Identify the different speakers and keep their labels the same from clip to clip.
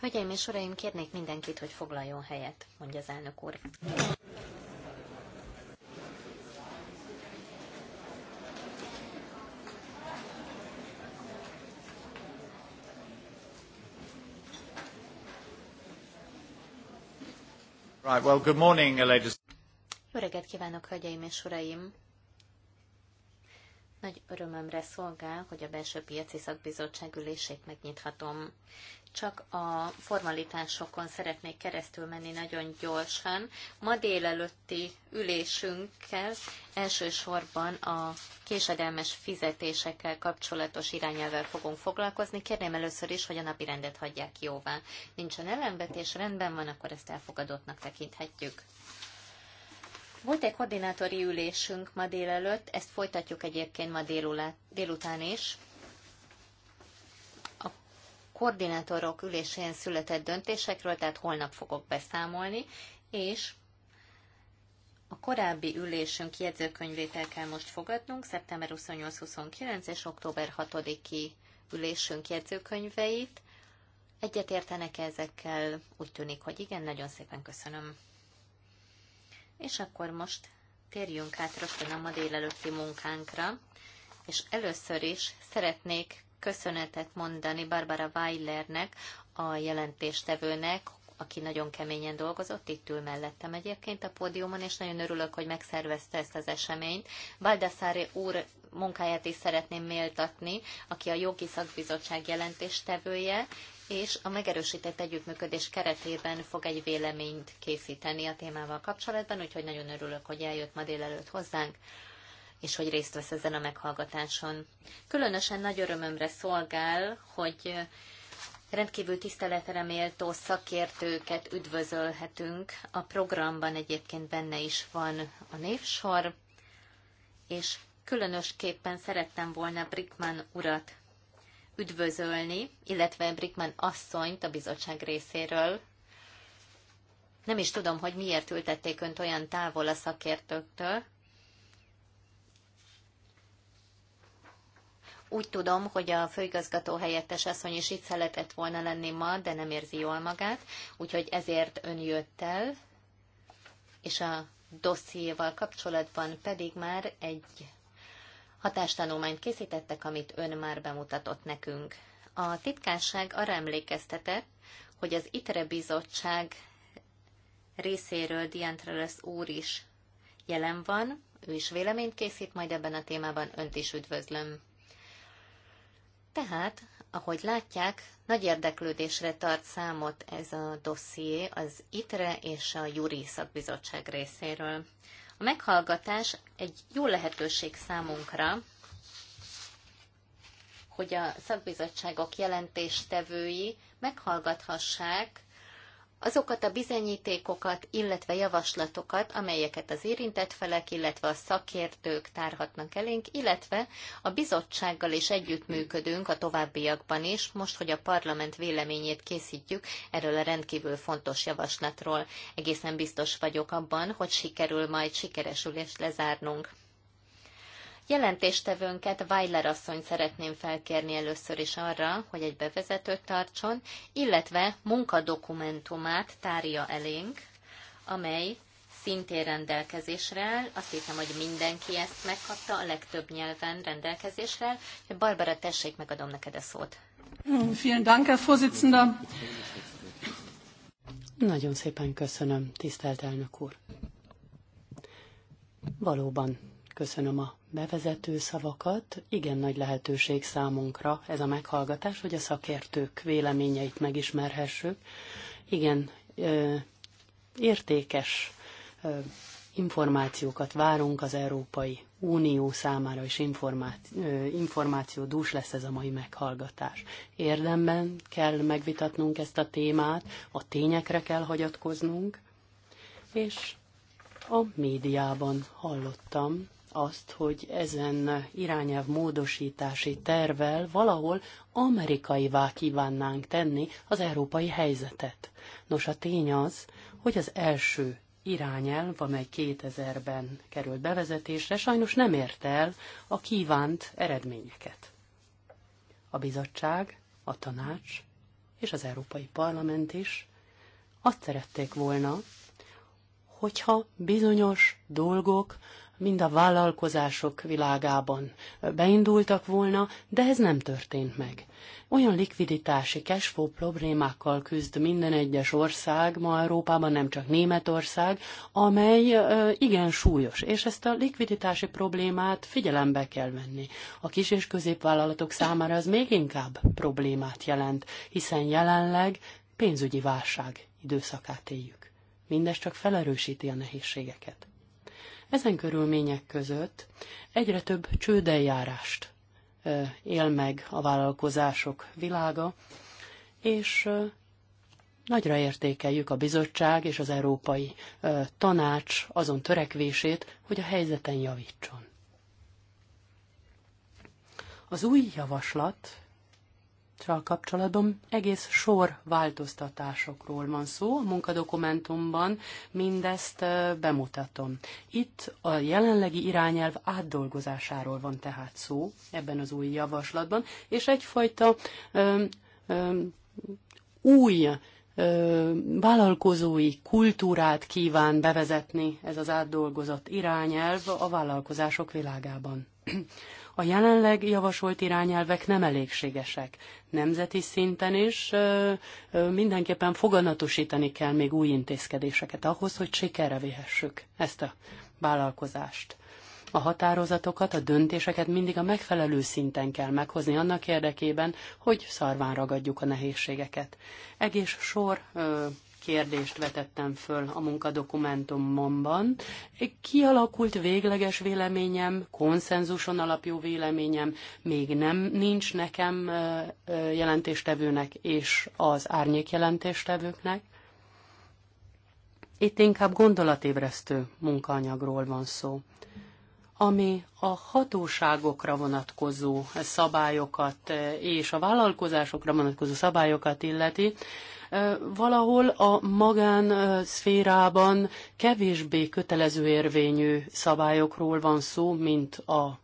Speaker 1: Hölgyeim és uraim, kérnék mindenkit, hogy foglaljon helyet, mondja az elnök úr. Right, well, good morning, uh, ladies. Jó reggelt kívánok, hölgyeim és uraim! örömömre szolgál, hogy a belső piaci szakbizottság ülését megnyithatom. Csak a formalitásokon szeretnék keresztül menni nagyon gyorsan. Ma délelőtti ülésünkkel elsősorban a késedelmes fizetésekkel kapcsolatos irányelvel fogunk foglalkozni. Kérném először is, hogy a napi rendet hagyják jóvá. Nincsen ellenvetés, rendben van, akkor ezt elfogadottnak tekinthetjük. Volt egy koordinátori ülésünk ma délelőtt, ezt folytatjuk egyébként ma délután is. A koordinátorok ülésén született döntésekről, tehát holnap fogok beszámolni, és a korábbi ülésünk jegyzőkönyvét el kell most fogadnunk, szeptember 28-29 és október 6-i ülésünk jegyzőkönyveit. Egyetértenek ezekkel? Úgy tűnik, hogy igen, nagyon szépen köszönöm. És akkor most térjünk át rögtön a ma délelőtti munkánkra, és először is szeretnék köszönetet mondani Barbara Weilernek, a jelentéstevőnek, aki nagyon keményen dolgozott, itt ül mellettem egyébként a pódiumon, és nagyon örülök, hogy megszervezte ezt az eseményt. Baldassare úr munkáját is szeretném méltatni, aki a jogi szakbizottság jelentéstevője, és a megerősített együttműködés keretében fog egy véleményt készíteni a témával kapcsolatban, úgyhogy nagyon örülök, hogy eljött ma délelőtt hozzánk és hogy részt vesz ezen a meghallgatáson. Különösen nagy örömömre szolgál, hogy rendkívül tiszteletre méltó szakértőket üdvözölhetünk. A programban egyébként benne is van a névsor, és Különösképpen szerettem volna Brickman urat üdvözölni, illetve Brickman asszonyt a bizottság részéről. Nem is tudom, hogy miért ültették önt olyan távol a szakértőktől. Úgy tudom, hogy a főigazgató helyettes asszony is itt szeretett volna lenni ma, de nem érzi jól magát, úgyhogy ezért ön jött el, és a dossziéval kapcsolatban pedig már egy hatástanulmányt készítettek, amit ön már bemutatott nekünk. A titkárság arra emlékeztetett, hogy az ITRE bizottság részéről Diantrelesz úr is jelen van, ő is véleményt készít, majd ebben a témában önt is üdvözlöm. Tehát, ahogy látják, nagy érdeklődésre tart számot ez a dosszié az ITRE és a Juri Szakbizottság részéről. A meghallgatás egy jó lehetőség számunkra, hogy a szakbizottságok jelentéstevői meghallgathassák azokat a bizonyítékokat, illetve javaslatokat, amelyeket az érintett felek, illetve a szakértők tárhatnak elénk, illetve a bizottsággal is együttműködünk a továbbiakban is, most, hogy a parlament véleményét készítjük erről a rendkívül fontos javaslatról. Egészen biztos vagyok abban, hogy sikerül majd ülést lezárnunk. Jelentéstevőnket, Weiler asszony szeretném felkérni először is arra, hogy egy bevezetőt tartson, illetve munkadokumentumát tárja elénk, amely szintén rendelkezésre áll. Azt hiszem, hogy mindenki ezt megkapta, a legtöbb nyelven rendelkezésre áll. Barbara, tessék, megadom
Speaker 2: neked a szót. Vielen Dank, Herr Vorsitzender. Nagyon szépen köszönöm, tisztelt elnök úr. Valóban Köszönöm a bevezető szavakat. Igen nagy lehetőség számunkra ez a meghallgatás, hogy a szakértők véleményeit megismerhessük. Igen, értékes információkat várunk az Európai Unió számára, és információ, információ dús lesz ez a mai meghallgatás. Érdemben kell megvitatnunk ezt a témát, a tényekre kell hagyatkoznunk, és a médiában hallottam, azt, hogy ezen irányelv módosítási tervel valahol amerikaivá kívánnánk tenni az európai helyzetet. Nos, a tény az, hogy az első irányelv, amely 2000-ben került bevezetésre, sajnos nem érte el a kívánt eredményeket. A bizottság, a tanács és az Európai Parlament is azt szerették volna, hogyha bizonyos dolgok mind a vállalkozások világában beindultak volna, de ez nem történt meg. Olyan likviditási cashflow problémákkal küzd minden egyes ország, ma Európában nem csak Németország, amely igen súlyos, és ezt a likviditási problémát figyelembe kell venni. A kis és középvállalatok számára az még inkább problémát jelent, hiszen jelenleg pénzügyi válság időszakát éljük. Mindez csak felerősíti a nehézségeket. Ezen körülmények között egyre több csődeljárást él meg a vállalkozások világa, és nagyra értékeljük a bizottság és az Európai Tanács azon törekvését, hogy a helyzeten javítson. Az új javaslat csal kapcsolatban egész sor változtatásokról van szó. A munkadokumentumban mindezt bemutatom. Itt a jelenlegi irányelv átdolgozásáról van tehát szó ebben az új javaslatban, és egyfajta ö, ö, új ö, vállalkozói kultúrát kíván bevezetni ez az átdolgozott irányelv a vállalkozások világában. A jelenleg javasolt irányelvek nem elégségesek. Nemzeti szinten is mindenképpen foganatosítani kell még új intézkedéseket ahhoz, hogy sikerre vihessük ezt a vállalkozást. A határozatokat, a döntéseket mindig a megfelelő szinten kell meghozni annak érdekében, hogy szarván ragadjuk a nehézségeket. Egész sor ö, kérdést vetettem föl a munkadokumentumomban. Kialakult végleges véleményem, konszenzuson alapú véleményem, még nem nincs nekem jelentéstevőnek és az árnyék jelentéstevőknek. Itt inkább gondolatébresztő munkaanyagról van szó ami a hatóságokra vonatkozó szabályokat és a vállalkozásokra vonatkozó szabályokat illeti, valahol a magán szférában kevésbé kötelező érvényű szabályokról van szó, mint a,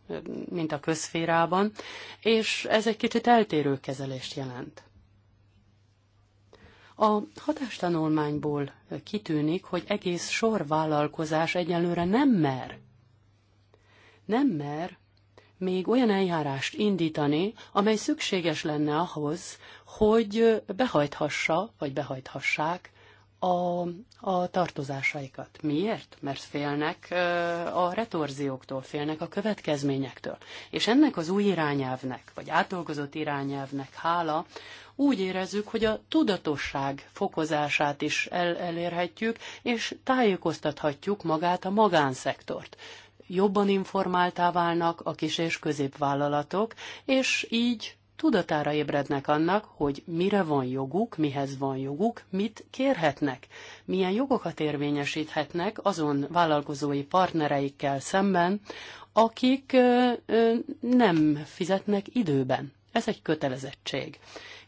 Speaker 2: mint a közszférában, és ez egy kicsit eltérő kezelést jelent. A hatástanulmányból kitűnik, hogy egész sor vállalkozás egyelőre nem mer. Nem mer még olyan eljárást indítani, amely szükséges lenne ahhoz, hogy behajthassa, vagy behajthassák a, a tartozásaikat. Miért? Mert félnek a retorzióktól, félnek a következményektől. És ennek az új irányelvnek, vagy átdolgozott irányelvnek hála, úgy érezzük, hogy a tudatosság fokozását is el- elérhetjük, és tájékoztathatjuk magát a magánszektort jobban informáltá válnak a kis és középvállalatok, és így tudatára ébrednek annak, hogy mire van joguk, mihez van joguk, mit kérhetnek, milyen jogokat érvényesíthetnek azon vállalkozói partnereikkel szemben, akik nem fizetnek időben. Ez egy kötelezettség.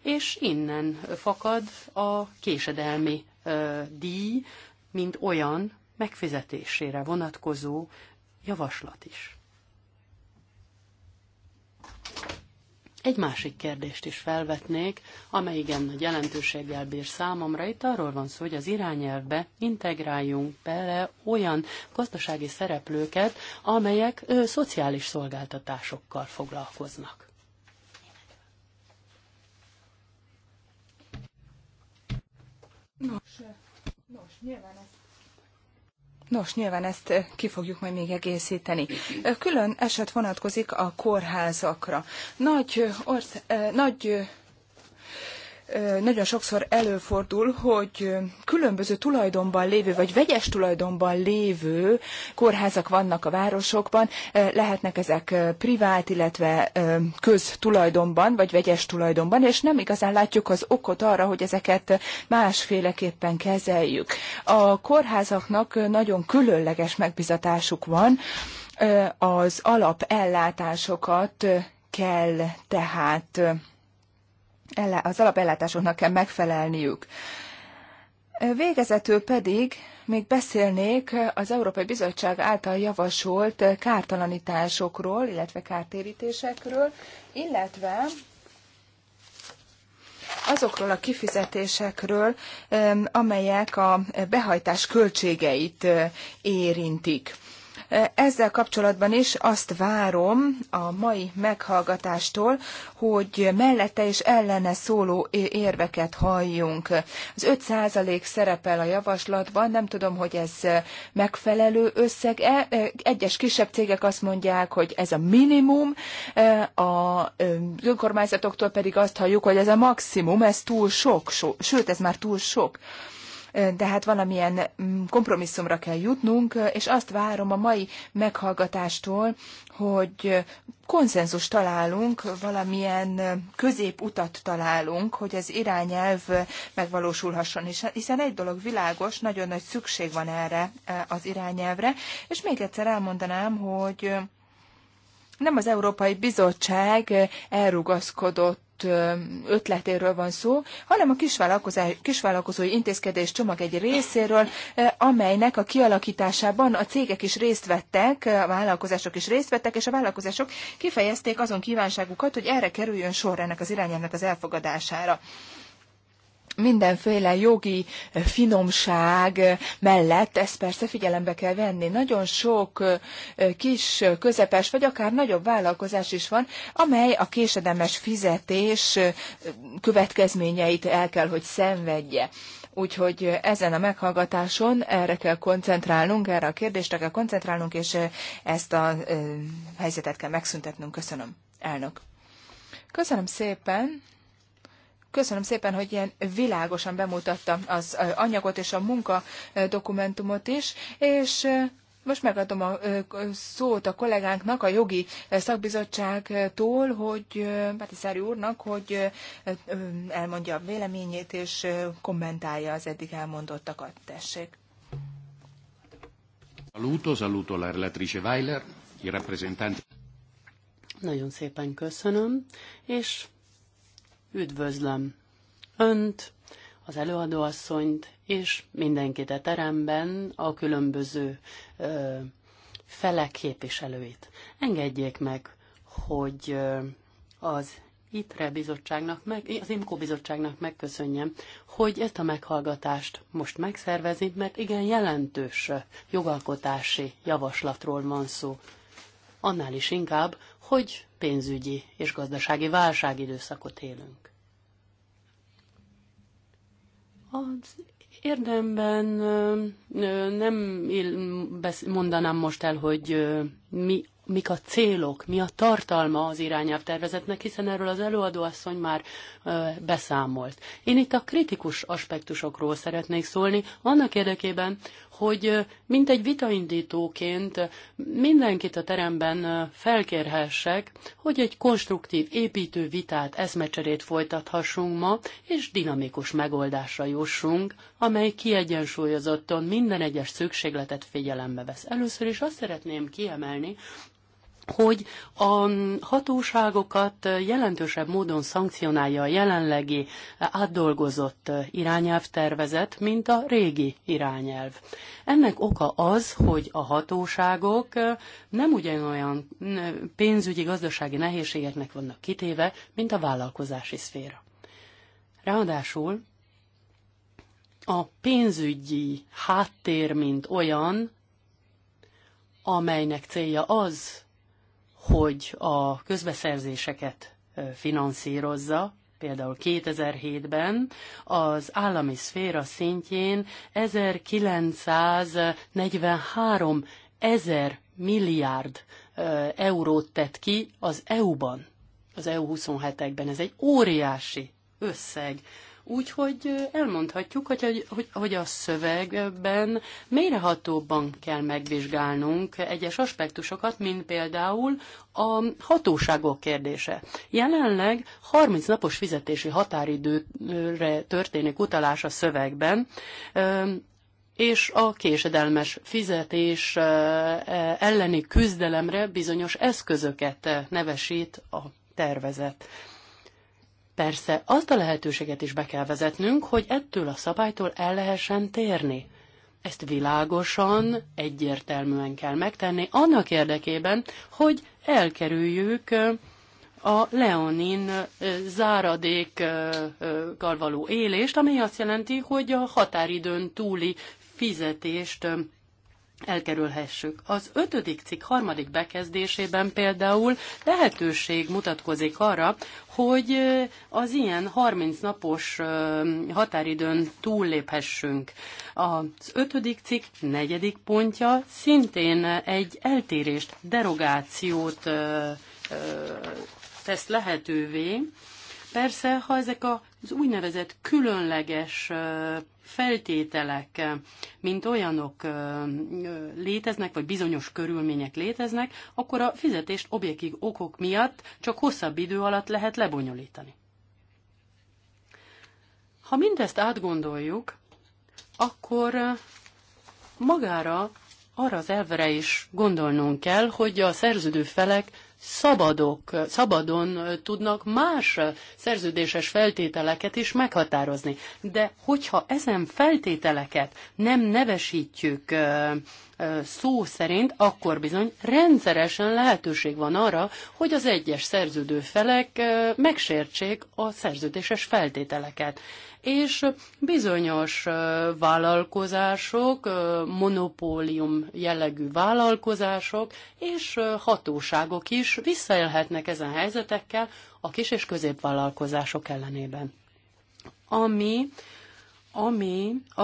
Speaker 2: És innen fakad a késedelmi díj, mint olyan megfizetésére vonatkozó javaslat is. Egy másik kérdést is felvetnék, amely igen nagy jelentőséggel bír számomra. Itt arról van szó, hogy az irányelvbe integráljunk bele olyan gazdasági szereplőket, amelyek ő, szociális szolgáltatásokkal foglalkoznak. Nos, eh, nos nyilván ez
Speaker 3: Nos, nyilván ezt ki fogjuk majd még egészíteni. Külön eset vonatkozik a kórházakra. Nagy, orsz, eh, nagy nagyon sokszor előfordul, hogy különböző tulajdonban lévő, vagy vegyes tulajdonban lévő kórházak vannak a városokban, lehetnek ezek privát, illetve köztulajdonban, vagy vegyes tulajdonban, és nem igazán látjuk az okot arra, hogy ezeket másféleképpen kezeljük. A kórházaknak nagyon különleges megbizatásuk van, az alapellátásokat kell tehát az alapellátásoknak kell megfelelniük. Végezetül pedig még beszélnék az Európai Bizottság által javasolt kártalanításokról, illetve kártérítésekről, illetve azokról a kifizetésekről, amelyek a behajtás költségeit érintik. Ezzel kapcsolatban is azt várom a mai meghallgatástól, hogy mellette és ellene szóló érveket halljunk. Az 5% szerepel a javaslatban, nem tudom, hogy ez megfelelő összeg. Egyes kisebb cégek azt mondják, hogy ez a minimum, a önkormányzatoktól pedig azt halljuk, hogy ez a maximum, ez túl sok, so, sőt, ez már túl sok de hát valamilyen mm, kompromisszumra kell jutnunk, és azt várom a mai meghallgatástól, hogy konszenzus találunk, valamilyen középutat találunk, hogy az irányelv megvalósulhasson, hiszen egy dolog világos, nagyon nagy szükség van erre az irányelvre, és még egyszer elmondanám, hogy nem az Európai Bizottság elrugaszkodott adott ötletéről van szó, hanem a kisvállalkozói intézkedés csomag egy részéről, amelynek a kialakításában a cégek is részt vettek, a vállalkozások is részt vettek, és a vállalkozások kifejezték azon kívánságukat, hogy erre kerüljön sor ennek az irányelvnek az elfogadására mindenféle jogi eh, finomság eh, mellett ezt persze figyelembe kell venni. Nagyon sok eh, kis, közepes, vagy akár nagyobb vállalkozás is van, amely a késedemes fizetés következményeit el kell, hogy szenvedje. Úgyhogy ezen a meghallgatáson erre kell koncentrálnunk, erre a kérdésre kell koncentrálnunk, és ezt a helyzetet kell megszüntetnünk. Köszönöm, elnök. Köszönöm szépen. Köszönöm szépen, hogy ilyen világosan bemutatta az anyagot és a munka dokumentumot is, és most megadom a szót a kollégánknak, a jogi szakbizottságtól, hogy Batiszári úrnak, hogy elmondja a véleményét és kommentálja az eddig elmondottakat.
Speaker 2: Tessék. Saluto, saluto la relatrice Weiler, i rappresentanti. Nagyon szépen köszönöm, és Üdvözlöm Önt, az előadóasszonyt, és mindenkit a teremben, a különböző ö, felek képviselőit. Engedjék meg, hogy ö, az ITRE bizottságnak, meg, az IMKO bizottságnak megköszönjem, hogy ezt a meghallgatást most megszervezi, mert igen jelentős jogalkotási javaslatról van szó. Annál is inkább, hogy pénzügyi és gazdasági válság időszakot élünk. Az érdemben nem mondanám most el, hogy mi mik a célok, mi a tartalma az irányelvtervezetnek, hiszen erről az előadóasszony már ö, beszámolt. Én itt a kritikus aspektusokról szeretnék szólni, annak érdekében, hogy mint egy vitaindítóként mindenkit a teremben felkérhessek, hogy egy konstruktív, építő vitát, eszmecserét folytathassunk ma, és dinamikus megoldásra jussunk, amely kiegyensúlyozottan minden egyes szükségletet figyelembe vesz. Először is azt szeretném kiemelni, hogy a hatóságokat jelentősebb módon szankcionálja a jelenlegi átdolgozott irányelvtervezet, mint a régi irányelv. Ennek oka az, hogy a hatóságok nem ugyanolyan pénzügyi, gazdasági nehézségeknek vannak kitéve, mint a vállalkozási szféra. Ráadásul a pénzügyi háttér, mint olyan, amelynek célja az, hogy a közbeszerzéseket finanszírozza, például 2007-ben az állami szféra szintjén 1943 ezer milliárd eurót tett ki az EU-ban, az EU 27-ekben. Ez egy óriási összeg. Úgyhogy elmondhatjuk, hogy, hogy, hogy a szövegben hatóban kell megvizsgálnunk egyes aspektusokat, mint például a hatóságok kérdése. Jelenleg 30 napos fizetési határidőre történik utalás a szövegben, és a késedelmes fizetés e, elleni küzdelemre bizonyos eszközöket nevesít a tervezet. Persze azt a lehetőséget is be kell vezetnünk, hogy ettől a szabálytól el lehessen térni. Ezt világosan, egyértelműen kell megtenni annak érdekében, hogy elkerüljük a leonin záradékkal való élést, ami azt jelenti, hogy a határidőn túli fizetést elkerülhessük. Az ötödik cikk harmadik bekezdésében például lehetőség mutatkozik arra, hogy az ilyen 30 napos határidőn túlléphessünk. Az ötödik cikk negyedik pontja szintén egy eltérést, derogációt tesz lehetővé, Persze, ha ezek az úgynevezett különleges feltételek, mint olyanok léteznek, vagy bizonyos körülmények léteznek, akkor a fizetést objektív okok miatt csak hosszabb idő alatt lehet lebonyolítani. Ha mindezt átgondoljuk, akkor magára arra az elvere is gondolnunk kell, hogy a szerződő felek szabadok, szabadon tudnak más szerződéses feltételeket is meghatározni. De hogyha ezen feltételeket nem nevesítjük szó szerint, akkor bizony rendszeresen lehetőség van arra, hogy az egyes szerződő felek megsértsék a szerződéses feltételeket és bizonyos vállalkozások, monopólium jellegű vállalkozások és hatóságok is visszaélhetnek ezen helyzetekkel a kis és középvállalkozások ellenében. Ami ami a,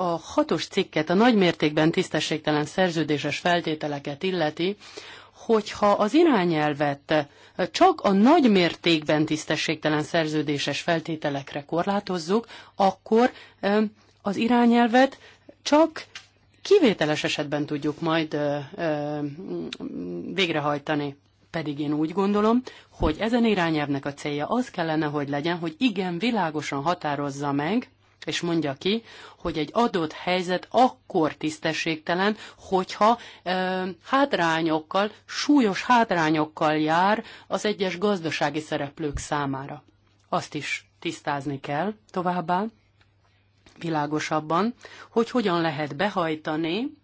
Speaker 2: a hatos cikket, a nagymértékben tisztességtelen szerződéses feltételeket illeti, hogyha az irányelvet csak a nagy mértékben tisztességtelen szerződéses feltételekre korlátozzuk, akkor az irányelvet csak kivételes esetben tudjuk majd végrehajtani. Pedig én úgy gondolom, hogy ezen irányelvnek a célja az kellene, hogy legyen, hogy igen, világosan határozza meg és mondja ki, hogy egy adott helyzet akkor tisztességtelen, hogyha e, hátrányokkal, súlyos hátrányokkal jár az egyes gazdasági szereplők számára. Azt is tisztázni kell továbbá, világosabban, hogy hogyan lehet behajtani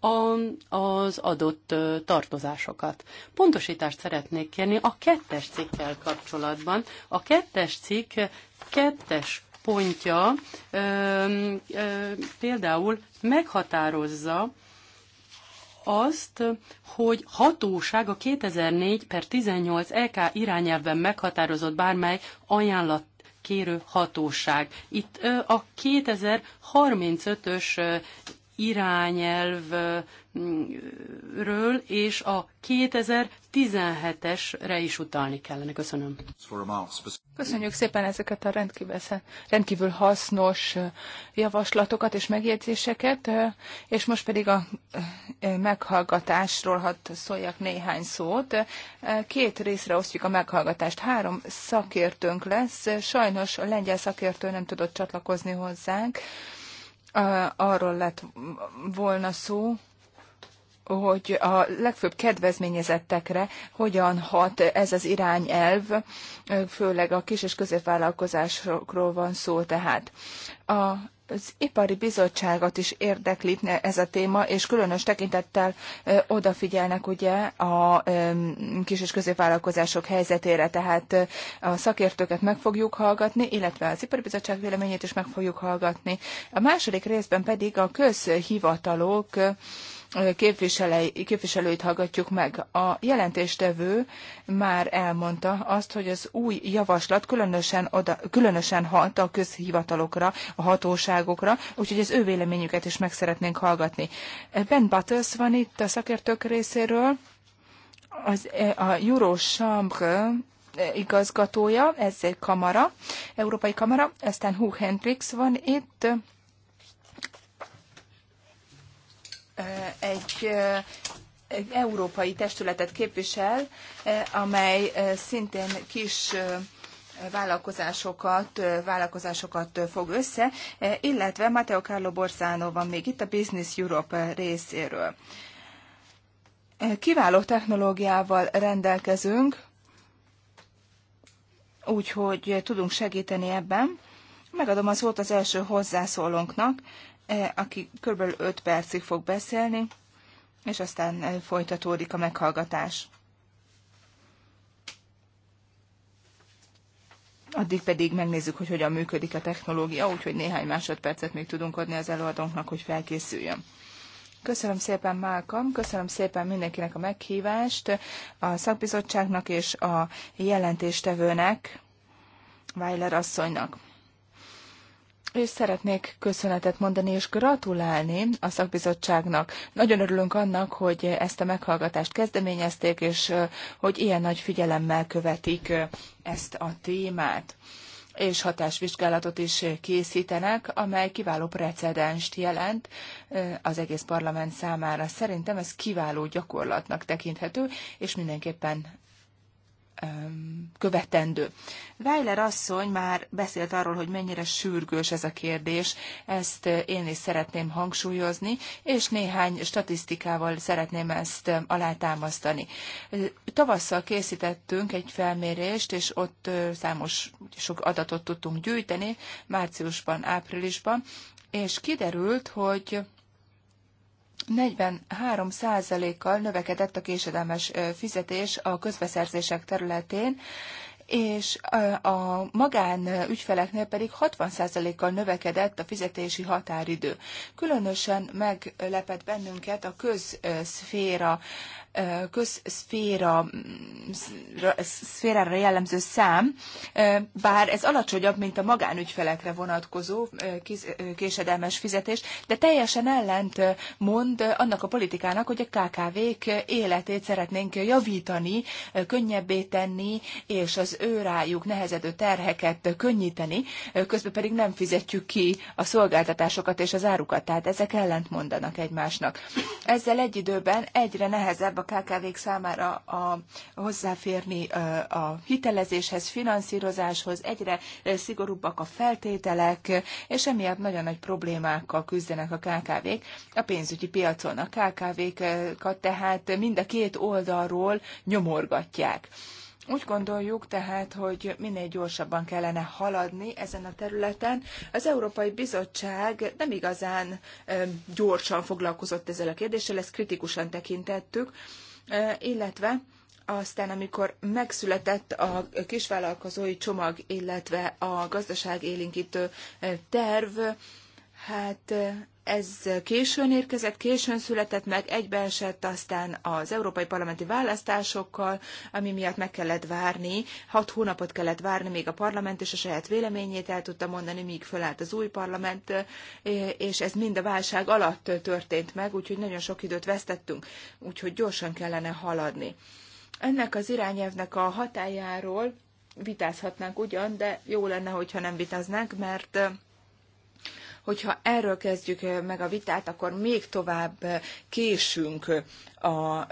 Speaker 2: a, az adott tartozásokat. Pontosítást szeretnék kérni a kettes cikkel kapcsolatban. A kettes cikk kettes pontja például meghatározza azt, hogy hatóság a 2004 per 18 EK irányelvben meghatározott bármely ajánlat kérő hatóság. Itt a 2035-ös irányelvről és a 2017-esre is utalni kellene. Köszönöm. Köszönjük
Speaker 3: szépen ezeket a rendkívül, rendkívül hasznos javaslatokat és megjegyzéseket, és most pedig a meghallgatásról hadd szóljak néhány szót. Két részre osztjuk a meghallgatást. Három szakértőnk lesz. Sajnos a lengyel szakértő nem tudott csatlakozni hozzánk, arról lett volna szó, hogy a legfőbb kedvezményezettekre hogyan hat ez az irányelv, főleg a kis és középvállalkozásokról van szó tehát. A az ipari bizottságot is érdekli ez a téma, és különös tekintettel odafigyelnek ugye a kis- és középvállalkozások helyzetére, tehát a szakértőket meg fogjuk hallgatni, illetve az ipari bizottság véleményét is meg fogjuk hallgatni. A második részben pedig a közhivatalok képviselőit hallgatjuk meg. A jelentéstevő már elmondta azt, hogy az új javaslat különösen, oda, különösen hat a közhivatalokra, a hatóságokra, úgyhogy az ő véleményüket is meg szeretnénk hallgatni. Ben Butters van itt a szakértők részéről, az, a Eurochambre igazgatója, ez egy kamara, európai kamara, aztán Hugh Hendrix van itt, Eh, egy eh, egy európai testületet képvisel, eh, amely szintén kis vállalkozásokat, vállalkozásokat fog össze, illetve Matteo Carlo Borzano van még itt a Business Europe részéről. Kiváló technológiával rendelkezünk, úgyhogy tudunk segíteni ebben. Megadom az szót az első hozzászólónknak, E, aki kb. 5 percig fog beszélni, és aztán e, folytatódik a meghallgatás. Addig pedig megnézzük, hogy hogyan működik a technológia, úgyhogy néhány másodpercet még tudunk adni az előadónknak, hogy felkészüljön. Köszönöm szépen, Málkam, köszönöm szépen mindenkinek a meghívást, a szakbizottságnak és a jelentéstevőnek, Weiler asszonynak és szeretnék köszönetet mondani és gratulálni a szakbizottságnak. Nagyon örülünk annak, hogy ezt a meghallgatást kezdeményezték, és hogy ilyen nagy figyelemmel követik ezt a témát és hatásvizsgálatot is készítenek, amely kiváló precedenst jelent az egész parlament számára. Szerintem ez kiváló gyakorlatnak tekinthető, és mindenképpen követendő. Weiler asszony már beszélt arról, hogy mennyire sürgős ez a kérdés, ezt eh, én is szeretném hangsúlyozni, és néhány statisztikával szeretném ezt alátámasztani. Tavasszal készítettünk egy felmérést, és ott számos sok adatot tudtunk gyűjteni, márciusban, áprilisban, és kiderült, hogy 43%-kal növekedett a késedelmes fizetés a közbeszerzések területén, és a magán ügyfeleknél pedig 60%-kal növekedett a fizetési határidő. Különösen meglepett bennünket a közszféra közszféra mm, jellemző szám, bár ez alacsonyabb, mint a magánügyfelekre vonatkozó késedelmes fizetés, de teljesen ellent mond annak a politikának, hogy a KKV-k életét szeretnénk javítani, könnyebbé tenni, és az ő rájuk nehezedő terheket könnyíteni, közben pedig nem fizetjük ki a szolgáltatásokat és az árukat, tehát ezek ellent mondanak egymásnak. Ezzel egy időben egyre nehezebb a KKV-k számára a, hozzáférni a hitelezéshez, finanszírozáshoz, egyre szigorúbbak a feltételek, és emiatt nagyon nagy problémákkal küzdenek a KKV-k a pénzügyi piacon. A KKV-kat tehát mind a két oldalról nyomorgatják. Úgy gondoljuk tehát, hogy minél gyorsabban kellene haladni ezen a területen. Az Európai Bizottság nem igazán gyorsan foglalkozott ezzel a kérdéssel, ezt kritikusan tekintettük, illetve aztán, amikor megszületett a kisvállalkozói csomag, illetve a gazdaságélénkítő terv, hát ez későn érkezett, későn született meg, egybeesett aztán az európai parlamenti választásokkal, ami miatt meg kellett várni, hat hónapot kellett várni, még a parlament és a saját véleményét el tudta mondani, míg fölállt az új parlament, és ez mind a válság alatt történt meg, úgyhogy nagyon sok időt vesztettünk, úgyhogy gyorsan kellene haladni. Ennek az irányelvnek a hatájáról vitázhatnánk ugyan, de jó lenne, hogyha nem vitáznánk, mert hogyha erről kezdjük eh, meg a vitát, akkor még tovább eh, késünk eh, a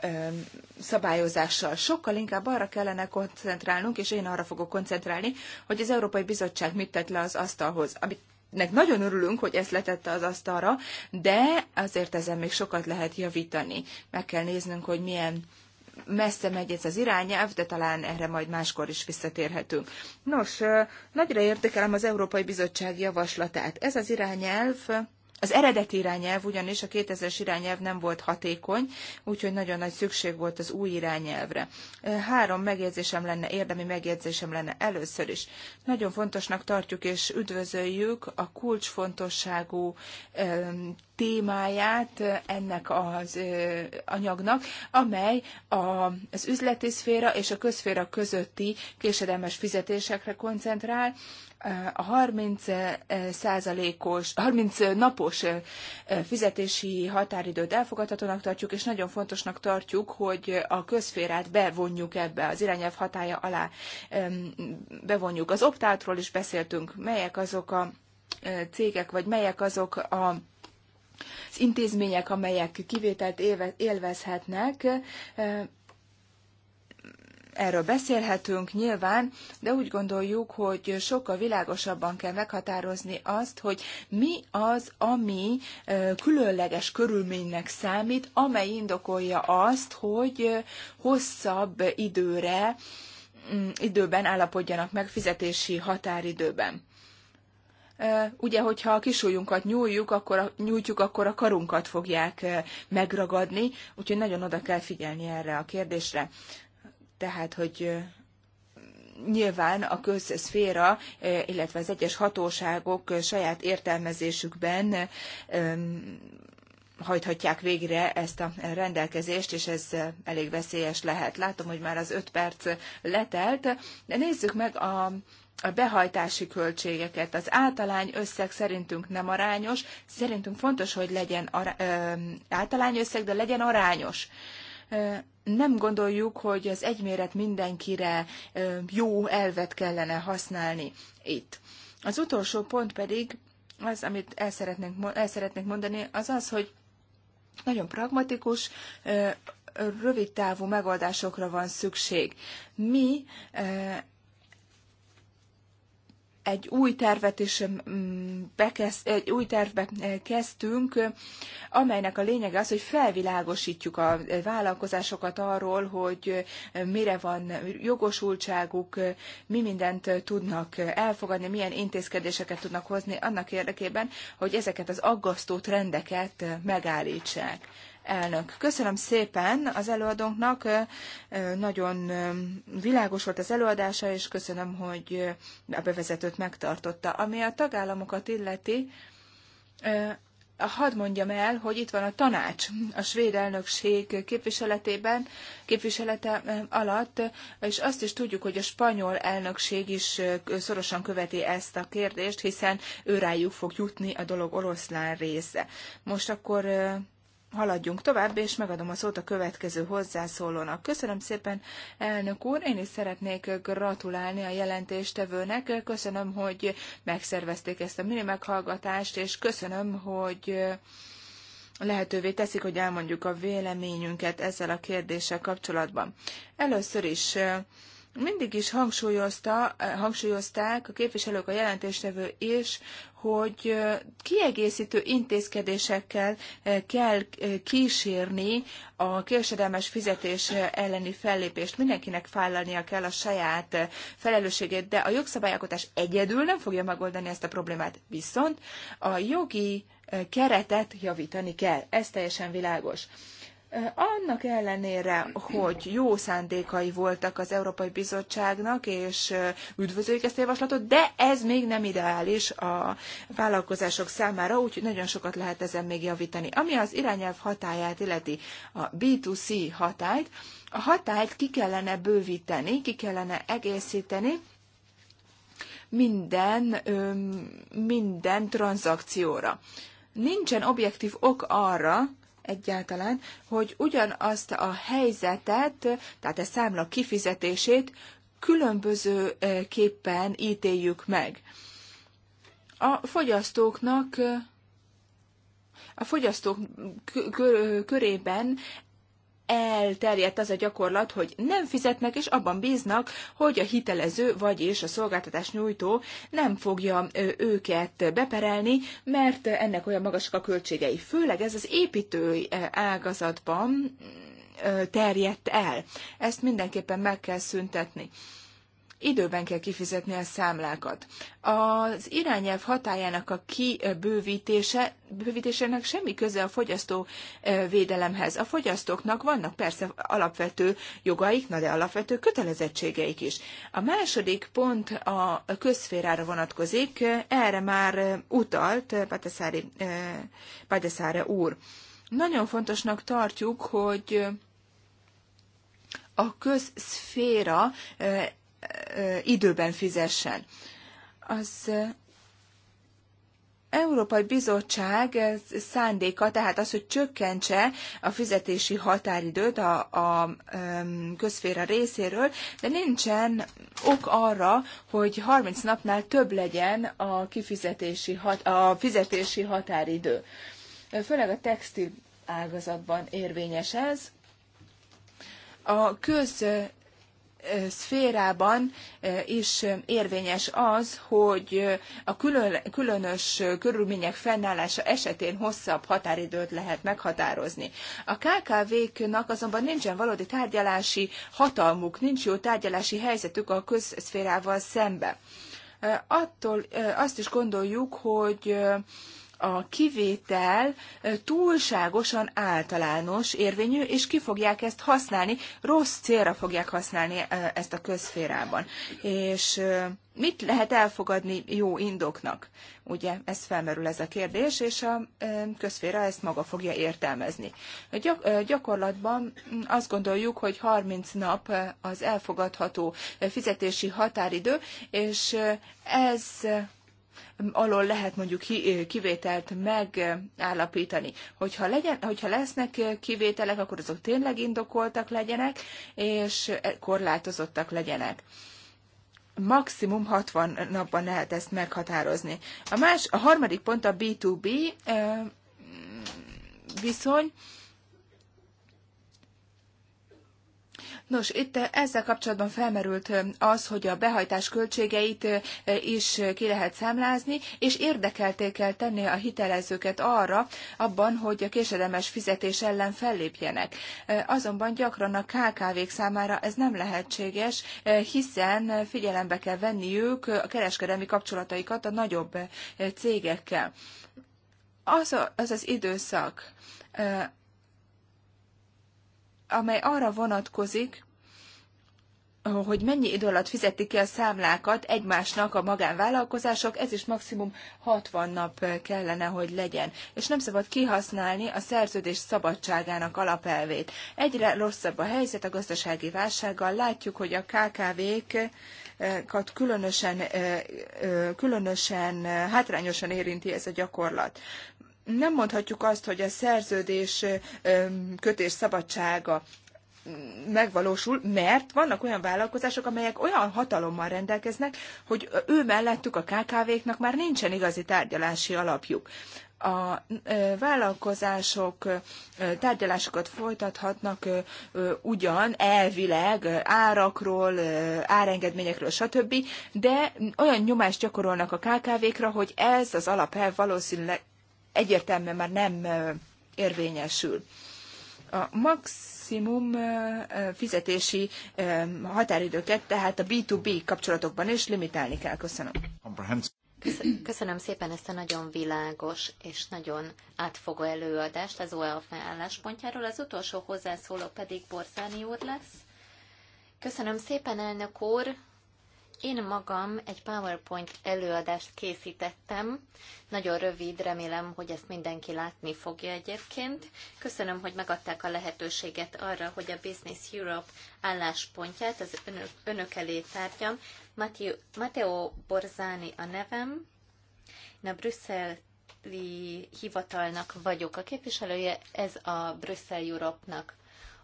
Speaker 3: szabályozással. Sokkal inkább arra kellene koncentrálnunk, és én arra fogok koncentrálni, hogy az Európai Bizottság mit tett le az asztalhoz, amit nek nagyon örülünk, hogy ezt letette az asztalra, de azért ezen még sokat lehet javítani. Meg kell néznünk, hogy milyen messze megy ez az irányelv, de talán erre majd máskor is visszatérhetünk. Nos, nagyra értékelem az Európai Bizottság javaslatát. Ez az irányelv az eredeti irányelv ugyanis a 2000-es irányelv nem volt hatékony, úgyhogy nagyon nagy szükség volt az új irányelvre. Három megjegyzésem lenne, érdemi megjegyzésem lenne először is. Nagyon fontosnak tartjuk és üdvözöljük a kulcsfontosságú témáját ennek az anyagnak, amely az üzleti szféra és a közféra közötti késedelmes fizetésekre koncentrál, a 30 eh, százalékos, 30 eh, napos eh, fizetési határidőt elfogadhatónak tartjuk, és nagyon fontosnak tartjuk, hogy a közférát bevonjuk ebbe, az irányelv hatája alá bevonjuk. Az optátról is beszéltünk, melyek azok a cégek, vagy melyek azok a az intézmények, amelyek kivételt élvezhetnek, erről beszélhetünk nyilván, de úgy gondoljuk, hogy sokkal világosabban kell meghatározni azt, hogy mi az, ami különleges körülménynek számít, amely indokolja azt, hogy hosszabb időre, mm, időben állapodjanak meg fizetési határidőben ugye, hogyha a kisújunkat nyújjuk, akkor a, nyújtjuk, akkor a karunkat fogják megragadni, úgyhogy nagyon oda kell figyelni erre a kérdésre. Tehát, hogy nyilván a közszféra, illetve az egyes hatóságok saját értelmezésükben hajthatják végre ezt a rendelkezést, és ez elég veszélyes lehet. Látom, hogy már az öt perc letelt, de nézzük meg a a behajtási költségeket. Az általány összeg szerintünk nem arányos, szerintünk fontos, hogy legyen általány összeg, de legyen arányos nem gondoljuk, hogy az egyméret mindenkire jó elvet kellene használni itt. Az utolsó pont pedig, az, amit el szeretnénk, el szeretnénk mondani, az az, hogy nagyon pragmatikus, rövidtávú megoldásokra van szükség. Mi egy új tervet is mm, bekezd, egy új tervbe eh, kezdtünk, amelynek a lényege az, hogy felvilágosítjuk a vállalkozásokat arról, hogy eh, mire van jogosultságuk, eh, mi mindent tudnak elfogadni, milyen intézkedéseket tudnak hozni annak érdekében, hogy ezeket az aggasztó trendeket megállítsák elnök. Köszönöm szépen az előadónknak, nagyon világos volt az előadása, és köszönöm, hogy a bevezetőt megtartotta. Ami a tagállamokat illeti, hadd mondjam el, hogy itt van a tanács a svéd elnökség képviseletében, képviselete alatt, és azt is tudjuk, hogy a spanyol elnökség is szorosan követi ezt a kérdést, hiszen ő rájuk fog jutni a dolog oroszlán része. Most akkor haladjunk tovább, és megadom a szót a következő hozzászólónak. Köszönöm szépen, elnök úr, én is szeretnék gratulálni a jelentéstevőnek. Köszönöm, hogy megszervezték ezt a mini meghallgatást, és köszönöm, hogy lehetővé teszik, hogy elmondjuk a véleményünket ezzel a kérdéssel kapcsolatban. Először is mindig is hangsúlyozta, eh, hangsúlyozták a képviselők, a jelentéstevő is, hogy eh, kiegészítő intézkedésekkel eh, kell kísérni a késedelmes fizetés elleni fellépést. Mindenkinek vállalnia kell a saját felelősségét, de a jogszabályalkotás egyedül nem fogja megoldani ezt a problémát. Viszont a jogi keretet javítani kell. Ez teljesen világos. Annak ellenére, hogy jó szándékai voltak az Európai Bizottságnak, és üdvözöljük ezt a javaslatot, de ez még nem ideális a vállalkozások számára, úgyhogy nagyon sokat lehet ezen még javítani. Ami az irányelv hatáját illeti, a B2C hatályt, a hatályt ki kellene bővíteni, ki kellene egészíteni, minden, minden tranzakcióra. Nincsen objektív ok arra, egyáltalán, hogy ugyanazt a helyzetet, tehát a számla kifizetését különböző képpen ítéljük meg. A fogyasztóknak a fogyasztók körében elterjedt az a gyakorlat, hogy nem fizetnek, és abban bíznak, hogy a hitelező, vagyis a szolgáltatás nyújtó nem fogja őket beperelni, mert ennek olyan magasak a költségei. Főleg ez az építői ágazatban terjedt el. Ezt mindenképpen meg kell szüntetni időben kell kifizetni a számlákat. Az irányelv hatájának a kibővítése, bővítésének semmi köze a fogyasztó védelemhez. A fogyasztóknak vannak persze alapvető jogaik, na de alapvető kötelezettségeik is. A második pont a közférára vonatkozik, erre már utalt Pateszáre úr. Nagyon fontosnak tartjuk, hogy a közszféra időben fizessen. Az Európai Bizottság szándéka, tehát az, hogy csökkentse a fizetési határidőt a, a közféra részéről, de nincsen ok arra, hogy 30 napnál több legyen a, kifizetési hat, a fizetési határidő. Főleg a textil ágazatban érvényes ez. A köz szférában is érvényes az, hogy a különös körülmények fennállása esetén hosszabb határidőt lehet meghatározni. A KKV-knak azonban nincsen valódi tárgyalási hatalmuk, nincs jó tárgyalási helyzetük a közszférával szembe. Attól azt is gondoljuk, hogy a kivétel túlságosan általános érvényű, és ki fogják ezt használni, rossz célra fogják használni ezt a közférában. És mit lehet elfogadni jó indoknak? Ugye ez felmerül ez a kérdés, és a közféra ezt maga fogja értelmezni. Gyakorlatban azt gondoljuk, hogy 30 nap az elfogadható fizetési határidő, és ez alól lehet mondjuk kivételt megállapítani. Hogyha, legyen, hogyha lesznek kivételek, akkor azok tényleg indokoltak legyenek, és korlátozottak legyenek maximum 60 napban lehet ezt meghatározni. A, más, a harmadik pont a B2B viszony. Nos, itt eh, ezzel kapcsolatban felmerült eh, az, hogy a behajtás költségeit eh, is ki lehet számlázni, és érdekelté kell tenni a hitelezőket arra, abban, hogy a késedelmes fizetés ellen fellépjenek. Azonban gyakran a KKV-k számára ez nem lehetséges, hiszen figyelembe kell venniük a kereskedelmi kapcsolataikat a nagyobb cégekkel. Az az, az időszak, amely arra vonatkozik, hogy mennyi idő alatt fizetik ki a számlákat egymásnak a magánvállalkozások, ez is maximum 60 nap kellene, hogy legyen. És nem szabad kihasználni a szerződés szabadságának alapelvét. Egyre rosszabb a helyzet a gazdasági válsággal. Látjuk, hogy a KKV-kat különösen, különösen hátrányosan érinti ez a gyakorlat nem mondhatjuk azt, hogy a szerződés kötés szabadsága mm, megvalósul, mert vannak olyan vállalkozások, amelyek olyan hatalommal rendelkeznek, hogy ő mellettük a KKV-knak már nincsen igazi tárgyalási alapjuk. A vállalkozások tárgyalásokat folytathatnak ugyan elvileg árakról, árengedményekről, stb., de olyan nyomást gyakorolnak a KKV-kra, hogy ez az alapelv valószínűleg egyértelműen már nem érvényesül. A maximum fizetési határidőket, tehát a B2B kapcsolatokban is limitálni kell. Köszönöm.
Speaker 1: Köszönöm szépen ezt a nagyon világos és nagyon átfogó előadást az OEAF álláspontjáról. Az utolsó hozzászóló pedig Borzani úr lesz. Köszönöm szépen, elnök úr! Én magam egy PowerPoint előadást készítettem. Nagyon rövid, remélem, hogy ezt mindenki látni fogja egyébként. Köszönöm, hogy megadták a lehetőséget arra, hogy a Business Europe álláspontját az önök, önök elé tárgyam. Matteo Borzani a nevem. Én a brüsszeli hivatalnak vagyok a képviselője, ez a Brüsszel Europe-nak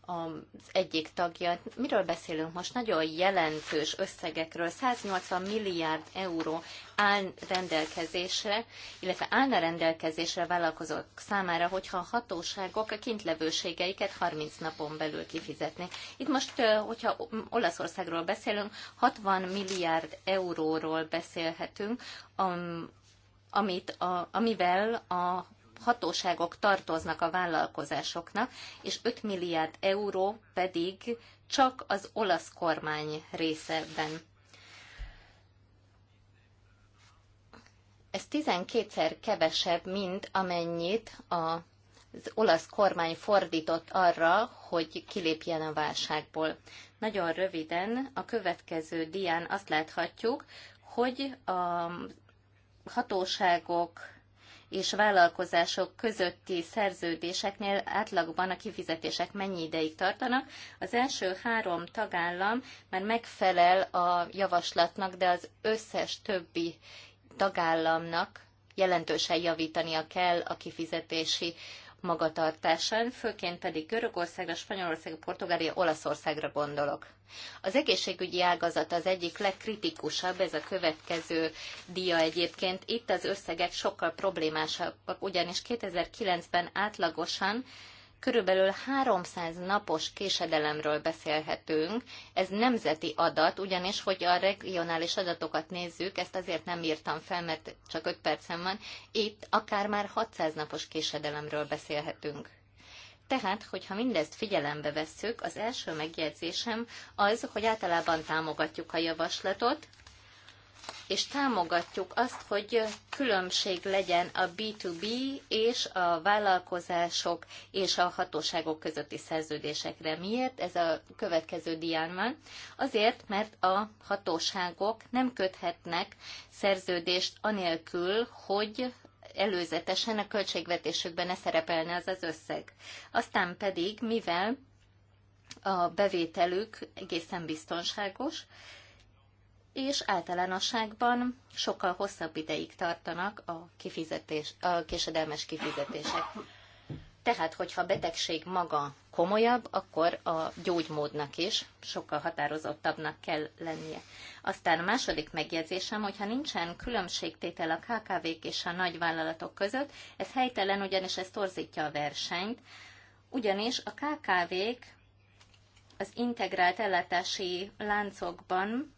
Speaker 1: az egyik tagja. Miről beszélünk most? Nagyon jelentős összegekről. 180 milliárd euró áll rendelkezésre, illetve állna rendelkezésre vállalkozók számára, hogyha a hatóságok a kintlevőségeiket 30 napon belül kifizetnék. Itt most, hogyha Olaszországról beszélünk, 60 milliárd euróról beszélhetünk, amit a, amivel a hatóságok tartoznak a vállalkozásoknak, és 5 milliárd euró pedig csak az olasz kormány részeben. Ez 12-szer kevesebb, mint amennyit az olasz kormány fordított arra, hogy kilépjen a válságból. Nagyon röviden a következő dián azt láthatjuk, hogy a hatóságok és vállalkozások közötti szerződéseknél átlagban a kifizetések mennyi ideig tartanak. Az első három tagállam már megfelel a javaslatnak, de az összes többi tagállamnak jelentősen javítania kell a kifizetési magatartásán, főként pedig Görögországra, Spanyolországra, Portugália, Olaszországra gondolok. Az egészségügyi ágazat az egyik legkritikusabb, ez a következő dia egyébként. Itt az összegek sokkal problémásabbak, ugyanis 2009-ben átlagosan körülbelül 300 napos késedelemről beszélhetünk. Ez nemzeti adat, ugyanis, hogy a regionális adatokat nézzük, ezt azért nem írtam fel, mert csak 5 percem van, itt akár már 600 napos késedelemről beszélhetünk. Tehát, hogyha mindezt figyelembe vesszük, az első megjegyzésem az, hogy általában támogatjuk a javaslatot, és támogatjuk azt, hogy különbség legyen a B2B és a vállalkozások és a hatóságok közötti szerződésekre. Miért? Ez a következő dián van. Azért, mert a hatóságok nem köthetnek szerződést anélkül, hogy előzetesen a költségvetésükben ne szerepelne az az összeg. Aztán pedig, mivel a bevételük egészen biztonságos, és általánosságban sokkal hosszabb ideig tartanak a, kifizetés, a késedelmes kifizetések. Tehát, hogyha a betegség maga komolyabb, akkor a gyógymódnak is sokkal határozottabbnak kell lennie. Aztán a második megjegyzésem, hogyha nincsen különbségtétel a KKV-k és a nagyvállalatok között, ez helytelen, ugyanis ez torzítja a versenyt, ugyanis a KKV-k az integrált ellátási láncokban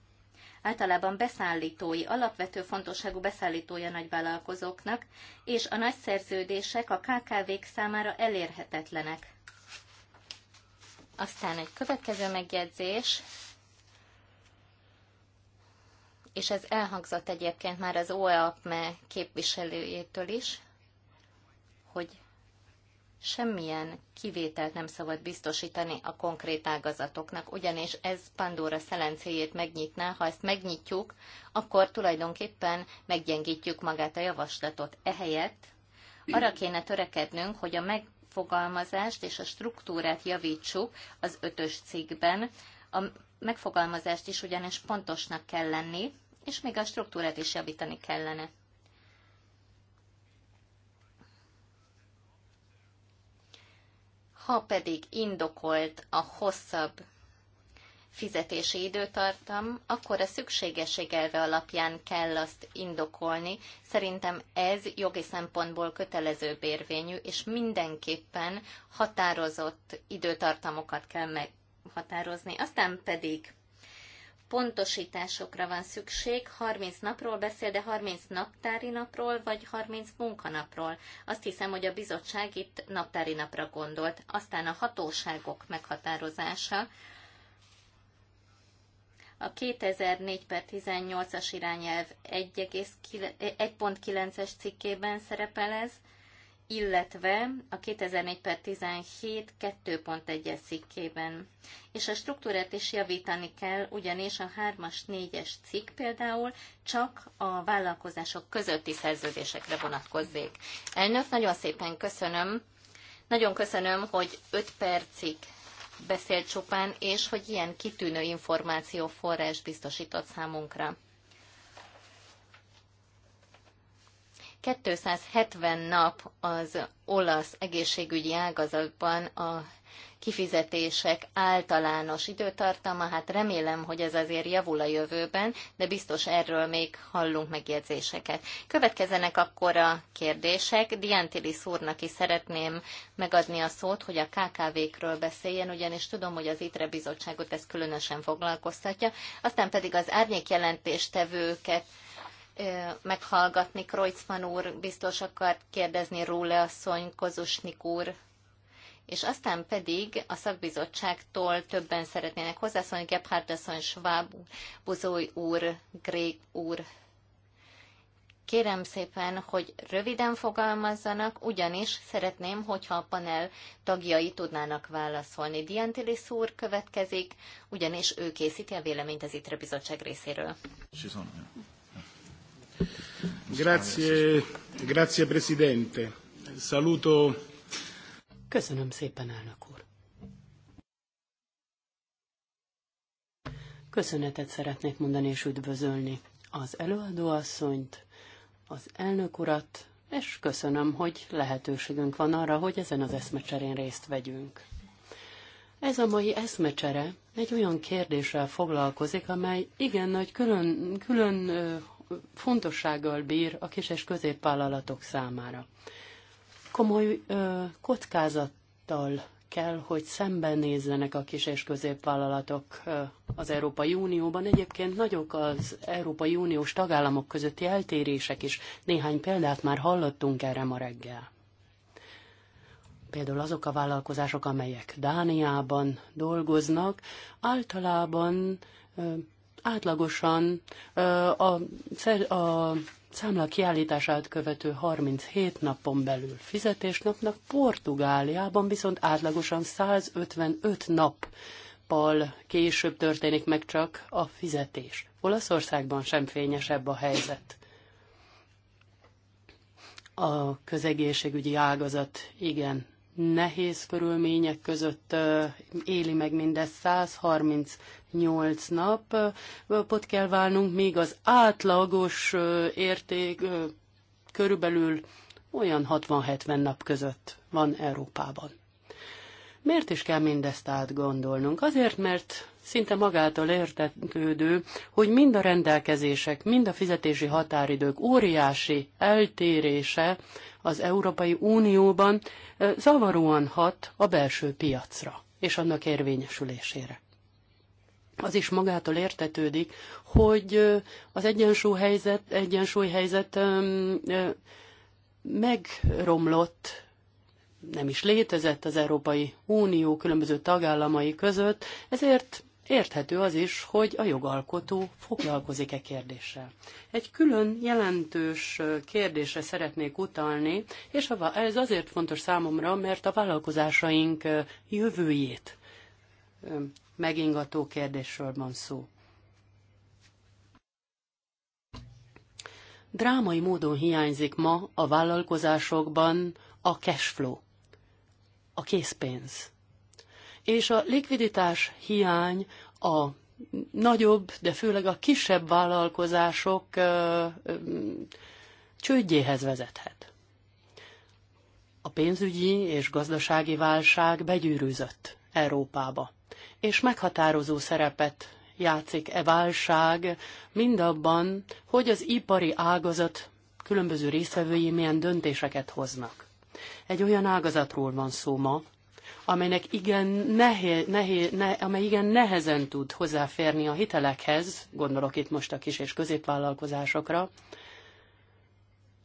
Speaker 1: általában beszállítói, alapvető fontosságú beszállítója nagyvállalkozóknak, és a nagy szerződések a KKV-k számára elérhetetlenek. Aztán egy következő megjegyzés, és ez elhangzott egyébként már az OEAPME képviselőjétől is, hogy semmilyen kivételt nem szabad biztosítani a konkrét ágazatoknak, ugyanis ez Pandora szelencéjét megnyitná, ha ezt megnyitjuk, akkor tulajdonképpen meggyengítjük magát a javaslatot. Ehelyett arra kéne törekednünk, hogy a megfogalmazást és a struktúrát javítsuk az ötös cikkben. A megfogalmazást is ugyanis pontosnak kell lenni, és még a struktúrát is javítani kellene. ha pedig indokolt a hosszabb fizetési időtartam, akkor a szükségesség elve alapján kell azt indokolni. Szerintem ez jogi szempontból kötelező bérvényű, és mindenképpen határozott időtartamokat kell meghatározni. Aztán pedig pontosításokra van szükség, 30 napról beszél, de 30 naptári napról, vagy 30 munkanapról. Azt hiszem, hogy a bizottság itt naptári napra gondolt. Aztán a hatóságok meghatározása. A 2004 per 18-as irányelv 1.9-es cikkében szerepel ez, illetve a 2004 per 17 2.1-es cikkében. És a struktúrát is javítani kell, ugyanis a 3-as, 4-es cikk például csak a vállalkozások közötti szerződésekre vonatkozzék. Elnök, nagyon szépen köszönöm. Nagyon köszönöm, hogy 5 percig beszélt csupán, és hogy ilyen kitűnő információforrás biztosított számunkra. 270 nap az olasz egészségügyi ágazatban a kifizetések általános időtartama, hát remélem, hogy ez azért javul a jövőben, de biztos erről még hallunk megjegyzéseket. Következenek akkor a kérdések. Diantili szúrnak is szeretném megadni a szót, hogy a KKV-kről beszéljen, ugyanis tudom, hogy az ITRE bizottságot ez különösen foglalkoztatja, aztán pedig az árnyék jelentéstevőket meghallgatni. Kreuzmann úr biztos akart kérdezni róla szony Kozusnik úr, és aztán pedig a szakbizottságtól többen szeretnének hozzászólni, Gebhard asszony, Schwab, Buzói úr, Grég úr. Kérem szépen, hogy röviden fogalmazzanak, ugyanis szeretném, hogyha a panel tagjai tudnának válaszolni. Diantilis úr következik, ugyanis ő készíti a véleményt az ITRE bizottság részéről.
Speaker 3: She's Grazie, grazie Presidente. Saluto.
Speaker 2: Köszönöm szépen, elnök úr. Köszönetet szeretnék mondani és üdvözölni az előadóasszonyt, az elnök urat, és köszönöm, hogy lehetőségünk van arra, hogy ezen az eszmecserén részt vegyünk. Ez a mai eszmecsere egy olyan kérdéssel foglalkozik, amely igen nagy külön, külön fontossággal bír a kis és középvállalatok számára. Komoly ö, kockázattal kell, hogy szembenézzenek a kis és középvállalatok az Európai Unióban. Egyébként nagyok az Európai Uniós tagállamok közötti eltérések is. Néhány példát már hallottunk erre ma reggel. Például azok a vállalkozások, amelyek Dániában dolgoznak, általában átlagosan a, a számla kiállítását követő 37 napon belül fizetésnapnak Portugáliában viszont átlagosan 155 nappal később történik meg csak a fizetés. Olaszországban sem fényesebb a helyzet. A közegészségügyi ágazat igen nehéz körülmények között éli meg mindezt 138 napot kell válnunk, míg az átlagos érték körülbelül olyan 60-70 nap között van Európában. Miért is kell mindezt átgondolnunk? Azért, mert szinte magától értetődő, hogy mind a rendelkezések, mind a fizetési határidők óriási eltérése az Európai Unióban zavaróan hat a belső piacra és annak érvényesülésére. Az is magától értetődik, hogy az egyensúlyhelyzet, egyensúlyhelyzet megromlott nem is létezett az Európai Unió különböző tagállamai között, ezért Érthető az is, hogy a jogalkotó foglalkozik-e kérdéssel. Egy külön jelentős kérdésre szeretnék utalni, és ez azért fontos számomra, mert a vállalkozásaink jövőjét megingató kérdésről van szó. Drámai módon hiányzik ma a vállalkozásokban a cash flow, a készpénz és a likviditás hiány a nagyobb, de főleg a kisebb vállalkozások ö, ö, csődjéhez vezethet. A pénzügyi és gazdasági válság begyűrűzött Európába, és meghatározó szerepet játszik e válság mindabban, hogy az ipari ágazat különböző résztvevői milyen döntéseket hoznak. Egy olyan ágazatról van szó ma, amelynek igen nehéz, nehéz, ne, amely igen nehezen tud hozzáférni a hitelekhez, gondolok itt most a kis és középvállalkozásokra.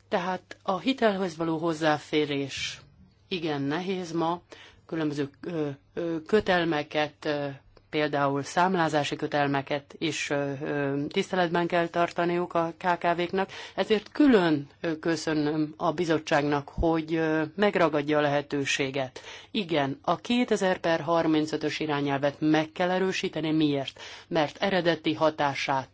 Speaker 2: Tehát a hitelhez való hozzáférés igen nehéz ma, különböző kötelmeket például számlázási kötelmeket is tiszteletben kell tartaniuk a KKV-knak, ezért külön köszönöm a bizottságnak, hogy megragadja a lehetőséget. Igen, a 2000 per 35-ös irányelvet meg kell erősíteni. Miért? Mert eredeti hatását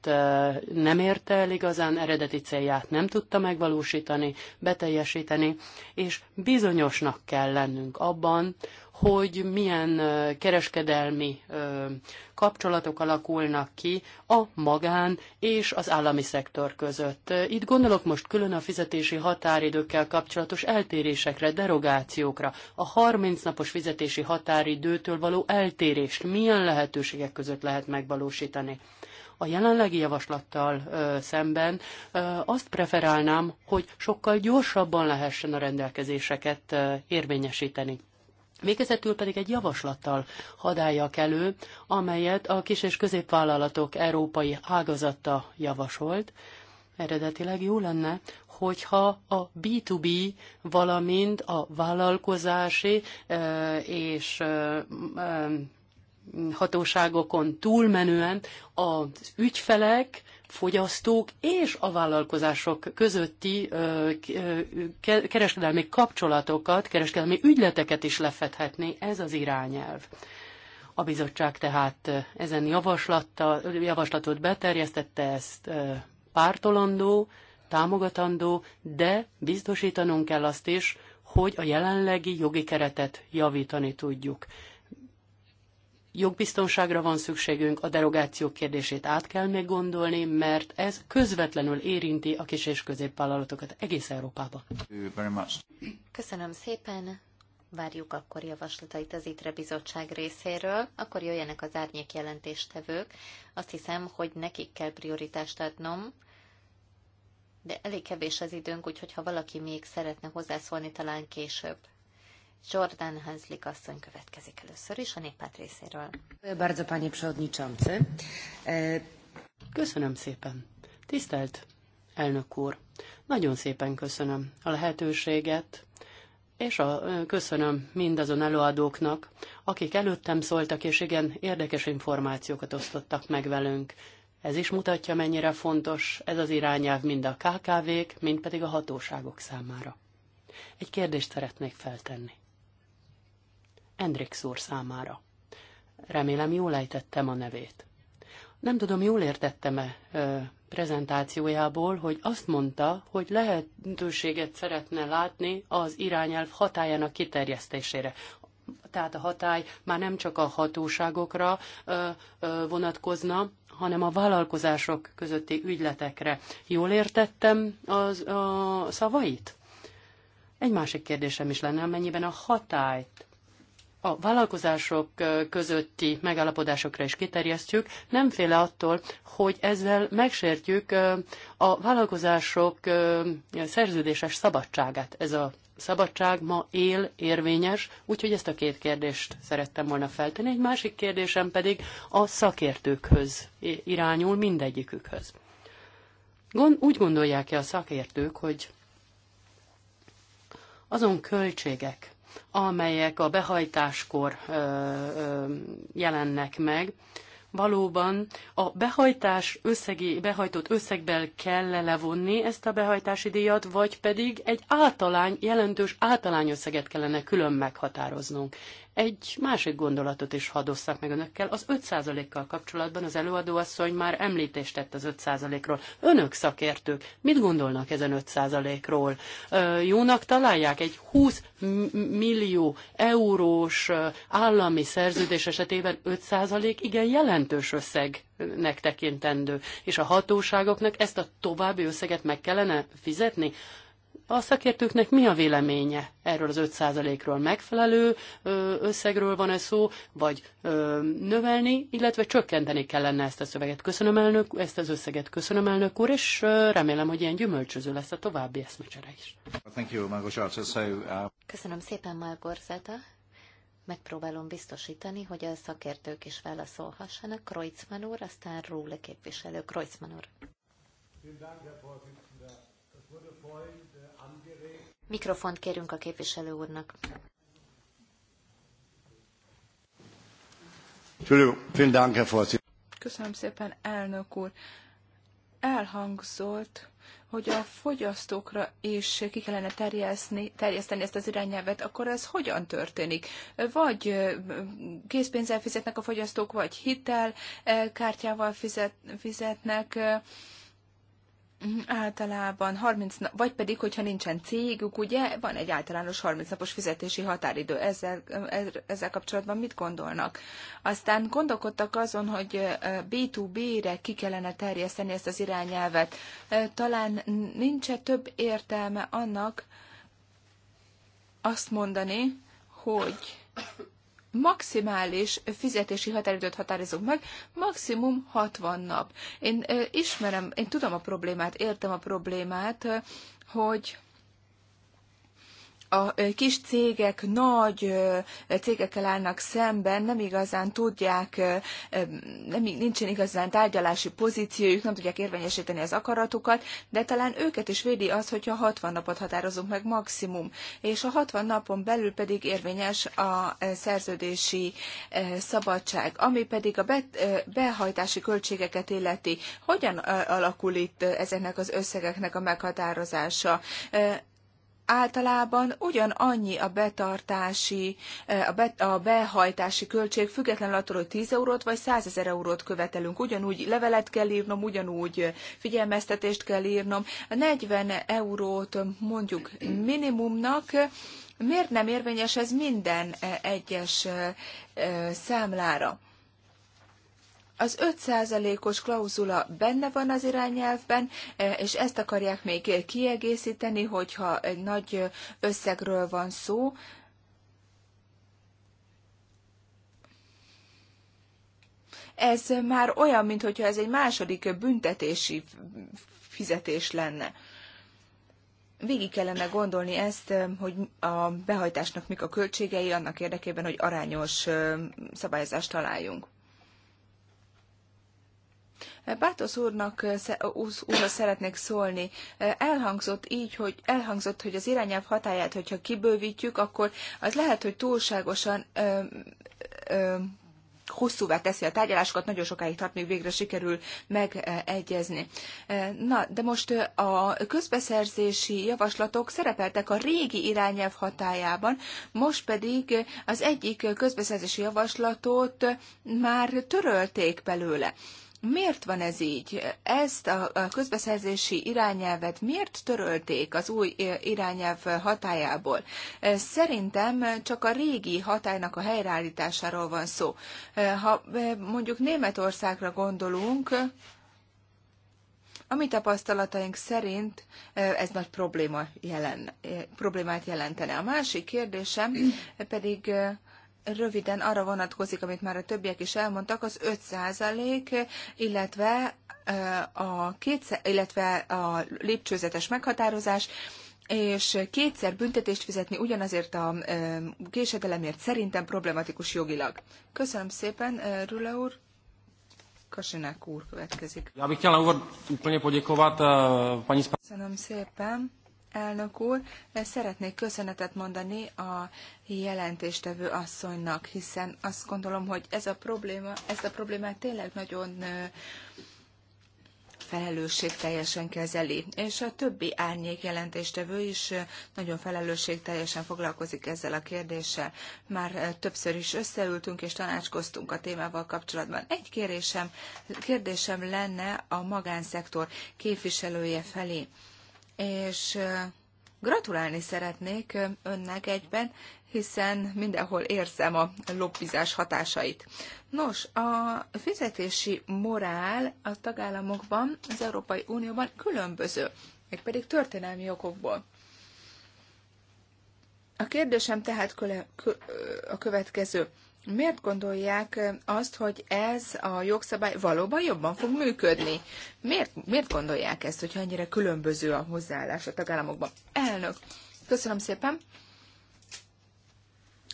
Speaker 2: nem érte el igazán, eredeti célját nem tudta megvalósítani, beteljesíteni, és bizonyosnak kell lennünk abban, hogy milyen kereskedelmi kapcsolatok alakulnak ki a magán és az állami szektor között. Itt gondolok most külön a fizetési határidőkkel kapcsolatos eltérésekre, derogációkra, a 30 napos fizetési határidőtől való eltérést milyen lehetőségek között lehet megvalósítani a jelenlegi javaslattal ö, szemben ö, azt preferálnám, hogy sokkal gyorsabban lehessen a rendelkezéseket ö, érvényesíteni. Végezetül pedig egy javaslattal hadáljak elő, amelyet a kis- és középvállalatok európai ágazata javasolt. Eredetileg jó lenne, hogyha a B2B, valamint a vállalkozási eh, és eh, hatóságokon túlmenően az ügyfelek, fogyasztók és a vállalkozások közötti kereskedelmi kapcsolatokat, kereskedelmi ügyleteket is lefedhetné ez az irányelv. A bizottság tehát ezen javaslatot beterjesztette, ezt pártolandó, támogatandó, de biztosítanunk kell azt is, hogy a jelenlegi jogi keretet javítani tudjuk. Jogbiztonságra van szükségünk, a derogáció kérdését át kell még gondolni, mert ez közvetlenül érinti a kis és középvállalatokat egész Európában.
Speaker 1: Köszönöm szépen! Várjuk akkor javaslatait az ITRE bizottság részéről, akkor jöjjenek az árnyék jelentéstevők. Azt hiszem, hogy nekik kell prioritást adnom, de elég kevés az időnk, úgyhogy ha valaki még szeretne hozzászólni, talán később. Jordan Hanslik asszony következik először is a néppárt részéről.
Speaker 2: Bardzo, panie przewodniczący. E, köszönöm szépen. Tisztelt elnök úr, nagyon szépen köszönöm a lehetőséget, és a, köszönöm mindazon előadóknak, akik előttem szóltak, és igen, érdekes információkat osztottak meg velünk. Ez is mutatja, mennyire fontos ez az irányelv mind a KKV-k, mind pedig a hatóságok számára. Egy kérdést szeretnék feltenni. Endrix úr számára. Remélem jól ejtettem a nevét. Nem tudom, jól értettem-e prezentációjából, hogy azt mondta, hogy lehetőséget szeretne látni az irányelv hatájának kiterjesztésére tehát a hatály már nem csak a hatóságokra vonatkozna, hanem a vállalkozások közötti ügyletekre. Jól értettem az a szavait? Egy másik kérdésem is lenne, amennyiben a hatályt a vállalkozások közötti megállapodásokra is kiterjesztjük, nem féle attól, hogy ezzel megsértjük a vállalkozások szerződéses szabadságát. Ez a szabadság ma él, érvényes, úgyhogy ezt a két kérdést szerettem volna feltenni. Egy másik kérdésem pedig a szakértőkhöz irányul mindegyikükhöz. úgy gondolják-e a szakértők, hogy azon költségek, amelyek a behajtáskor jelennek meg. Valóban a behajtás összegi, behajtott összegbel kell levonni ezt a behajtási díjat, vagy pedig egy általány, jelentős összeget kellene külön meghatároznunk. Egy másik gondolatot is hadosszak meg önökkel. Az 5%-kal kapcsolatban az előadóasszony már említést tett az 5%-ról. Önök szakértők, mit gondolnak ezen 5%-ról? Jónak találják egy 20 millió eurós állami szerződés esetében 5% igen jelentős összegnek tekintendő, és a hatóságoknak ezt a további összeget meg kellene fizetni? A szakértőknek mi a véleménye erről az 5%-ról? Megfelelő összegről van-e szó, vagy növelni, illetve csökkenteni kellene ezt a szöveget? Köszönöm elnök, ezt az összeget köszönöm elnök úr, és remélem, hogy ilyen gyümölcsöző lesz a további eszmecsere is.
Speaker 1: Uh, köszönöm szépen, Margorzata. Megpróbálom biztosítani, hogy a szakértők is válaszolhassanak. Kreuzmann úr, aztán Róle képviselő. Kreuzmann úr.
Speaker 3: Vielen Dank, Herr wurde vorhin
Speaker 1: Mikrofont kérünk a képviselő úrnak.
Speaker 3: Köszönöm szépen, elnök úr. Elhangzott, hogy a fogyasztókra is ki kellene terjeszteni, terjeszteni ezt az irányelvet, akkor ez hogyan történik? Vagy készpénzzel fizetnek a fogyasztók, vagy hitel kártyával fizet, fizetnek Mhm, általában 30 nap, vagy pedig, hogyha nincsen cégük, ugye, van egy általános 30 napos fizetési határidő. Ezzel, eh, ezzel kapcsolatban mit gondolnak? Aztán gondolkodtak azon, hogy eh, B2B-re ki kellene terjeszteni ezt az irányelvet. Eh, talán nincs -e több értelme annak azt mondani, hogy maximális fizetési határidőt határozunk meg, maximum 60 nap. Én ismerem, én tudom a problémát, értem a problémát, hogy a kis cégek nagy cégekkel állnak szemben, nem igazán tudják, nem, nincsen igazán tárgyalási pozíciójuk, nem tudják érvényesíteni az akaratukat, de talán őket is védi az, hogyha 60 napot határozunk meg maximum, és a 60 napon belül pedig érvényes a szerződési szabadság, ami pedig a behajtási költségeket illeti. Hogyan alakul itt ezeknek az összegeknek a meghatározása? általában ugyanannyi a betartási, a, be, a behajtási költség, függetlenül attól, hogy 10 eurót vagy 100 ezer eurót követelünk. Ugyanúgy levelet kell írnom, ugyanúgy figyelmeztetést kell írnom. A 40 eurót mondjuk minimumnak, miért nem érvényes ez minden egyes számlára? Az 5%-os klauzula benne van az irányelvben, e, és ezt akarják még kiegészíteni, hogyha egy nagy összegről van szó. Ez már olyan, mintha ez egy második büntetési fizetés lenne. Végig kellene gondolni ezt, hogy a behajtásnak mik a költségei annak érdekében, hogy arányos e, szabályozást találjunk. Bátos úrnak úrhoz szeretnék szólni. Elhangzott így, hogy elhangzott, hogy az irányelv hatáját, hogyha kibővítjük, akkor az lehet, hogy túlságosan ö, ö, hosszúvá teszi a tárgyalásokat, nagyon sokáig tart, még végre sikerül megegyezni. Na, de most a közbeszerzési javaslatok szerepeltek a régi irányelv hatájában, most pedig az egyik közbeszerzési javaslatot már törölték belőle. Miért van ez így? Ezt a közbeszerzési irányelvet miért törölték az új irányelv hatájából? Szerintem csak a régi hatálynak a helyreállításáról van szó. Ha mondjuk Németországra gondolunk, a mi tapasztalataink szerint ez nagy probléma jelen, problémát jelentene. A másik kérdésem pedig röviden arra vonatkozik, amit már a többiek is elmondtak, az 5 illetve a, kétszer, illetve a lépcsőzetes meghatározás, és kétszer büntetést fizetni ugyanazért a késedelemért szerintem problematikus jogilag. Köszönöm szépen, Rula úr. Kasinák úr következik.
Speaker 2: Já úr, úplně poděkovat paní
Speaker 3: Köszönöm szépen elnök úr. Szeretnék köszönetet mondani a jelentéstevő asszonynak, hiszen azt gondolom, hogy ez a probléma, ezt a problémát tényleg nagyon felelősségteljesen kezeli, és a többi árnyék jelentéstevő is nagyon felelősségteljesen foglalkozik ezzel a kérdéssel. Már többször is összeültünk és tanácskoztunk a témával kapcsolatban. Egy kérésem, kérdésem lenne a magánszektor képviselője felé és gratulálni szeretnék önnek egyben, hiszen mindenhol érzem a lobbizás hatásait. Nos, a fizetési morál a tagállamokban, az Európai Unióban különböző, meg pedig történelmi okokból. A kérdésem tehát a következő. Miért gondolják azt, hogy ez a jogszabály valóban jobban fog működni? Miért, miért gondolják ezt, hogy annyira különböző a hozzáállás a tagállamokban? Elnök, köszönöm szépen.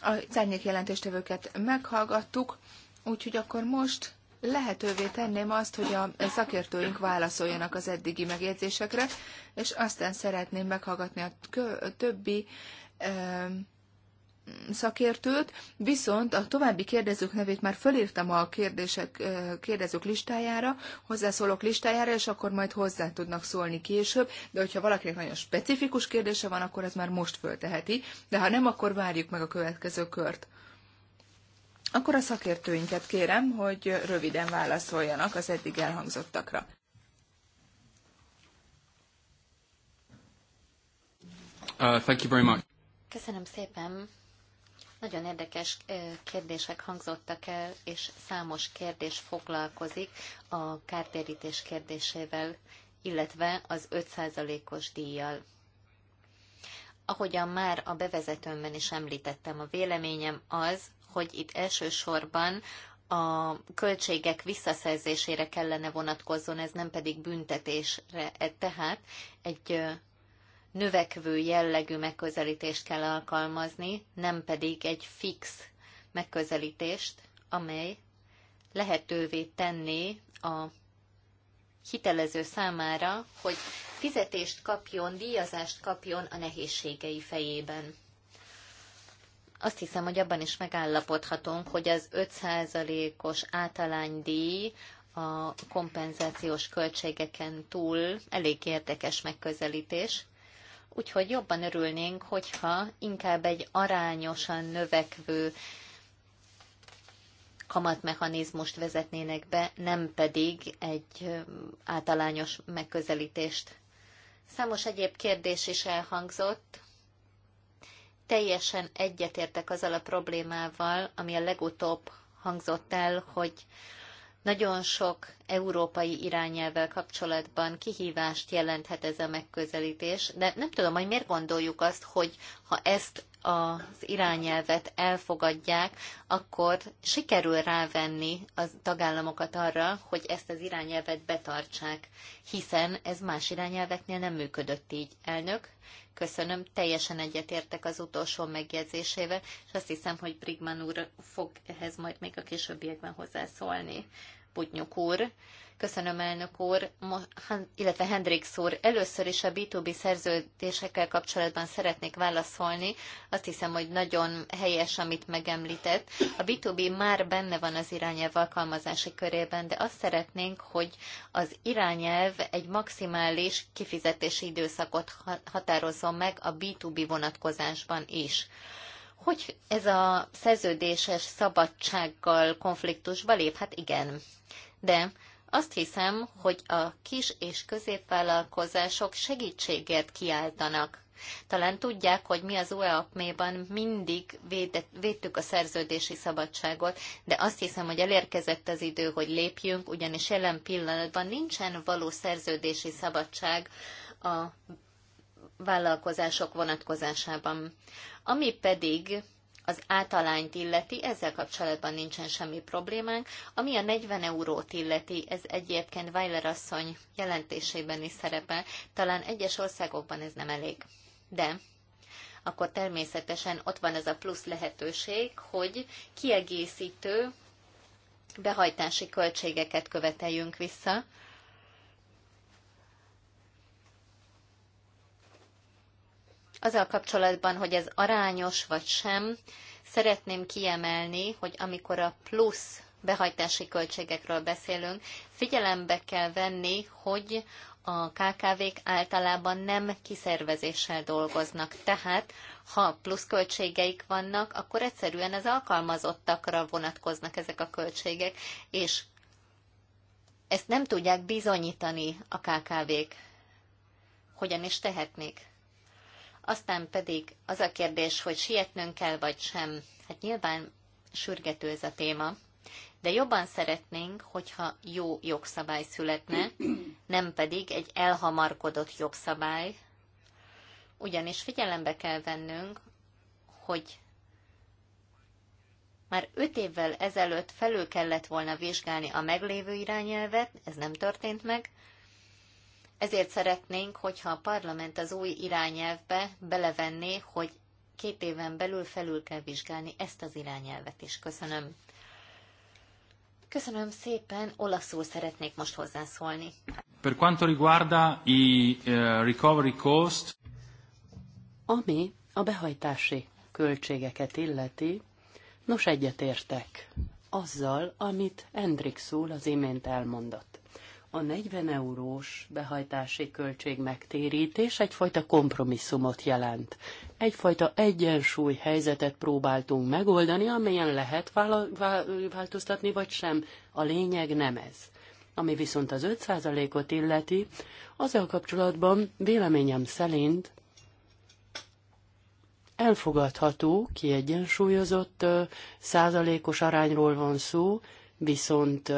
Speaker 3: A szárnyék jelentéstevőket meghallgattuk, úgyhogy akkor most lehetővé tenném azt, hogy a szakértőink válaszoljanak az eddigi megjegyzésekre, és aztán szeretném meghallgatni a többi. Ö- szakértőt, viszont a további kérdezők nevét már fölírtam a kérdések, kérdezők listájára, hozzászólók listájára, és akkor majd hozzá tudnak szólni később, de hogyha valakinek nagyon specifikus kérdése van, akkor ez már most fölteheti, de ha nem, akkor várjuk meg a következő kört. Akkor a szakértőinket kérem, hogy röviden válaszoljanak az eddig elhangzottakra.
Speaker 2: Uh, thank you very much.
Speaker 1: Köszönöm szépen. Nagyon érdekes kérdések hangzottak el, és számos kérdés foglalkozik a kártérítés kérdésével, illetve az 5%-os díjjal. Ahogyan már a bevezetőmben is említettem, a véleményem az, hogy itt elsősorban a költségek visszaszerzésére kellene vonatkozzon, ez nem pedig büntetésre. Tehát egy növekvő jellegű megközelítést kell alkalmazni, nem pedig egy fix megközelítést, amely lehetővé tenné a hitelező számára, hogy fizetést kapjon, díjazást kapjon a nehézségei fejében. Azt hiszem, hogy abban is megállapodhatunk, hogy az 5%-os általánydíj a kompenzációs költségeken túl elég érdekes megközelítés, Úgyhogy jobban örülnénk, hogyha inkább egy arányosan növekvő kamatmechanizmust vezetnének be, nem pedig egy általányos megközelítést. Számos egyéb kérdés is elhangzott. Teljesen egyetértek azzal a problémával, ami a legutóbb hangzott el, hogy nagyon sok európai irányelvvel kapcsolatban kihívást jelenthet ez a megközelítés, de nem tudom, hogy miért gondoljuk azt, hogy ha ezt az irányelvet elfogadják, akkor sikerül rávenni a tagállamokat arra, hogy ezt az irányelvet betartsák, hiszen ez más irányelveknél nem működött így. Elnök, Köszönöm, teljesen egyetértek az utolsó megjegyzésével, és azt hiszem, hogy Brigman úr fog ehhez majd még a későbbiekben hozzászólni. Budnyuk úr, Köszönöm, elnök úr, illetve Hendrix úr. Először is a B2B szerződésekkel kapcsolatban szeretnék válaszolni. Azt hiszem, hogy nagyon helyes, amit megemlített. A B2B már benne van az irányelv alkalmazási körében, de azt szeretnénk, hogy az irányelv egy maximális kifizetési időszakot határozzon meg a B2B vonatkozásban is hogy ez a szerződéses szabadsággal konfliktusba lép? Hát igen. De azt hiszem, hogy a kis és középvállalkozások segítséget kiáltanak. Talán tudják, hogy mi az ueap ban mindig védett, védtük a szerződési szabadságot, de azt hiszem, hogy elérkezett az idő, hogy lépjünk, ugyanis jelen pillanatban nincsen való szerződési szabadság a vállalkozások vonatkozásában. Ami pedig az általányt illeti, ezzel kapcsolatban nincsen semmi problémánk. Ami a 40 eurót illeti, ez egyébként Weiler asszony jelentésében is szerepel, talán egyes országokban ez nem elég. De akkor természetesen ott van ez a plusz lehetőség, hogy kiegészítő behajtási költségeket követeljünk vissza, Azzal kapcsolatban, hogy ez arányos vagy sem, szeretném kiemelni, hogy amikor a plusz behajtási költségekről beszélünk, figyelembe kell venni, hogy a KKV-k általában nem kiszervezéssel dolgoznak, tehát ha plusz költségeik vannak, akkor egyszerűen az alkalmazottakra vonatkoznak ezek a költségek, és ezt nem tudják bizonyítani a KKV-k. Hogyan is tehetnék? Aztán pedig az a kérdés, hogy sietnünk kell, vagy sem. Hát nyilván sürgető ez a téma, de jobban szeretnénk, hogyha jó jogszabály születne, nem pedig egy elhamarkodott jogszabály, ugyanis figyelembe kell vennünk, hogy már öt évvel ezelőtt felül kellett volna vizsgálni a meglévő irányelvet, ez nem történt meg, ezért szeretnénk, hogyha a parlament az új irányelvbe belevenné, hogy két éven belül felül kell vizsgálni ezt az irányelvet is. Köszönöm. Köszönöm szépen, olaszul
Speaker 2: szeretnék most hozzászólni.
Speaker 3: Per quanto riguarda i eh, recovery cost,
Speaker 2: ami a behajtási költségeket illeti, nos egyetértek azzal, amit Hendrik szól az imént elmondott a 40 eurós behajtási költség megtérítés egyfajta kompromisszumot jelent. Egyfajta egyensúly helyzetet próbáltunk megoldani, amelyen lehet változtatni vagy sem. A lényeg nem ez. Ami viszont az 5%-ot illeti, azzal kapcsolatban véleményem szerint elfogadható, kiegyensúlyozott százalékos arányról van szó, viszont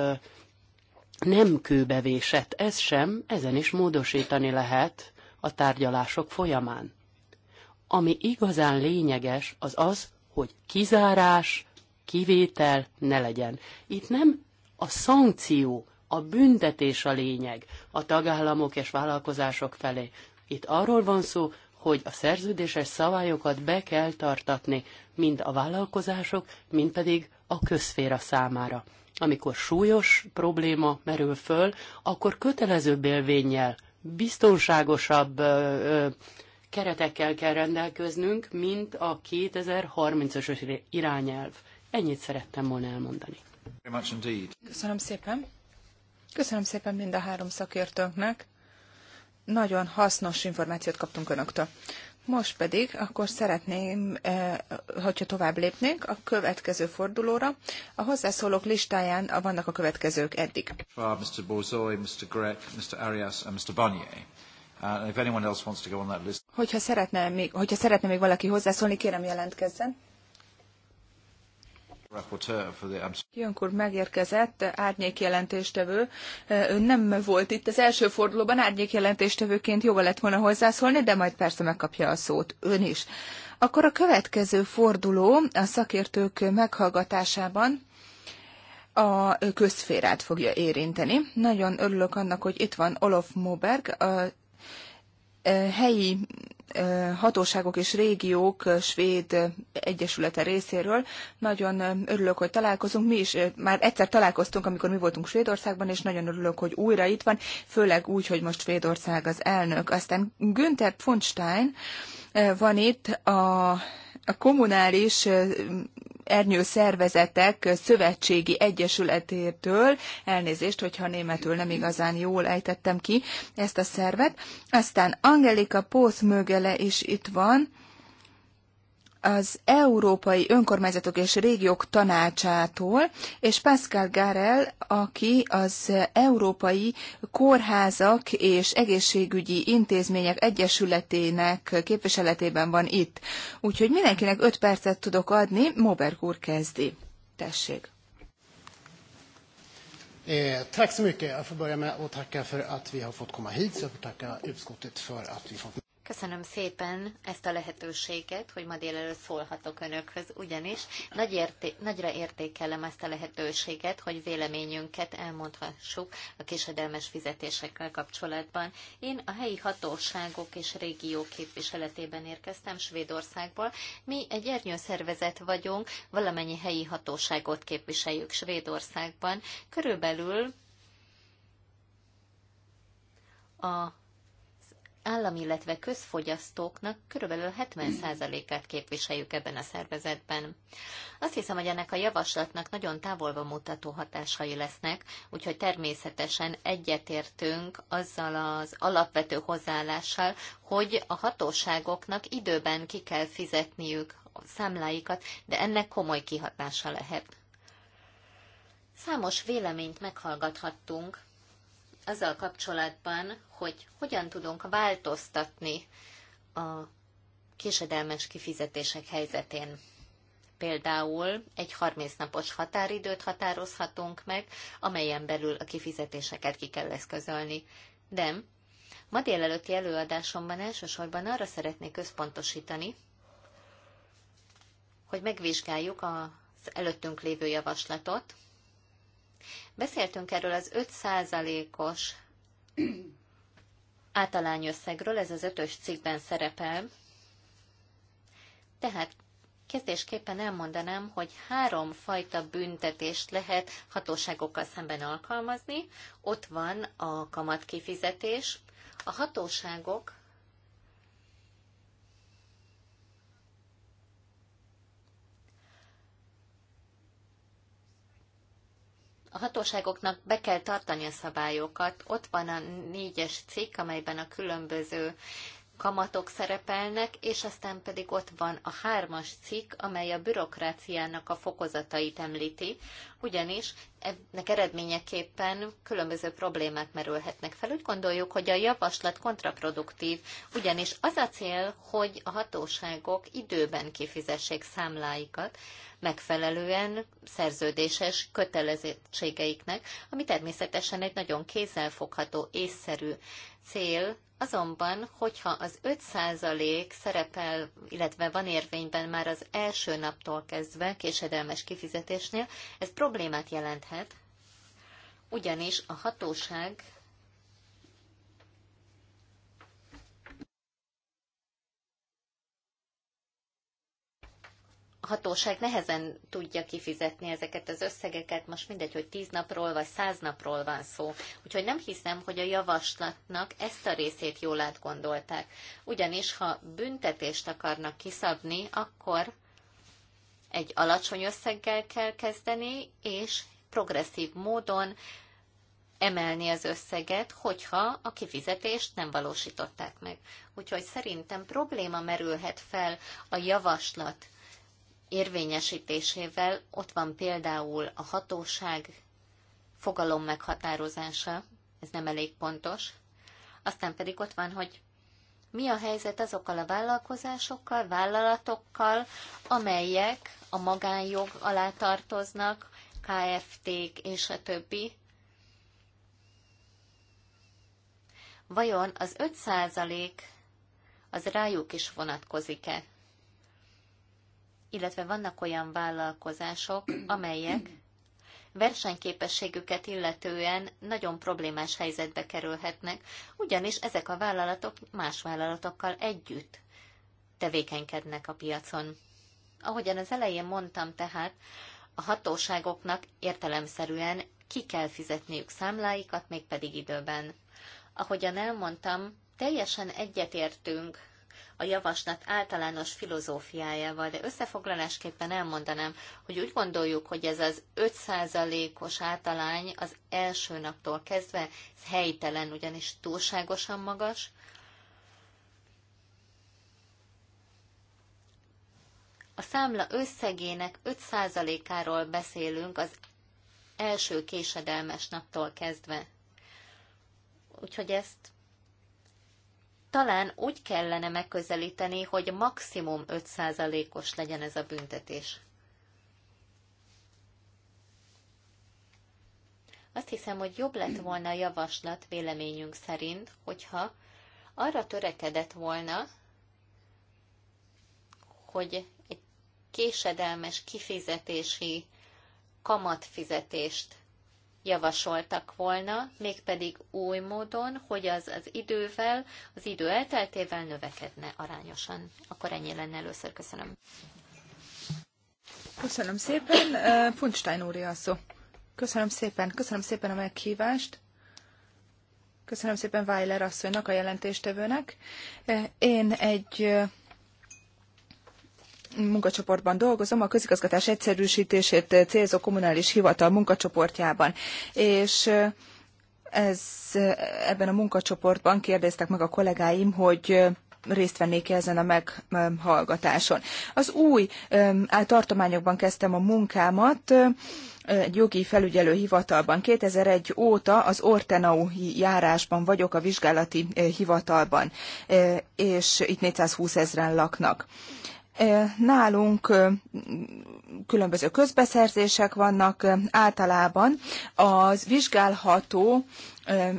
Speaker 2: nem kőbevésett, ez sem, ezen is módosítani lehet a tárgyalások folyamán. Ami igazán lényeges, az az, hogy kizárás, kivétel ne legyen. Itt nem a szankció, a büntetés a lényeg a tagállamok és vállalkozások felé. Itt arról van szó, hogy a szerződéses szabályokat be kell tartatni, mind a vállalkozások, mind pedig a közféra számára. Amikor súlyos probléma merül föl, akkor kötelező bélvénnyel, biztonságosabb ö, ö, keretekkel kell rendelkeznünk, mint a 2030-as irányelv. Ennyit szerettem volna elmondani. Köszönöm szépen.
Speaker 3: Köszönöm szépen mind a három szakértőnknek nagyon hasznos információt kaptunk önöktől. Most pedig akkor szeretném, eh, hogyha tovább lépnénk, a következő fordulóra. A hozzászólók listáján vannak a következők eddig. Mr. Bozoy, Mr. Mr. Arias and Mr. Uh, hogyha szeretne még, hogyha szeretne még valaki hozzászólni, kérem jelentkezzen. Ilyenkor megérkezett árnyékjelentéstevő. Ön nem volt itt az első fordulóban, árnyékjelentéstevőként joga lett volna hozzászólni, de majd persze megkapja a szót ön is. Akkor a következő forduló a szakértők meghallgatásában a közférát fogja érinteni. Nagyon örülök annak, hogy itt van Olof Moberg, a helyi hatóságok és régiók svéd egyesülete részéről. Nagyon örülök, hogy találkozunk. Mi is már egyszer találkoztunk, amikor mi voltunk Svédországban, és nagyon örülök, hogy újra itt van, főleg úgy, hogy most Svédország az elnök. Aztán Günther Pfundstein van itt a a kommunális ernyő szervezetek szövetségi egyesületétől, elnézést, hogyha németül nem igazán jól ejtettem ki ezt a szervet. Aztán Angelika mögele is itt van, az Európai Önkormányzatok és Régiók Tanácsától, és Pascal Garel, aki az Európai Kórházak és Egészségügyi Intézmények Egyesületének képviseletében van itt. Úgyhogy mindenkinek 5 percet tudok adni, Moberg úr kezdi. Tessék.
Speaker 2: Eh, tack så mycket.
Speaker 3: Jag får börja med att tacka för att vi har fått komma hit. Så jag får tacka utskottet för att vi fått
Speaker 1: Köszönöm szépen ezt a lehetőséget, hogy ma délelőtt szólhatok Önökhöz, ugyanis nagy érté- nagyra értékelem ezt a lehetőséget, hogy véleményünket elmondhassuk a késedelmes fizetésekkel kapcsolatban. Én a helyi hatóságok és régió képviseletében érkeztem Svédországból. Mi egy ernyőszervezet vagyunk, valamennyi helyi hatóságot képviseljük Svédországban. Körülbelül a állam, illetve közfogyasztóknak körülbelül 70%-át képviseljük ebben a szervezetben. Azt hiszem, hogy ennek a javaslatnak nagyon távolba mutató hatásai lesznek, úgyhogy természetesen egyetértünk azzal az alapvető hozzáállással, hogy a hatóságoknak időben ki kell fizetniük a számláikat, de ennek komoly kihatása lehet. Számos véleményt meghallgathattunk azzal kapcsolatban, hogy hogyan tudunk változtatni a késedelmes kifizetések helyzetén. Például egy 30 napos határidőt határozhatunk meg, amelyen belül a kifizetéseket ki kell eszközölni. De ma délelőtti előadásomban elsősorban arra szeretnék központosítani, hogy megvizsgáljuk az előttünk lévő javaslatot, Beszéltünk erről az 5%-os általányösszegről, ez az ötös cikkben szerepel. Tehát kezdésképpen elmondanám, hogy három fajta büntetést lehet hatóságokkal szemben alkalmazni. Ott van a kamatkifizetés. A hatóságok A hatóságoknak be kell tartani a szabályokat. Ott van a négyes cikk, amelyben a különböző kamatok szerepelnek, és aztán pedig ott van a hármas cikk, amely a bürokráciának a fokozatait említi, ugyanis ennek eredményeképpen különböző problémák merülhetnek fel. Úgy gondoljuk, hogy a javaslat kontraproduktív, ugyanis az a cél, hogy a hatóságok időben kifizessék számláikat, megfelelően szerződéses kötelezettségeiknek, ami természetesen egy nagyon kézzelfogható, észszerű cél, Azonban, hogyha az 5% szerepel, illetve van érvényben már az első naptól kezdve késedelmes kifizetésnél, ez problémát jelenthet, ugyanis a hatóság hatóság nehezen tudja kifizetni ezeket az összegeket, most mindegy, hogy tíz napról vagy száz napról van szó. Úgyhogy nem hiszem, hogy a javaslatnak ezt a részét jól átgondolták. Ugyanis, ha büntetést akarnak kiszabni, akkor egy alacsony összeggel kell kezdeni, és progresszív módon emelni az összeget, hogyha a kifizetést nem valósították meg. Úgyhogy szerintem probléma merülhet fel a javaslat érvényesítésével ott van például a hatóság fogalom meghatározása, ez nem elég pontos. Aztán pedig ott van, hogy mi a helyzet azokkal a vállalkozásokkal, vállalatokkal, amelyek a magánjog alá tartoznak, KFT-k és a többi. Vajon az 5 az rájuk is vonatkozik-e? illetve vannak olyan vállalkozások, amelyek versenyképességüket illetően nagyon problémás helyzetbe kerülhetnek, ugyanis ezek a vállalatok más vállalatokkal együtt tevékenykednek a piacon. Ahogyan az elején mondtam tehát, a hatóságoknak értelemszerűen ki kell fizetniük számláikat, mégpedig időben. Ahogyan elmondtam, teljesen egyetértünk a javaslat általános filozófiájával, de összefoglalásképpen elmondanám, hogy úgy gondoljuk, hogy ez az 5%-os átalány az első naptól kezdve ez helytelen, ugyanis túlságosan magas, A számla összegének 5%-áról beszélünk az első késedelmes naptól kezdve. Úgyhogy ezt talán úgy kellene megközelíteni, hogy maximum 5%-os legyen ez a büntetés. Azt hiszem, hogy jobb lett volna a javaslat véleményünk szerint, hogyha arra törekedett volna, hogy egy késedelmes kifizetési kamatfizetést javasoltak volna, mégpedig új módon, hogy az az idővel, az idő elteltével növekedne arányosan. Akkor ennyi lenne először. Köszönöm.
Speaker 3: Köszönöm szépen. Funstein úr a szó. Köszönöm szépen. Köszönöm szépen a meghívást. Köszönöm szépen Weiler asszonynak, a jelentéstevőnek. Én egy munkacsoportban dolgozom, a közigazgatás egyszerűsítését célzó kommunális hivatal munkacsoportjában. És ez, ebben a munkacsoportban kérdeztek meg a kollégáim, hogy részt vennék ezen a meghallgatáson. Az új tartományokban kezdtem a munkámat, egy jogi felügyelő hivatalban. 2001 óta az Ortenaui járásban vagyok a vizsgálati hivatalban, és itt 420 ezeren laknak. Nálunk különböző közbeszerzések vannak általában. Az vizsgálható,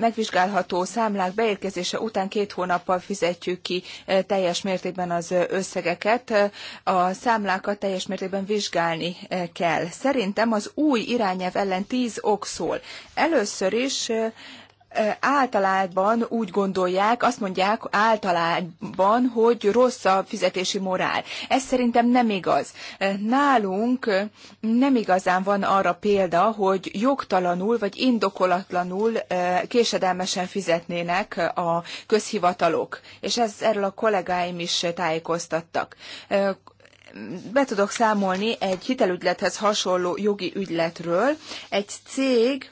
Speaker 3: megvizsgálható számlák beérkezése után két hónappal fizetjük ki teljes mértékben az összegeket. A számlákat teljes mértékben vizsgálni kell. Szerintem az új irányelv ellen tíz ok szól. Először is általában úgy gondolják, azt mondják általában, hogy rossz a fizetési morál. Ez szerintem nem igaz. Nálunk nem igazán van arra példa, hogy jogtalanul vagy indokolatlanul késedelmesen fizetnének a közhivatalok, és ez erről a kollégáim is tájékoztattak be tudok számolni egy hitelügylethez hasonló jogi ügyletről. Egy cég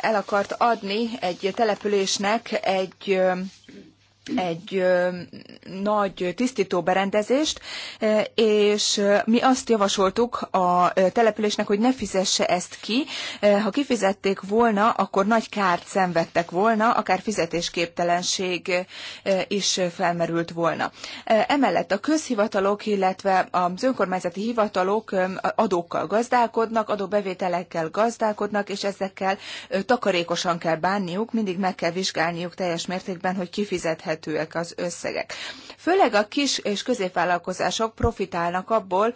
Speaker 3: el akart adni egy településnek egy egy nagy tisztító berendezést, és mi azt javasoltuk a településnek, hogy ne fizesse ezt ki. Ha kifizették volna, akkor nagy kárt szenvedtek volna, akár fizetésképtelenség is felmerült volna. Emellett a közhivatalok, illetve az önkormányzati hivatalok adókkal gazdálkodnak, adóbevételekkel gazdálkodnak, és ezekkel takarékosan kell bánniuk, mindig meg kell vizsgálniuk teljes mértékben, hogy kifizethet elképzelhetőek az összegek. Főleg a kis és középvállalkozások profitálnak abból,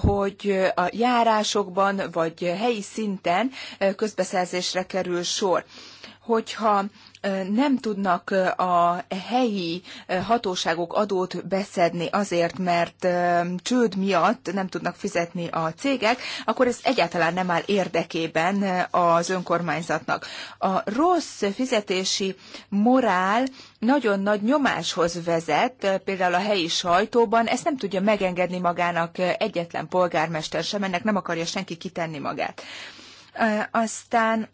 Speaker 3: hogy a járásokban vagy helyi szinten közbeszerzésre kerül sor hogyha nem tudnak a helyi hatóságok adót beszedni azért, mert csőd miatt nem tudnak fizetni a cégek, akkor ez egyáltalán nem áll érdekében az önkormányzatnak. A rossz fizetési morál nagyon nagy nyomáshoz vezet, például a helyi sajtóban, ezt nem tudja megengedni magának egyetlen polgármester sem, ennek nem akarja senki kitenni magát. Aztán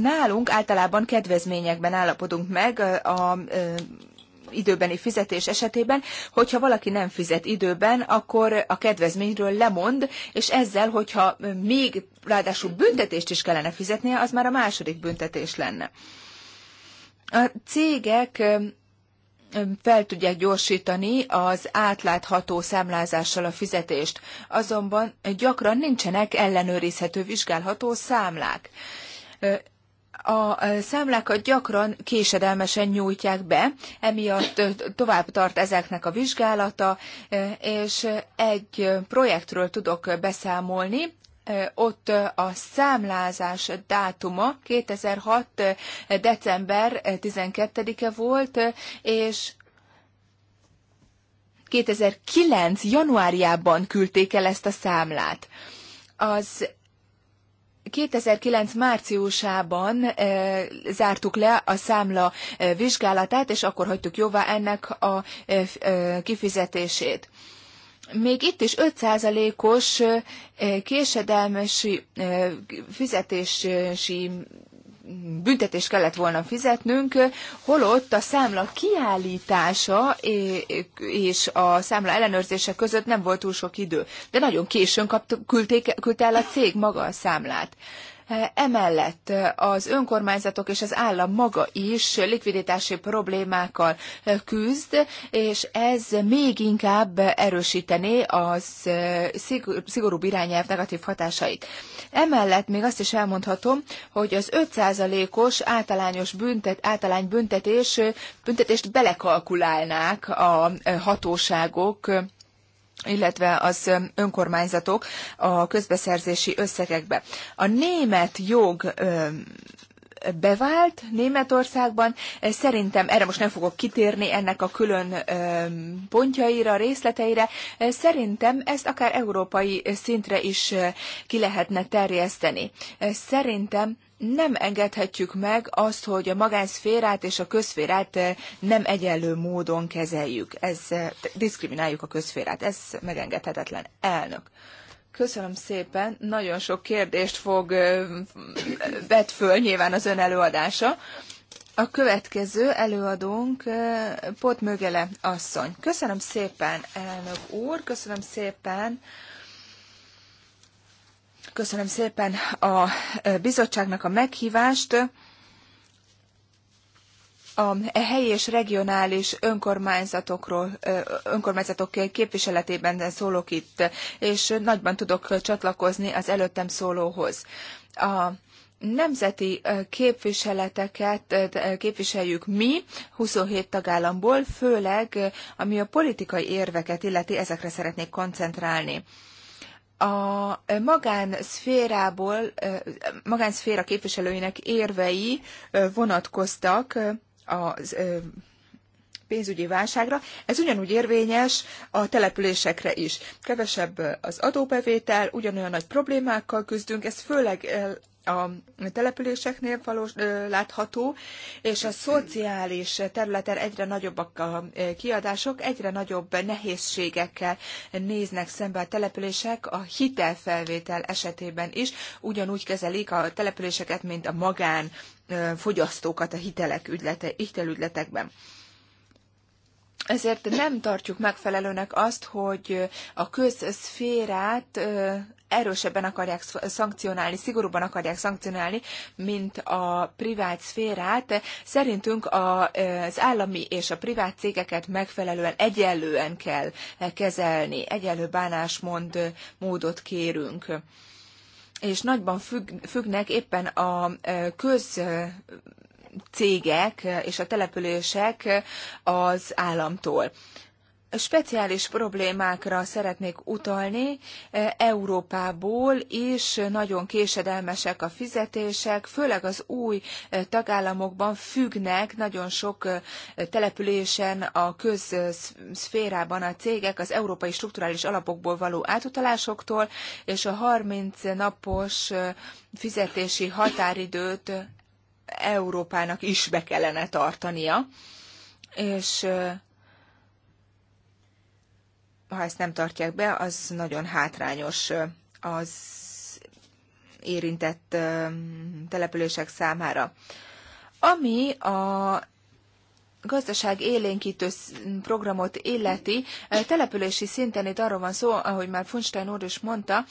Speaker 3: Nálunk általában kedvezményekben állapodunk meg a időbeni fizetés esetében, hogyha valaki nem fizet időben, akkor a kedvezményről lemond, és ezzel, hogyha még ráadásul büntetést is kellene fizetnie, az már a második büntetés lenne. A cégek fel tudják gyorsítani az átlátható számlázással a fizetést, azonban gyakran nincsenek ellenőrizhető, vizsgálható számlák a számlákat gyakran késedelmesen nyújtják be, emiatt tovább tart ezeknek a vizsgálata, és egy projektről tudok beszámolni, ott a számlázás dátuma 2006. december 12-e volt, és 2009. januárjában küldték el ezt a számlát. Az 2009 márciusában e, zártuk le a számla e, vizsgálatát, és akkor hagytuk jóvá ennek a e, e, kifizetését. Még itt is 5%-os késedelmesi fizetési Büntetés kellett volna fizetnünk, holott a számla kiállítása és a számla ellenőrzése között nem volt túl sok idő. De nagyon későn kapt, küldték, küldte el a cég maga a számlát. Emellett eh, az önkormányzatok és az állam maga is likviditási problémákkal eh, küzd, és ez még inkább erősítené az eh, szigorúbb irányelv negatív hatásait. Emellett még azt is elmondhatom, hogy az 5%-os általányos büntet, általány büntetés, büntetést belekalkulálnák a hatóságok illetve az önkormányzatok a közbeszerzési összegekbe. A német jog bevált Németországban. Szerintem erre most nem fogok kitérni ennek a külön pontjaira, részleteire. Szerintem ezt akár európai szintre is ki lehetne terjeszteni. Szerintem nem engedhetjük meg azt, hogy a magánszférát és a közférát nem egyenlő módon kezeljük. Ez diszkrimináljuk a közférát. Ez megengedhetetlen. Elnök. Köszönöm szépen. Nagyon sok kérdést fog vet föl nyilván az ön előadása. A következő előadónk Pot Mögele asszony. Köszönöm szépen, elnök úr, köszönöm szépen. Köszönöm szépen a bizottságnak a meghívást a helyi és regionális önkormányzatokról, önkormányzatok képviseletében szólok itt, és nagyban tudok csatlakozni az előttem szólóhoz. A nemzeti képviseleteket képviseljük mi, 27 tagállamból, főleg ami a politikai érveket illeti, ezekre szeretnék koncentrálni a magánszférából, magánszféra képviselőinek érvei vonatkoztak az pénzügyi válságra. Ez ugyanúgy érvényes a településekre is. Kevesebb az adóbevétel, ugyanolyan nagy problémákkal küzdünk, ez főleg a településeknél valós, látható, és a szociális területen egyre nagyobbak a kiadások, egyre nagyobb nehézségekkel néznek szembe a települések a hitelfelvétel esetében is. Ugyanúgy kezelik a településeket, mint a magán fogyasztókat a hitelek ügylete, hitelügyletekben. Ezért nem tartjuk megfelelőnek azt, hogy a közszférát erősebben akarják szankcionálni, szigorúban akarják szankcionálni, mint a privát szférát. Szerintünk az állami és a privát cégeket megfelelően egyenlően kell kezelni, egyenlő bánásmond módot kérünk és nagyban függ, függnek éppen a e, köz cégek és a települések az államtól speciális problémákra szeretnék utalni. E, Európából is nagyon késedelmesek a fizetések, főleg az új e, tagállamokban függnek nagyon sok e, településen a közszférában a cégek az európai strukturális alapokból való átutalásoktól, és a 30 napos fizetési határidőt Európának is be kellene tartania. És ha ezt nem tartják be, az nagyon hátrányos az érintett települések számára. Ami a gazdaság élénkítő programot illeti, települési szinten itt arról van szó, ahogy már Funstein úr is mondta,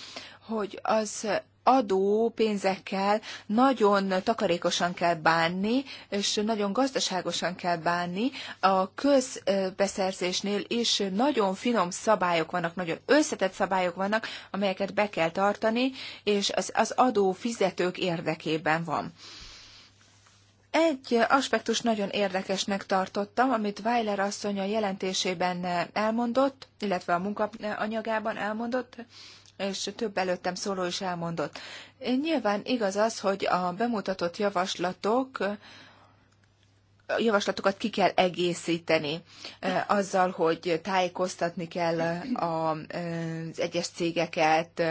Speaker 3: hogy az adó pénzekkel nagyon takarékosan kell bánni, és nagyon gazdaságosan kell bánni. A közbeszerzésnél is nagyon finom szabályok vannak, nagyon összetett szabályok vannak, amelyeket be kell tartani, és az, az adó fizetők érdekében van. Egy aspektus nagyon érdekesnek tartottam, amit Weiler asszony a jelentésében elmondott, illetve a munkaanyagában elmondott, és több előttem szóló is elmondott. Nyilván igaz az, hogy a bemutatott javaslatok javaslatokat ki kell egészíteni eh, azzal, hogy tájékoztatni kell eh, eh, az egyes cégeket,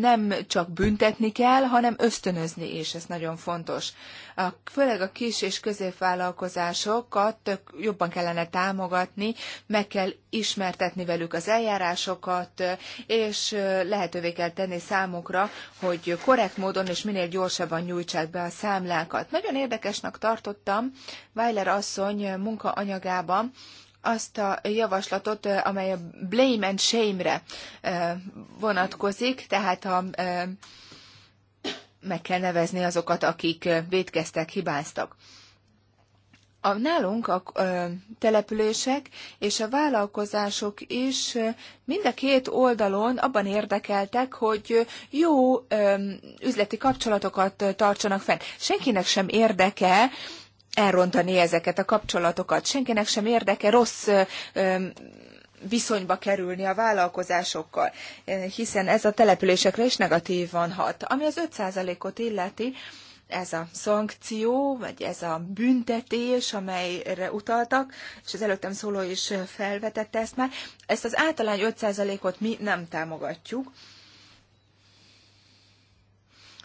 Speaker 3: nem csak büntetni kell, hanem ösztönözni is, ez nagyon fontos. A, főleg a kis és középvállalkozásokat jobban kellene támogatni, meg kell ismertetni velük az eljárásokat, és lehetővé kell tenni számukra, hogy korrekt módon és minél gyorsabban nyújtsák be a számlákat. Nagyon érdekesnek tartottam Weiler asszony munkaanyagában, azt a javaslatot, amely a blame and shame-re vonatkozik, tehát a, meg kell nevezni azokat, akik védkeztek, hibáztak. A, nálunk a ö, települések és a vállalkozások is ö, mind a két oldalon abban érdekeltek, hogy jó ö, üzleti kapcsolatokat tartsanak fenn. Senkinek sem érdeke, ö, elrontani ezeket a kapcsolatokat. Senkinek sem érdeke rossz viszonyba kerülni a vállalkozásokkal, hiszen ez a településekre is negatívan hat. Ami az 5%-ot illeti, ez a szankció, vagy ez a büntetés, amelyre utaltak, és az előttem szóló is felvetette ezt már, ezt az általány 5%-ot mi nem támogatjuk,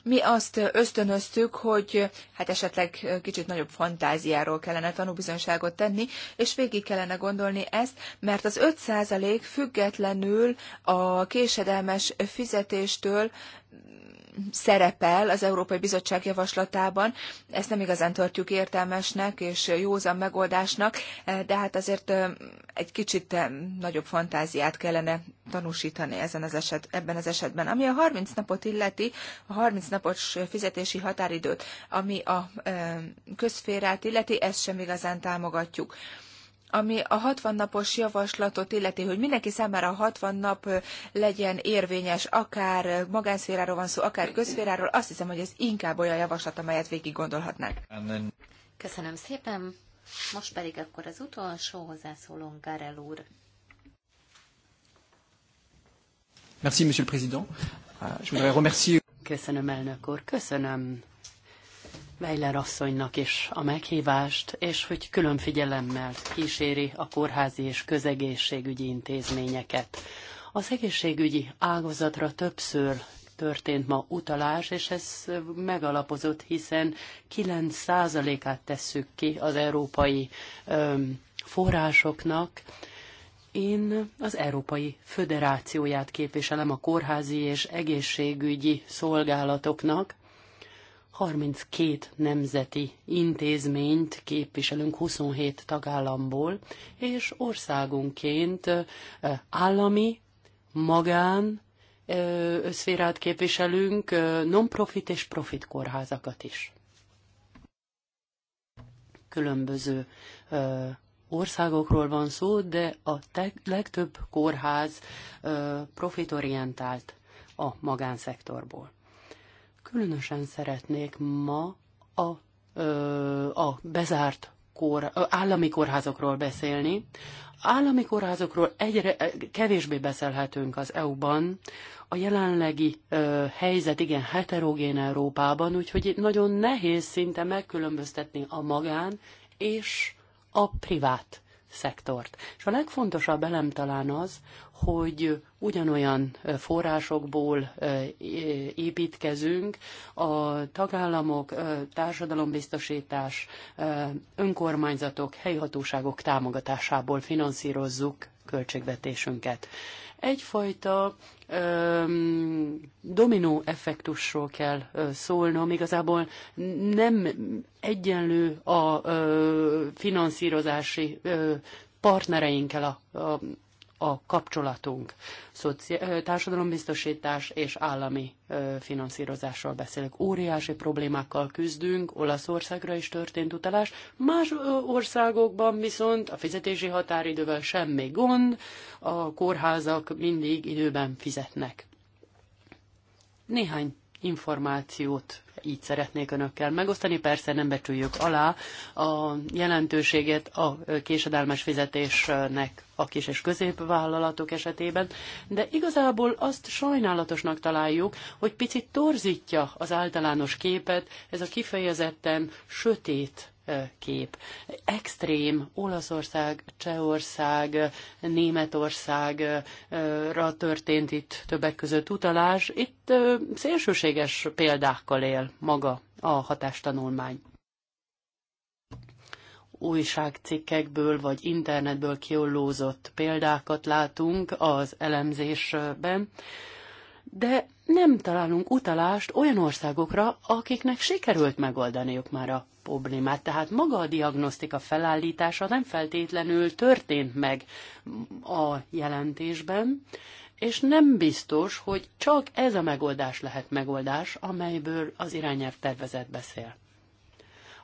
Speaker 3: mi azt ösztönöztük, hogy hát esetleg kicsit nagyobb fantáziáról kellene tanúbizonyságot tenni, és végig kellene gondolni ezt, mert az 5% függetlenül a késedelmes fizetéstől szerepel az Európai Bizottság javaslatában. Ezt nem igazán tartjuk értelmesnek és józan megoldásnak, eh, de hát azért eh, egy kicsit eh, nagyobb fantáziát kellene tanúsítani ezen az eset, ebben az esetben. Ami a 30 napot illeti, a 30 napos fizetési határidőt, ami a közférát illeti, ezt sem igazán támogatjuk ami a 60 napos javaslatot illeti, hogy mindenki számára a 60 nap legyen érvényes, akár magánszféráról van szó, akár közszféráról, azt hiszem, hogy ez inkább olyan javaslat, amelyet végig gondolhatnánk.
Speaker 1: Köszönöm szépen. Most pedig akkor az utolsó hozzászólónk, Garel úr.
Speaker 2: Merci, Monsieur le Président. Euh, je voudrais remercier... Köszönöm, elnök úr. Köszönöm Weiler asszonynak is a meghívást, és hogy külön figyelemmel kíséri a kórházi és közegészségügyi intézményeket. Az egészségügyi ágazatra többször történt ma utalás, és ez megalapozott, hiszen 9%-át tesszük ki az európai öm, forrásoknak. Én az Európai Föderációját képviselem a kórházi és egészségügyi szolgálatoknak, 32 nemzeti intézményt képviselünk 27 tagállamból, és országunként állami, magán, összférát képviselünk, non-profit és profit kórházakat is. Különböző országokról van szó, de a legtöbb kórház profitorientált a magánszektorból. Különösen szeretnék ma a, ö, a bezárt kor, állami kórházokról beszélni. Állami kórházokról egyre kevésbé beszélhetünk az EU-ban. A jelenlegi ö, helyzet igen heterogén Európában, úgyhogy nagyon nehéz szinte megkülönböztetni a magán és a privát szektort. És a legfontosabb elem talán az, hogy ugyanolyan forrásokból építkezünk, a tagállamok, társadalombiztosítás, önkormányzatok, helyhatóságok támogatásából finanszírozzuk költségvetésünket. Egyfajta um, dominó effektusról kell uh, szólnom. Igazából nem egyenlő a uh, finanszírozási uh, partnereinkkel a, a a kapcsolatunk. Szoci- társadalombiztosítás és állami finanszírozásról beszélek. Óriási problémákkal küzdünk, Olaszországra is történt utalás. Más országokban viszont a fizetési határidővel semmi gond, a kórházak mindig időben fizetnek. Néhány információt így szeretnék önökkel megosztani. Persze nem becsüljük alá a jelentőségét a késedelmes fizetésnek a kis és középvállalatok esetében, de igazából azt sajnálatosnak találjuk, hogy picit torzítja az általános képet ez a kifejezetten sötét kép. Extrém Olaszország, Csehország, Németországra történt itt többek között utalás. Itt szélsőséges példákkal él maga a hatástanulmány újságcikkekből vagy internetből kiollózott példákat látunk az elemzésben, de nem találunk utalást olyan országokra, akiknek sikerült megoldaniuk már a problémát. Tehát maga a diagnosztika felállítása nem feltétlenül történt meg a jelentésben, és nem biztos, hogy csak ez a megoldás lehet megoldás, amelyből az irányelv tervezet beszél.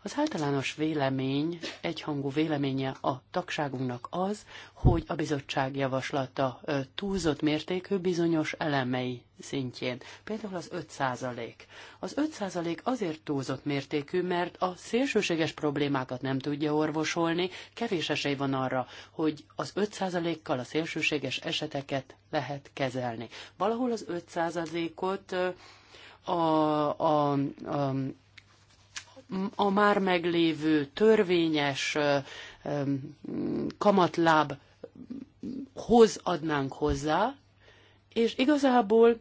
Speaker 2: Az általános vélemény, egyhangú véleménye a tagságunknak az, hogy a bizottság javaslata túlzott mértékű bizonyos elemei szintjén. Például az 5%. Az 5% azért túlzott mértékű, mert a szélsőséges problémákat nem tudja orvosolni, kevés esély van arra, hogy az 5 százalékkal a szélsőséges eseteket lehet kezelni. Valahol az 5 százalékot a, a, a a már meglévő törvényes kamatlábhoz adnánk hozzá, és igazából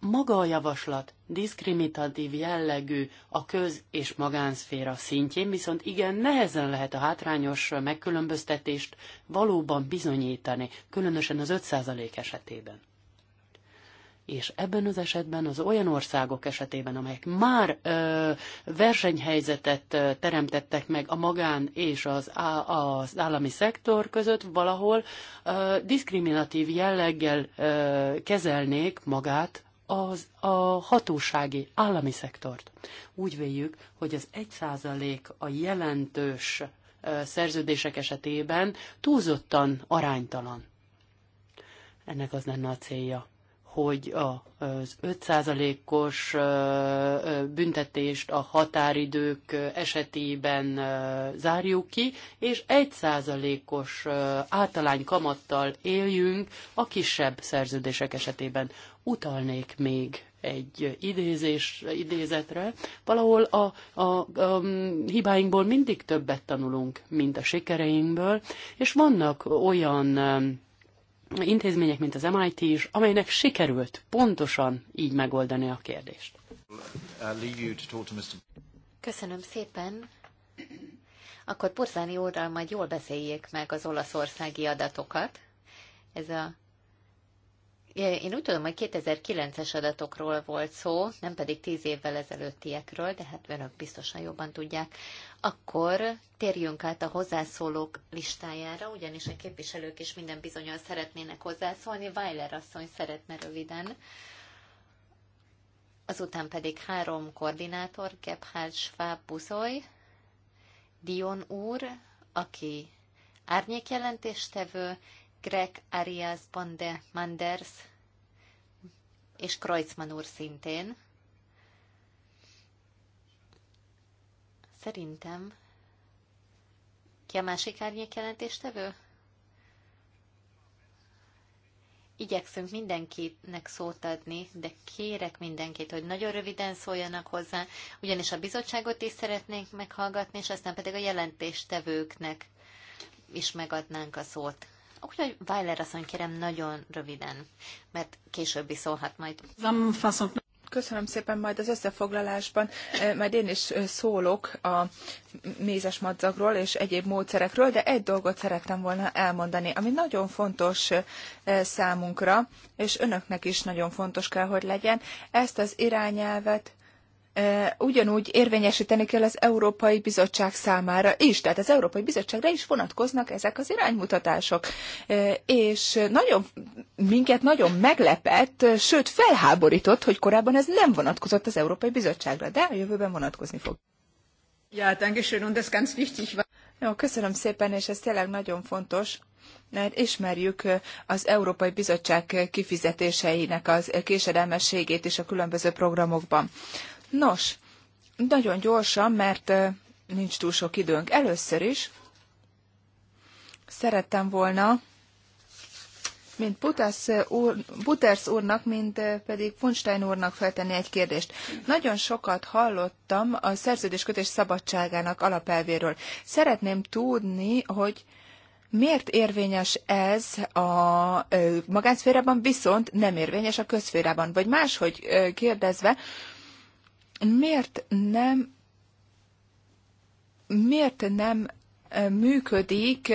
Speaker 2: maga a javaslat diszkriminatív jellegű a köz- és magánszféra szintjén, viszont igen nehezen lehet a hátrányos megkülönböztetést valóban bizonyítani, különösen az 5% esetében és ebben az esetben az olyan országok esetében, amelyek már ö, versenyhelyzetet ö, teremtettek meg a magán és az, á, az állami szektor között, valahol ö, diszkriminatív jelleggel ö, kezelnék magát az, a hatósági állami szektort. Úgy véljük, hogy az százalék a jelentős ö, szerződések esetében túlzottan aránytalan. Ennek az lenne a célja hogy az 5%-os büntetést a határidők esetében zárjuk ki, és 1%-os általány kamattal éljünk a kisebb szerződések esetében. Utalnék még egy idézés, idézetre. Valahol a, a, a hibáinkból mindig többet tanulunk, mint a sikereinkből, és vannak olyan intézmények, mint az MIT is, amelynek sikerült pontosan így megoldani a kérdést.
Speaker 1: Köszönöm szépen. Akkor porzáni úrral majd jól beszéljék meg az olaszországi adatokat. Ez a én úgy tudom, hogy 2009-es adatokról volt szó, nem pedig 10 évvel ezelőttiekről, de hát önök biztosan jobban tudják. Akkor térjünk át a hozzászólók listájára, ugyanis a képviselők is minden bizonyal szeretnének hozzászólni. Weiler asszony szeretne röviden. Azután pedig három koordinátor, Gebhard Schwab Buzoy, Dion úr, aki árnyékjelentéstevő, Greg Arias Bande Manders és Kreutzmann úr szintén. Szerintem ki a másik árnyék jelentéstevő? Igyekszünk mindenkinek szót adni, de kérek mindenkit, hogy nagyon röviden szóljanak hozzá, ugyanis a bizottságot is szeretnénk meghallgatni, és aztán pedig a jelentéstevőknek is megadnánk a szót. Úgyhogy Weiler asszony kérem nagyon röviden,
Speaker 3: mert későbbi szólhat majd. Köszönöm szépen, majd az összefoglalásban, majd én is szólok a mézes madzagról és egyéb módszerekről, de egy dolgot szerettem volna elmondani, ami nagyon fontos számunkra, és önöknek is nagyon fontos kell, hogy legyen. Ezt az irányelvet ugyanúgy érvényesíteni kell az Európai Bizottság számára is. Tehát az Európai Bizottságra is vonatkoznak ezek az iránymutatások. És nagyon, minket nagyon meglepett, sőt felháborított, hogy korábban ez nem vonatkozott az Európai Bizottságra, de a jövőben vonatkozni fog. Ja, danke schön, und das ganz wichtig Jó, köszönöm szépen, és ez tényleg nagyon fontos, mert ismerjük az Európai Bizottság kifizetéseinek az késedelmességét is a különböző programokban. Nos, nagyon gyorsan, mert nincs túl sok időnk. Először is szerettem volna, mint Butász úr, úrnak, mint pedig Funstein úrnak feltenni egy kérdést. Nagyon sokat hallottam a szerződéskötés szabadságának alapelvéről. Szeretném tudni, hogy Miért érvényes ez a magánszférában, viszont nem érvényes a közszférában? Vagy máshogy kérdezve, miért nem miért nem működik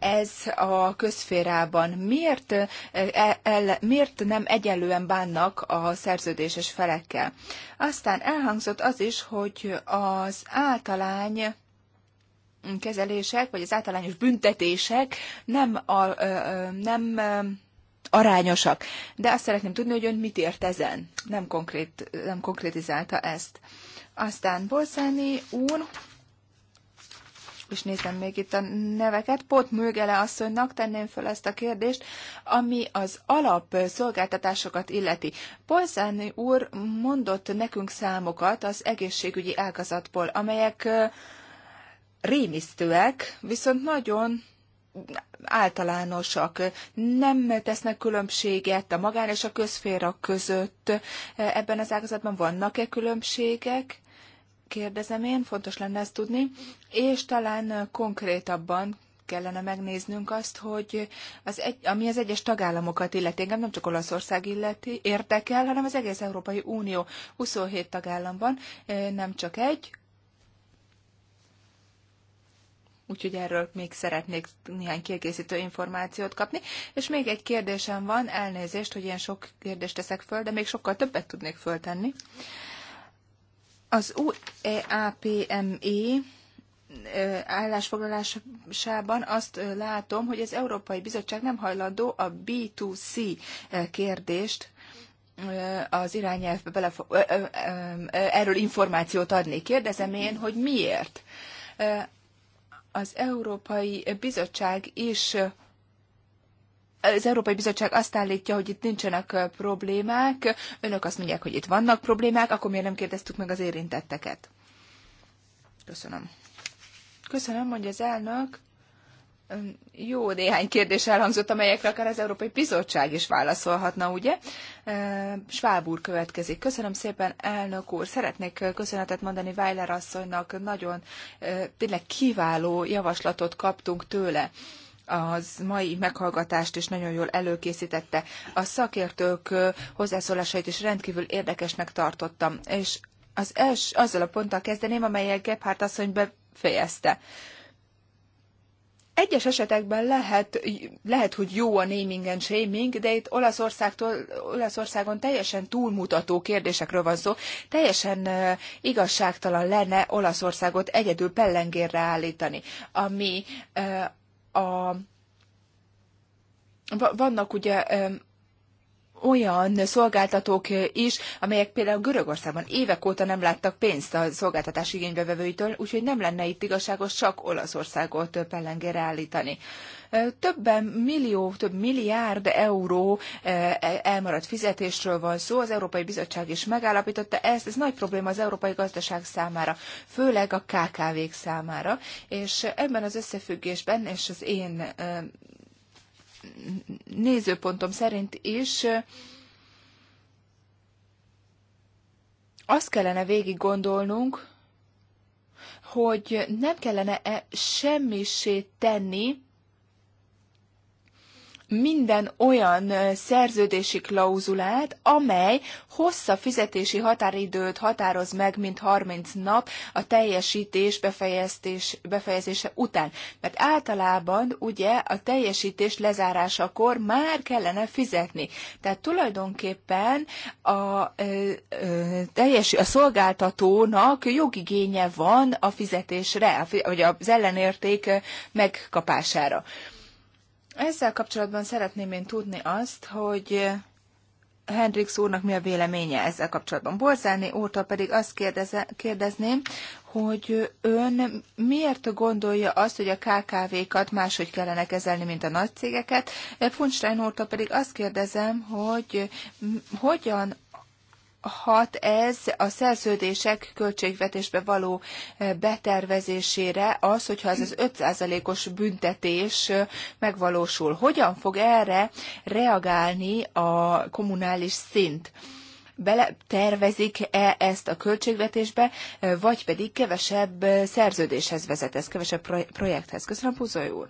Speaker 3: ez a közférában? Miért, e, el, miért nem egyenlően bánnak a szerződéses felekkel? Aztán elhangzott az is, hogy az általány kezelések, vagy az általányos büntetések nem, a, nem arányosak. De azt szeretném tudni, hogy ön mit ért ezen. Nem, konkrét, nem konkrétizálta ezt. Aztán Bolszáni úr, és nézem még itt a neveket, Pot Mögele asszonynak tenném fel ezt a kérdést, ami az alapszolgáltatásokat szolgáltatásokat illeti. Polszáni úr mondott nekünk számokat az egészségügyi ágazatból, amelyek rémisztőek, viszont nagyon általánosak, nem tesznek különbséget a magán és a közféra között. Ebben az ágazatban vannak-e különbségek? Kérdezem én, fontos lenne ezt tudni, és talán konkrétabban kellene megnéznünk azt, hogy az egy, ami az egyes tagállamokat illeti, engem nem csak Olaszország illeti, érdekel, hanem az egész Európai Unió 27 tagállamban, eh, nem csak egy, úgyhogy erről még szeretnék néhány kiegészítő információt kapni. És még egy kérdésem van, elnézést, hogy ilyen sok kérdést teszek föl, de még sokkal többet tudnék föltenni. Az UEAPME e, állásfoglalásában azt látom, hogy az Európai Bizottság nem hajlandó a B2C kérdést az irányelvbe bele, erről információt adni. Kérdezem én, hogy miért? az Európai Bizottság is az Európai Bizottság azt állítja, hogy itt nincsenek problémák, önök azt mondják, hogy itt vannak problémák, akkor miért nem kérdeztük meg az érintetteket? Köszönöm. Köszönöm, mondja az elnök jó néhány kérdés elhangzott, amelyekre akár az Európai Bizottság is válaszolhatna, ugye? Schwab úr következik. Köszönöm szépen, elnök úr. Szeretnék köszönetet mondani Weiler asszonynak. Nagyon tényleg kiváló javaslatot kaptunk tőle az mai meghallgatást is nagyon jól előkészítette. A szakértők hozzászólásait is rendkívül érdekesnek tartottam, és az els, azzal a ponttal kezdeném, amelyel Gebhardt asszony befejezte. Uh, egyes esetekben lehet, lehet, hogy jó a naming and shaming, de itt Olaszországtól, Olaszországon teljesen túlmutató kérdésekről van szó. Teljesen igazságtalan lenne Olaszországot egyedül pellengérre állítani, ami a vannak ugye olyan szolgáltatók is, amelyek például Görögországban évek óta nem láttak pénzt a szolgáltatás igénybevevőitől, úgyhogy nem lenne itt igazságos csak Olaszországot pellengére állítani. Többen millió, több milliárd euró e, elmaradt fizetésről van szó, az Európai Bizottság is megállapította ezt, ez nagy probléma az európai gazdaság számára, főleg a KKV-k számára, és ebben az összefüggésben, és az én nézőpontom szerint is azt kellene végig gondolnunk, hogy nem kellene -e semmisé tenni minden olyan szerződési klauzulát, amely hosszabb fizetési határidőt határoz meg, mint 30 nap a teljesítés befejeztés, befejezése után. Mert általában ugye a teljesítés lezárásakor már kellene fizetni. Tehát tulajdonképpen a, teljes, a szolgáltatónak jogigénye van a fizetésre, vagy az ellenérték megkapására. Ezzel kapcsolatban szeretném én tudni azt, hogy Hendrix úrnak mi a véleménye ezzel kapcsolatban. Borzáni úrtól pedig azt kérdeze, kérdezném, hogy ön miért gondolja azt, hogy a KKV-kat máshogy kellene kezelni, mint a nagy cégeket? Funstein úrtól pedig azt kérdezem, hogy hogyan hat ez a szerződések költségvetésbe való eh, betervezésére az, hogyha ez az 5%-os büntetés eh, megvalósul. Hogyan fog erre reagálni a kommunális szint? bele tervezik-e ezt a költségvetésbe, eh, vagy pedig kevesebb szerződéshez vezet ez, kevesebb projekthez. Köszönöm, Puzoly úr.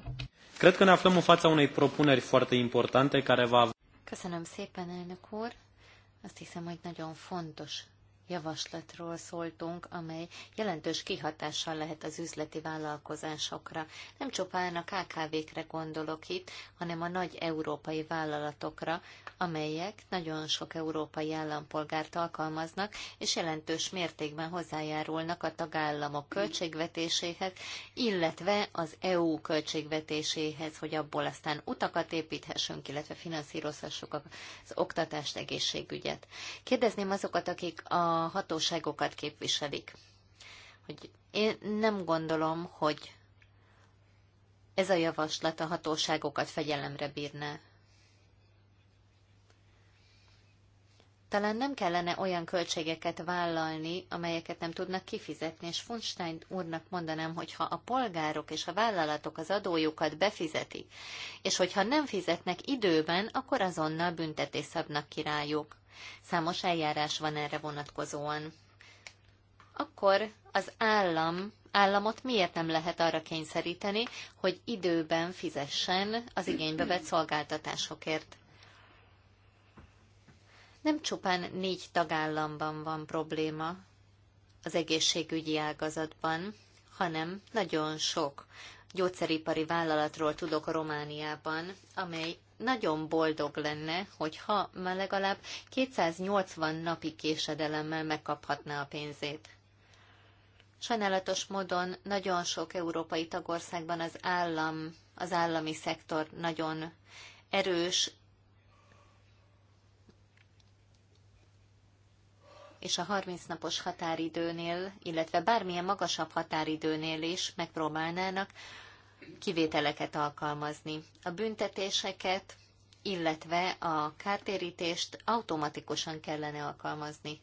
Speaker 2: Cred că ne aflăm în fața unei propuneri foarte importante care va...
Speaker 3: Köszönöm
Speaker 1: szépen, elnök úr. Azt hiszem, hogy nagyon fontos javaslatról szóltunk, amely jelentős kihatással lehet az üzleti vállalkozásokra. Nem csupán a KKV-kre gondolok itt, hanem a nagy európai vállalatokra, amelyek nagyon sok európai állampolgárt alkalmaznak, és jelentős mértékben hozzájárulnak a tagállamok költségvetéséhez, illetve az EU költségvetéséhez, hogy abból aztán utakat építhessünk, illetve finanszírozhassuk az oktatást, egészségügyet. Kérdezném azokat, akik a hatóságokat képviselik. Hogy én nem gondolom, hogy ez a javaslat a hatóságokat fegyelemre bírná. Talán nem kellene olyan költségeket vállalni, amelyeket nem tudnak kifizetni, és Funstein úrnak mondanám, hogy ha a polgárok és a vállalatok az adójukat befizetik, és hogyha nem fizetnek időben, akkor azonnal büntetés szabnak királyuk. Számos eljárás van erre vonatkozóan. Akkor az állam, államot miért nem lehet arra kényszeríteni, hogy időben fizessen az igénybe vett szolgáltatásokért? Nem csupán négy tagállamban van probléma az egészségügyi ágazatban, hanem nagyon sok gyógyszeripari vállalatról tudok Romániában, amely nagyon boldog lenne, hogyha már legalább 280 napi késedelemmel megkaphatná a pénzét. Sajnálatos módon nagyon sok európai tagországban az állam, az állami szektor nagyon erős, és a 30 napos határidőnél, illetve bármilyen magasabb határidőnél is megpróbálnának kivételeket alkalmazni. A büntetéseket, illetve a kártérítést automatikusan kellene alkalmazni.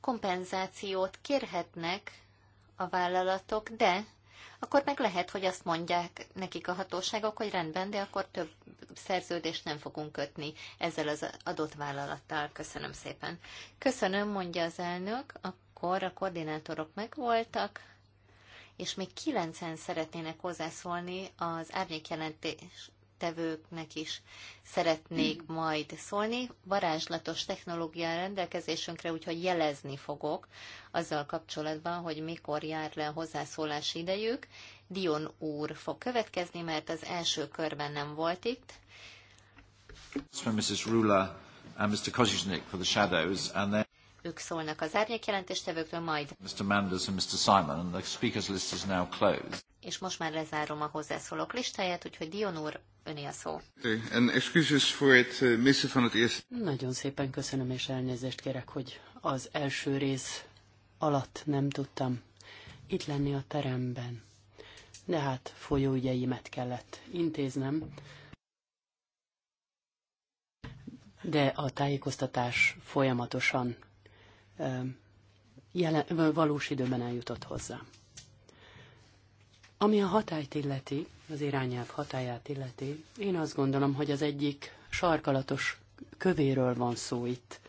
Speaker 1: Kompenzációt kérhetnek a vállalatok, de akkor meg lehet, hogy azt mondják nekik a hatóságok, hogy rendben, de akkor több szerződést nem fogunk kötni ezzel az adott vállalattal. Köszönöm szépen. Köszönöm, mondja az elnök, akkor a koordinátorok megvoltak, és még kilencen szeretnének hozzászólni az árnyékjelentés tevőknek is szeretnék hmm. majd szólni. Varázslatos technológia rendelkezésünkre, úgyhogy jelezni fogok azzal kapcsolatban, hogy mikor jár le a hozzászólási idejük. Dion úr fog következni, mert az első körben nem volt itt. Mrs. Rula and Mr. Kozisnik for the shadows, and then ők szólnak az árnyék jelentéstevőkről majd. Mr. Manders and Mr. Simon, and the speakers list is now closed. És most már lezárom a hozzászólók listáját, úgyhogy Dion úr, öné a szó.
Speaker 2: Eh, van Nagyon szépen köszönöm, és elnézést kérek, hogy az első rész alatt nem tudtam itt lenni a teremben. De hát folyóügyeimet kellett intéznem. De a tájékoztatás folyamatosan jelen, valós időben eljutott hozzá. Ami a hatályt illeti, az irányelv hatáját illeti, én azt gondolom, hogy az egyik sarkalatos kövéről van szó itt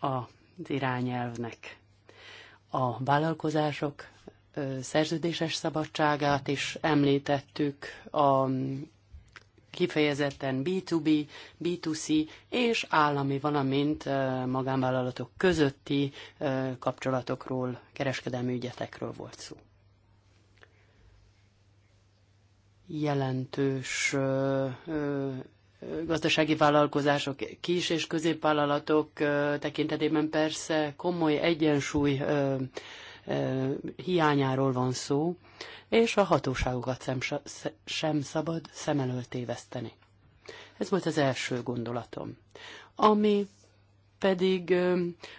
Speaker 2: az irányelvnek. A vállalkozások szerződéses szabadságát is említettük, a kifejezetten B2B, B2C és állami, valamint magánvállalatok közötti kapcsolatokról, kereskedelmi ügyetekről volt szó. Jelentős gazdasági vállalkozások, kis- és középvállalatok tekintetében persze komoly egyensúly hiányáról van szó, és a hatóságokat sem, sem szabad szem elől téveszteni. Ez volt az első gondolatom. Ami pedig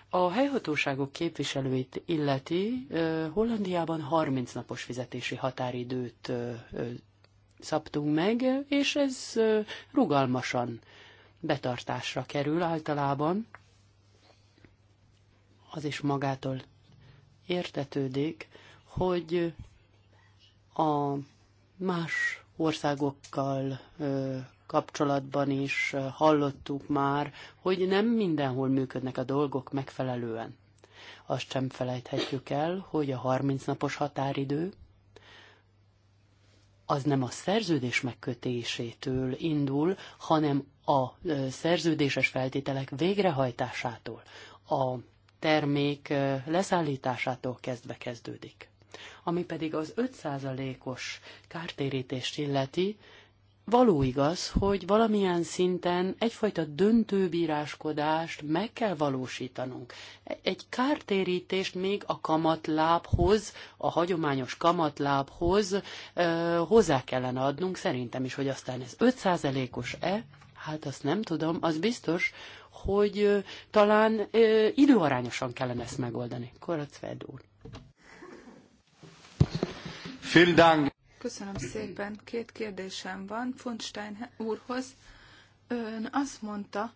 Speaker 2: a helyhatóságok képviselőit illeti, Hollandiában 30 napos fizetési határidőt szabtunk meg, és ez rugalmasan betartásra kerül általában. Az is magától értetődik, hogy a más országokkal kapcsolatban is hallottuk már, hogy nem mindenhol működnek a dolgok megfelelően. Azt sem felejthetjük el, hogy a 30 napos határidő az nem a szerződés megkötésétől indul, hanem a szerződéses feltételek végrehajtásától. A termék leszállításától kezdve kezdődik. Ami pedig az 5%-os kártérítést illeti, való igaz, hogy valamilyen szinten egyfajta döntőbíráskodást meg kell valósítanunk. E- egy kártérítést még a kamatlábhoz, a hagyományos kamatlábhoz ö, hozzá kellene adnunk, szerintem is, hogy aztán ez 5%-os-e, hát azt nem tudom, az biztos, hogy talán időarányosan kellene ezt megoldani. Koracved úr.
Speaker 3: Köszönöm szépen. Két kérdésem van Fontstein úrhoz. Ön azt mondta,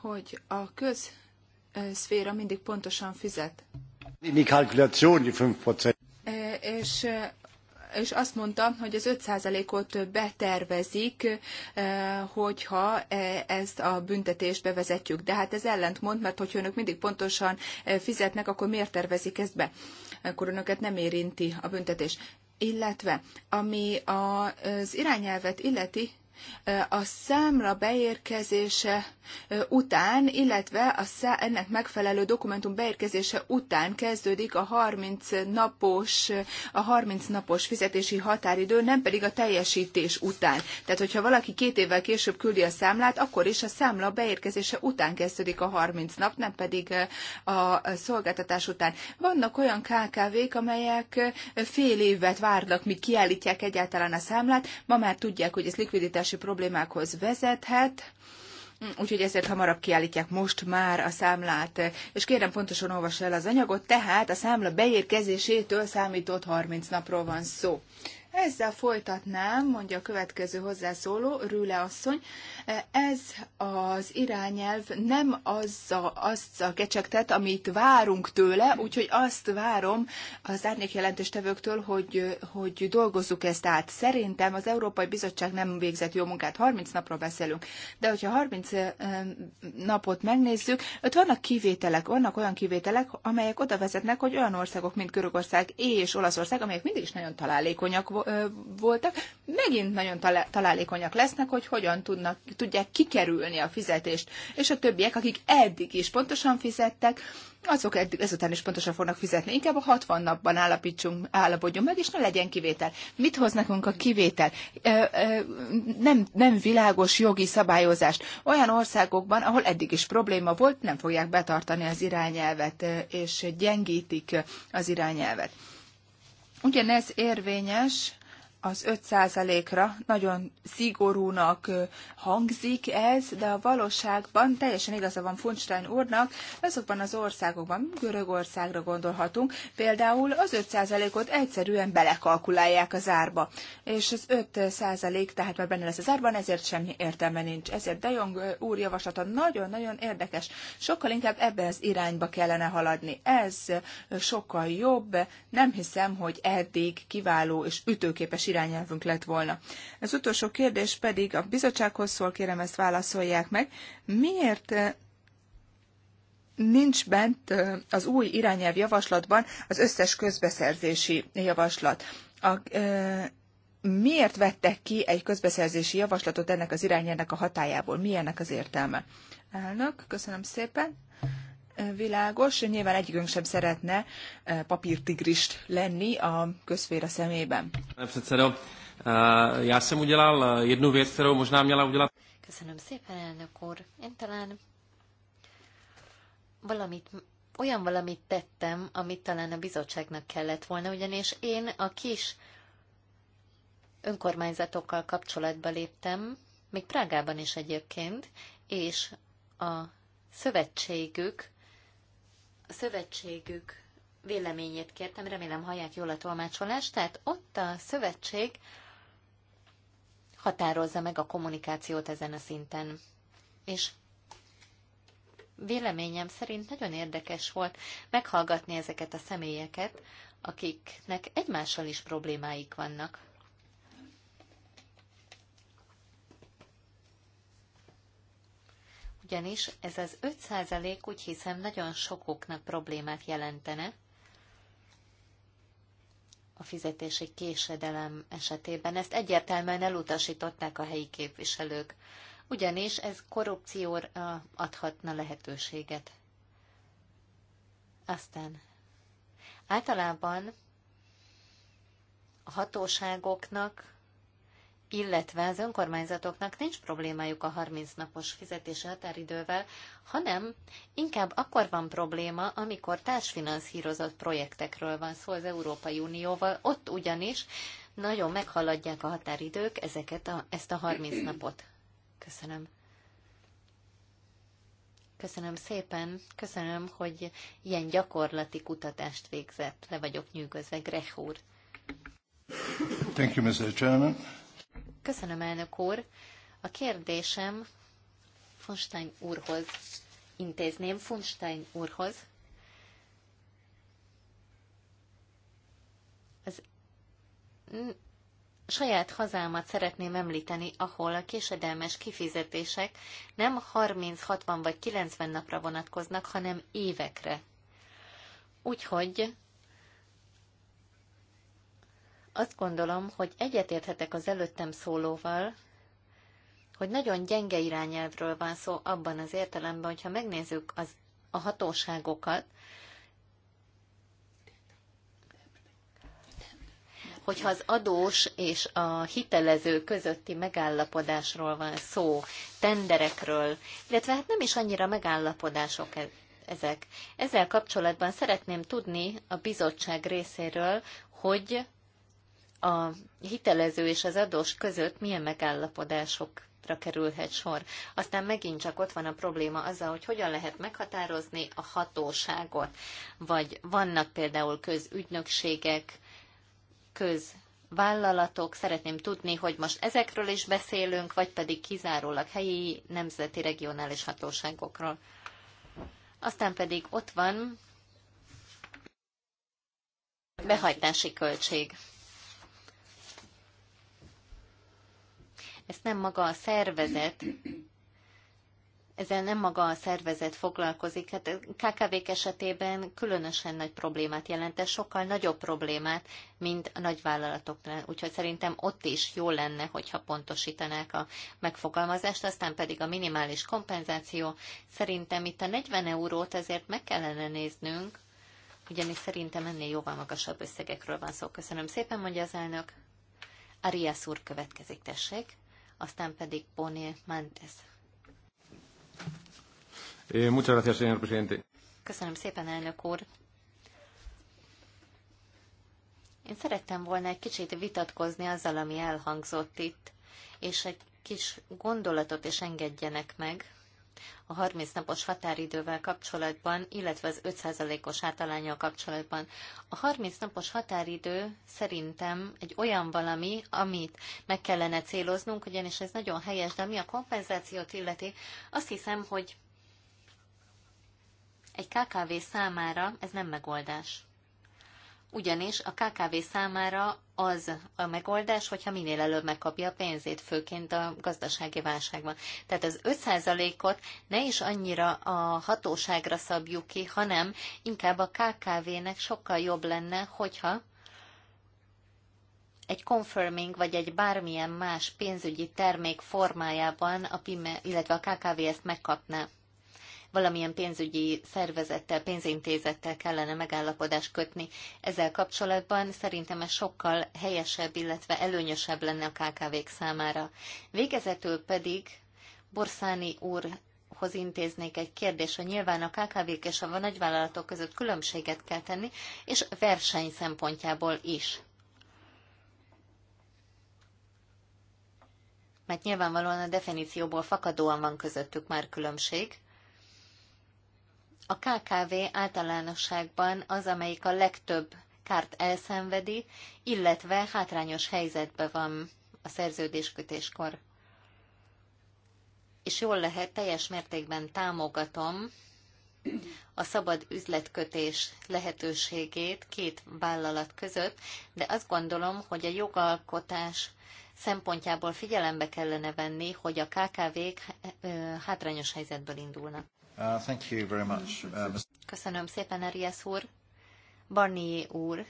Speaker 3: hogy a közszféra mindig pontosan fizet. die 5%. E, és és azt mondta, hogy az 5%-ot betervezik, eh, hogyha eh, ezt a büntetést bevezetjük. De hát ez ellentmond, mert hogyha önök mindig pontosan eh, fizetnek, akkor miért tervezik ezt be? Akkor önöket nem érinti a büntetés. Illetve, ami az irányelvet illeti, a számla beérkezése után, illetve a szá- ennek megfelelő dokumentum beérkezése után kezdődik a 30 napos, a 30 napos fizetési határidő, nem pedig a teljesítés után. Tehát, hogyha valaki két évvel később küldi a számlát, akkor is a számla beérkezése után kezdődik a 30 nap, nem pedig a szolgáltatás után. Vannak olyan KKV-k, amelyek fél évet várnak, míg kiállítják egyáltalán a számlát, ma már tudják, hogy ez likviditás likviditási problémákhoz vezethet, úgyhogy ezért hamarabb kiállítják most már a számlát. És kérem, pontosan olvassa el az anyagot, tehát a számla beérkezésétől számított 30 napról van szó. Ezzel folytatnám, mondja a következő hozzászóló, Rüle asszony. Ez az irányelv nem az a, azt a kecsegtet, amit várunk tőle, úgyhogy azt várom az árnyékjelentéstevőktől, jelentéstevőktől, hogy, hogy dolgozzuk ezt át. Szerintem az Európai Bizottság nem végzett jó munkát, 30 napról beszélünk, de hogyha 30 napot megnézzük, ott vannak kivételek, vannak olyan kivételek, amelyek oda vezetnek, hogy olyan országok, mint Görögország és Olaszország, amelyek mindig is nagyon találékonyak voltak, megint nagyon találékonyak lesznek, hogy hogyan tudnak, tudják kikerülni a fizetést. És a többiek, akik eddig is pontosan fizettek, azok eddig, ezután is pontosan fognak fizetni. Inkább a 60 napban állapítsunk, állapodjunk meg, és ne legyen kivétel. Mit hoz nekünk a kivétel? Ö, ö, nem, nem világos jogi szabályozást. Olyan országokban, ahol eddig is probléma volt, nem fogják betartani az irányelvet, és gyengítik az irányelvet. Ugyanez érvényes az 5%-ra nagyon szigorúnak hangzik ez, de a valóságban teljesen igaza van Funstein úrnak, azokban az országokban, Görögországra gondolhatunk, például az 5%-ot egyszerűen belekalkulálják az árba. És az 5% tehát már benne lesz az árban, ezért semmi értelme nincs. Ezért De Jong úr javaslata nagyon-nagyon érdekes. Sokkal inkább ebbe az irányba kellene haladni. Ez sokkal jobb. Nem hiszem, hogy eddig kiváló és ütőképes irány irányelvünk lett volna. Az utolsó kérdés pedig a bizottsághoz szól, kérem ezt válaszolják meg. Miért eh, nincs bent eh, az új irányelv javaslatban az összes közbeszerzési javaslat? A, eh, miért vettek ki egy közbeszerzési javaslatot ennek az irányelvnek a hatájából? Mi ennek az értelme? Elnök, köszönöm szépen világos. Nyilván egyikünk sem szeretne e, papírtigrist lenni a közféra szemében.
Speaker 2: E, e,
Speaker 1: Köszönöm szépen, elnök úr. Én talán valamit, olyan valamit tettem, amit talán a bizottságnak kellett volna, ugyanis én a kis önkormányzatokkal kapcsolatba léptem, még Prágában is egyébként, és a szövetségük
Speaker 2: a szövetségük
Speaker 1: véleményét kértem, remélem hallják jól a tolmácsolást, tehát ott a szövetség határozza meg a kommunikációt ezen a szinten. És véleményem szerint nagyon érdekes volt meghallgatni ezeket a személyeket, akiknek egymással is problémáik vannak. ugyanis ez az 5% úgy hiszem nagyon sokoknak problémát jelentene a fizetési késedelem esetében. Ezt egyértelműen elutasították a helyi képviselők, ugyanis ez korrupcióra adhatna lehetőséget. Aztán általában a hatóságoknak illetve az önkormányzatoknak nincs problémájuk a 30 napos fizetési határidővel, hanem inkább akkor van probléma, amikor társfinanszírozott projektekről van szó az Európai Unióval, ott ugyanis nagyon meghaladják a határidők ezeket a, ezt a 30 napot. Köszönöm. Köszönöm szépen, köszönöm, hogy ilyen gyakorlati kutatást végzett. Le vagyok nyűgözve, Grech úr.
Speaker 3: Thank you, Mr. Chairman.
Speaker 1: Köszönöm, elnök úr. A kérdésem Funstein úrhoz intézném, Funstein úrhoz. Az saját hazámat szeretném említeni, ahol a késedelmes kifizetések nem 30-60 vagy 90 napra vonatkoznak, hanem évekre. Úgyhogy azt gondolom, hogy egyetérthetek az előttem szólóval, hogy nagyon gyenge irányelvről van szó abban az értelemben, hogyha megnézzük az, a hatóságokat, hogyha az adós és a hitelező közötti megállapodásról van szó, tenderekről, illetve hát nem is annyira megállapodások e- ezek. Ezzel kapcsolatban szeretném tudni a bizottság részéről, hogy a hitelező és az adós között milyen megállapodásokra kerülhet sor. Aztán megint csak ott van a probléma azzal, hogy hogyan lehet meghatározni a hatóságot, vagy vannak például közügynökségek, közvállalatok, szeretném tudni, hogy most ezekről is beszélünk, vagy pedig kizárólag helyi, nemzeti, regionális hatóságokról. Aztán pedig ott van behajtási költség. Ezt nem maga a szervezet, ezzel nem maga a szervezet foglalkozik. Hát KKV-k esetében különösen nagy problémát jelent, ez sokkal nagyobb problémát, mint a nagyvállalatoknál. Úgyhogy szerintem ott is jó lenne, hogyha pontosítanák a megfogalmazást, aztán pedig a minimális kompenzáció. Szerintem itt a 40 eurót azért meg kellene néznünk, ugyanis szerintem ennél jóval magasabb összegekről van szó. Köszönöm szépen, mondja az elnök. Arias úr következik, tessék aztán pedig Poni Mentes.
Speaker 2: Eh, muchas gracias, señor presidente.
Speaker 1: Köszönöm szépen, elnök úr. Én szerettem volna egy kicsit vitatkozni azzal, ami elhangzott itt, és egy kis gondolatot is engedjenek meg, a 30 napos határidővel kapcsolatban, illetve az 5%-os átalányjal kapcsolatban. A 30 napos határidő szerintem egy olyan valami, amit meg kellene céloznunk, ugyanis ez nagyon helyes, de ami a kompenzációt illeti, azt hiszem, hogy egy KKV számára ez nem megoldás ugyanis a KKV számára az a megoldás, hogyha minél előbb megkapja a pénzét, főként a gazdasági válságban. Tehát az 5%-ot ne is annyira a hatóságra szabjuk ki, hanem inkább a KKV-nek sokkal jobb lenne, hogyha egy confirming vagy egy bármilyen más pénzügyi termék formájában a PIME, illetve a KKV ezt megkapná valamilyen pénzügyi szervezettel, pénzintézettel kellene megállapodást kötni. Ezzel kapcsolatban szerintem ez sokkal helyesebb, illetve előnyösebb lenne a KKV-k számára. Végezetül pedig Borszáni úr hoz intéznék egy kérdés hogy nyilván a KKV-k és a nagyvállalatok között különbséget kell tenni, és verseny szempontjából is. Mert nyilvánvalóan a definícióból fakadóan van közöttük már különbség. A KKV általánosságban az, amelyik a legtöbb kárt elszenvedi, illetve hátrányos helyzetben van a szerződéskötéskor. És jól lehet, teljes mértékben támogatom a szabad üzletkötés lehetőségét két vállalat között, de azt gondolom, hogy a jogalkotás szempontjából figyelembe kellene venni, hogy a KKV-k hátrányos helyzetből indulnak. Uh, thank you very much. Uh, Köszönöm szépen, Arias úr. Barnier úr,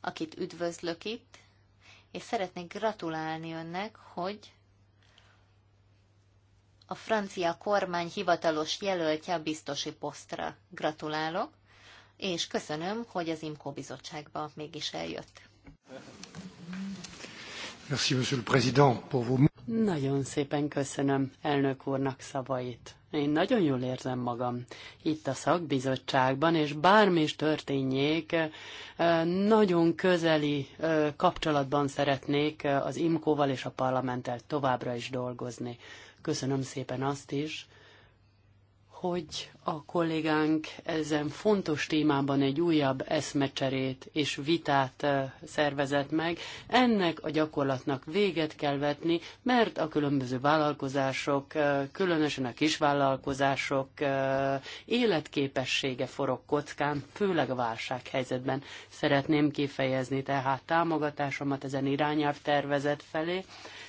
Speaker 1: akit üdvözlök itt, és szeretnék gratulálni önnek, hogy a francia kormány hivatalos jelöltje a biztosi posztra. Gratulálok, és köszönöm, hogy
Speaker 2: az IMCO bizottságba mégis eljött. Merci, Monsieur le Président, pour vos... Nagyon szépen köszönöm elnök úrnak szavait. Én nagyon jól érzem magam itt a szakbizottságban, és bármi is történjék, eh, nagyon közeli eh, kapcsolatban szeretnék eh, az IMKO-val és a parlamenttel továbbra is dolgozni. Köszönöm szépen azt is, hogy a kollégánk ezen fontos témában egy újabb eszmecserét és vitát szervezett meg. Ennek a gyakorlatnak véget kell vetni, mert a különböző vállalkozások, különösen a kisvállalkozások életképessége forog kockán, főleg a válsághelyzetben. Szeretném kifejezni tehát támogatásomat ezen irányelv tervezet felé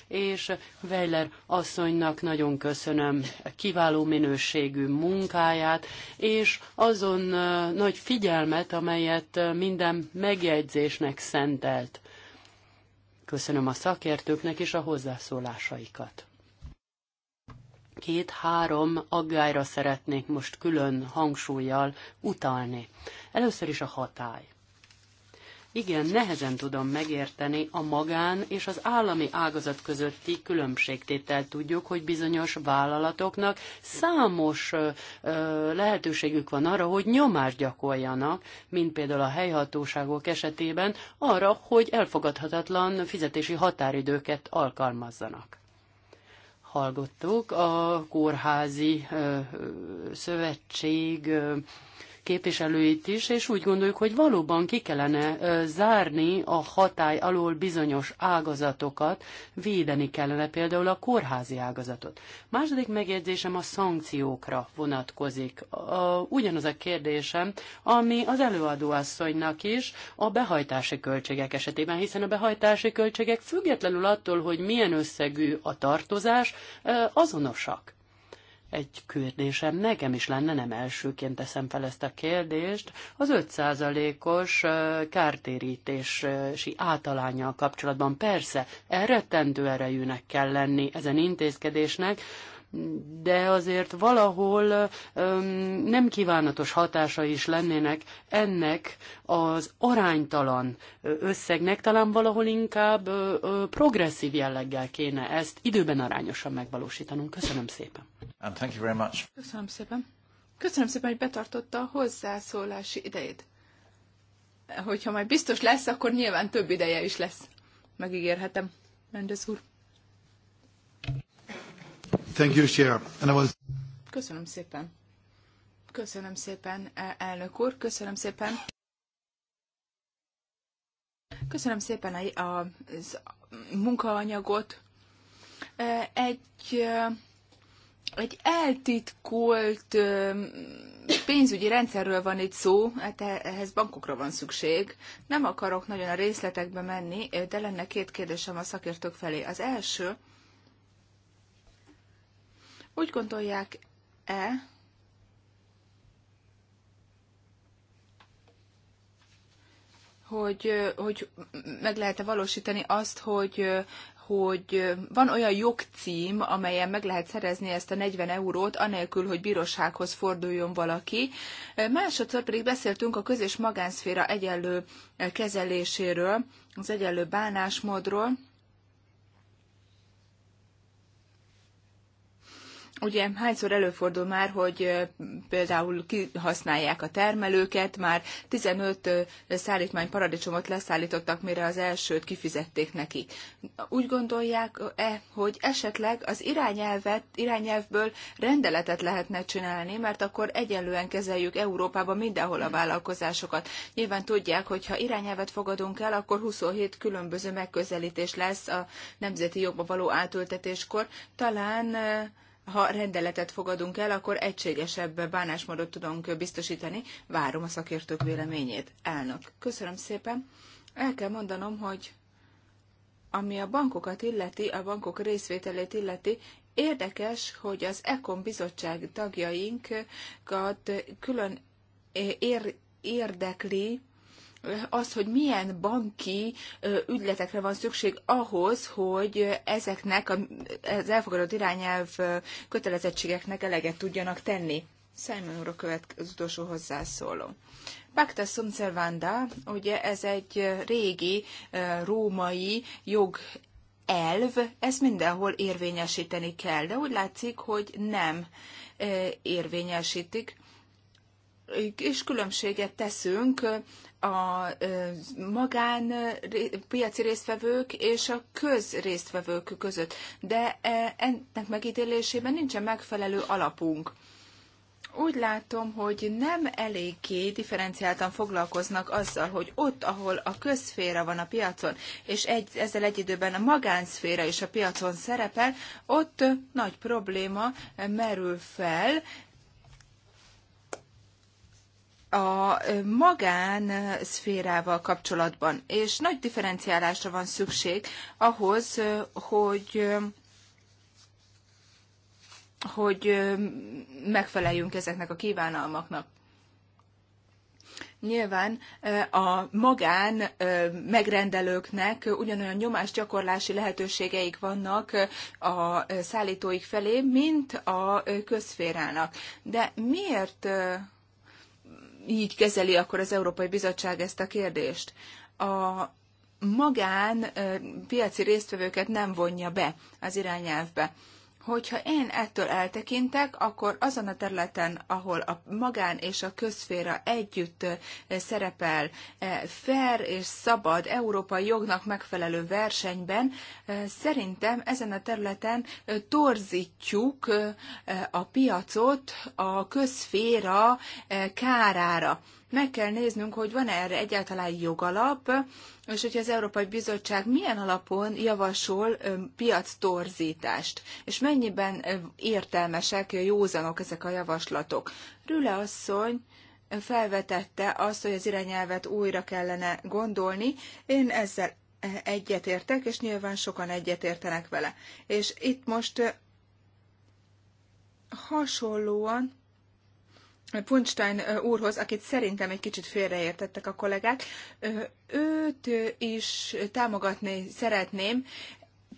Speaker 2: és Weiler asszonynak nagyon köszönöm a kiváló minőségű munkáját, és azon nagy figyelmet, amelyet minden megjegyzésnek szentelt. Köszönöm a szakértőknek és a hozzászólásaikat két-három aggályra szeretnék most külön hangsúlyjal utalni. Először is a hatály igen nehezen tudom megérteni a magán és az állami ágazat közötti különbségtételt. Tudjuk, hogy bizonyos vállalatoknak számos ö, lehetőségük van arra, hogy nyomást gyakoljanak, mint például a helyhatóságok esetében, arra, hogy elfogadhatatlan fizetési határidőket alkalmazzanak hallgattuk, a kórházi ö, szövetség ö, képviselőit is, és úgy gondoljuk, hogy valóban ki kellene zárni a hatály alól bizonyos ágazatokat, védeni kellene például a kórházi ágazatot. Második megjegyzésem a szankciókra vonatkozik. Ugyanaz a kérdésem, ami az előadóasszonynak is a behajtási költségek esetében, hiszen a behajtási költségek függetlenül attól, hogy milyen összegű a tartozás, azonosak egy kérdésem nekem is lenne, nem elsőként teszem fel ezt a kérdést, az 5%-os kártérítési általányjal kapcsolatban. Persze, elrettentő erejűnek kell lenni ezen intézkedésnek, de azért valahol nem kívánatos hatása is lennének ennek az aránytalan összegnek, talán valahol inkább progresszív jelleggel kéne ezt időben arányosan megvalósítanunk. Köszönöm szépen. And thank you very much.
Speaker 3: Köszönöm szépen. Köszönöm szépen, hogy betartotta a hozzászólási idejét. Hogyha majd biztos lesz, akkor nyilván több ideje is lesz. Megígérhetem, Mendez úr. Thank you, Chair. And I was... Köszönöm szépen. Köszönöm szépen, e, elnök úr. Köszönöm szépen. Köszönöm szépen a, a, a munkaanyagot. E, egy, e, egy eltitkolt pénzügyi rendszerről van itt szó, hát ehhez bankokra van szükség. Nem akarok nagyon a részletekbe menni, de lenne két kérdésem a szakértők felé. Az első, úgy gondolják-e, hogy, hogy meg lehet-e valósítani azt, hogy, hogy van olyan jogcím, amelyen meg lehet szerezni ezt a 40 eurót, anélkül, hogy bírósághoz forduljon valaki. Másodszor pedig beszéltünk a közös magánszféra egyenlő kezeléséről, az egyenlő bánásmódról. Ugye hányszor előfordul már, hogy például kihasználják a termelőket, már 15 szállítmány paradicsomot leszállítottak, mire az elsőt kifizették neki. Úgy gondolják-e, hogy esetleg az irányelvet, irányelvből rendeletet lehetne csinálni, mert akkor egyenlően kezeljük Európában mindenhol a vállalkozásokat. Nyilván tudják, hogy ha irányelvet fogadunk el, akkor 27 különböző megközelítés lesz a nemzeti jogba való átültetéskor. Talán ha rendeletet fogadunk el, akkor egységesebb bánásmódot tudunk biztosítani. Várom a szakértők véleményét. Elnök, köszönöm szépen. El kell mondanom, hogy ami a bankokat illeti, a bankok részvételét illeti, érdekes, hogy az ECOM bizottság tagjainkat külön ér, érdekli, az, hogy milyen banki ügyletekre van szükség ahhoz, hogy ezeknek az elfogadott irányelv kötelezettségeknek eleget tudjanak tenni. Simon úr a következő az utolsó hozzászóló. Pacta sum servanda, ugye ez egy régi római jog elv, ezt mindenhol érvényesíteni kell, de úgy látszik, hogy nem érvényesítik és különbséget teszünk a magán piaci résztvevők és a közrésztvevők között, de ennek megítélésében nincsen megfelelő alapunk. Úgy látom, hogy nem eléggé differenciáltan foglalkoznak azzal, hogy ott, ahol a közszféra van a piacon, és egy, ezzel egy időben a magánszféra is a piacon szerepel, ott nagy probléma merül fel, a magán szférával kapcsolatban, és nagy differenciálásra van szükség ahhoz, hogy hogy megfeleljünk ezeknek a kívánalmaknak. Nyilván a magán megrendelőknek ugyanolyan nyomásgyakorlási lehetőségeik vannak a szállítóik felé, mint a közférának. De miért így kezeli akkor az Európai Bizottság ezt a kérdést. A magán piaci résztvevőket nem vonja be az irányelvbe hogyha én ettől eltekintek, akkor azon a területen, ahol a magán és a közféra együtt szerepel fair és szabad európai jognak megfelelő versenyben, szerintem ezen a területen torzítjuk a piacot a közféra kárára meg kell néznünk, hogy van-e erre egyáltalán jogalap, és hogyha az Európai Bizottság milyen alapon javasol piac torzítást, és mennyiben értelmesek, józanok ezek a javaslatok. Rüle asszony, felvetette azt, hogy az irányelvet újra kellene gondolni. Én ezzel egyetértek, és nyilván sokan egyetértenek vele. És itt most hasonlóan Punstein úrhoz, akit szerintem egy kicsit félreértettek a kollégák. Őt is támogatni szeretném,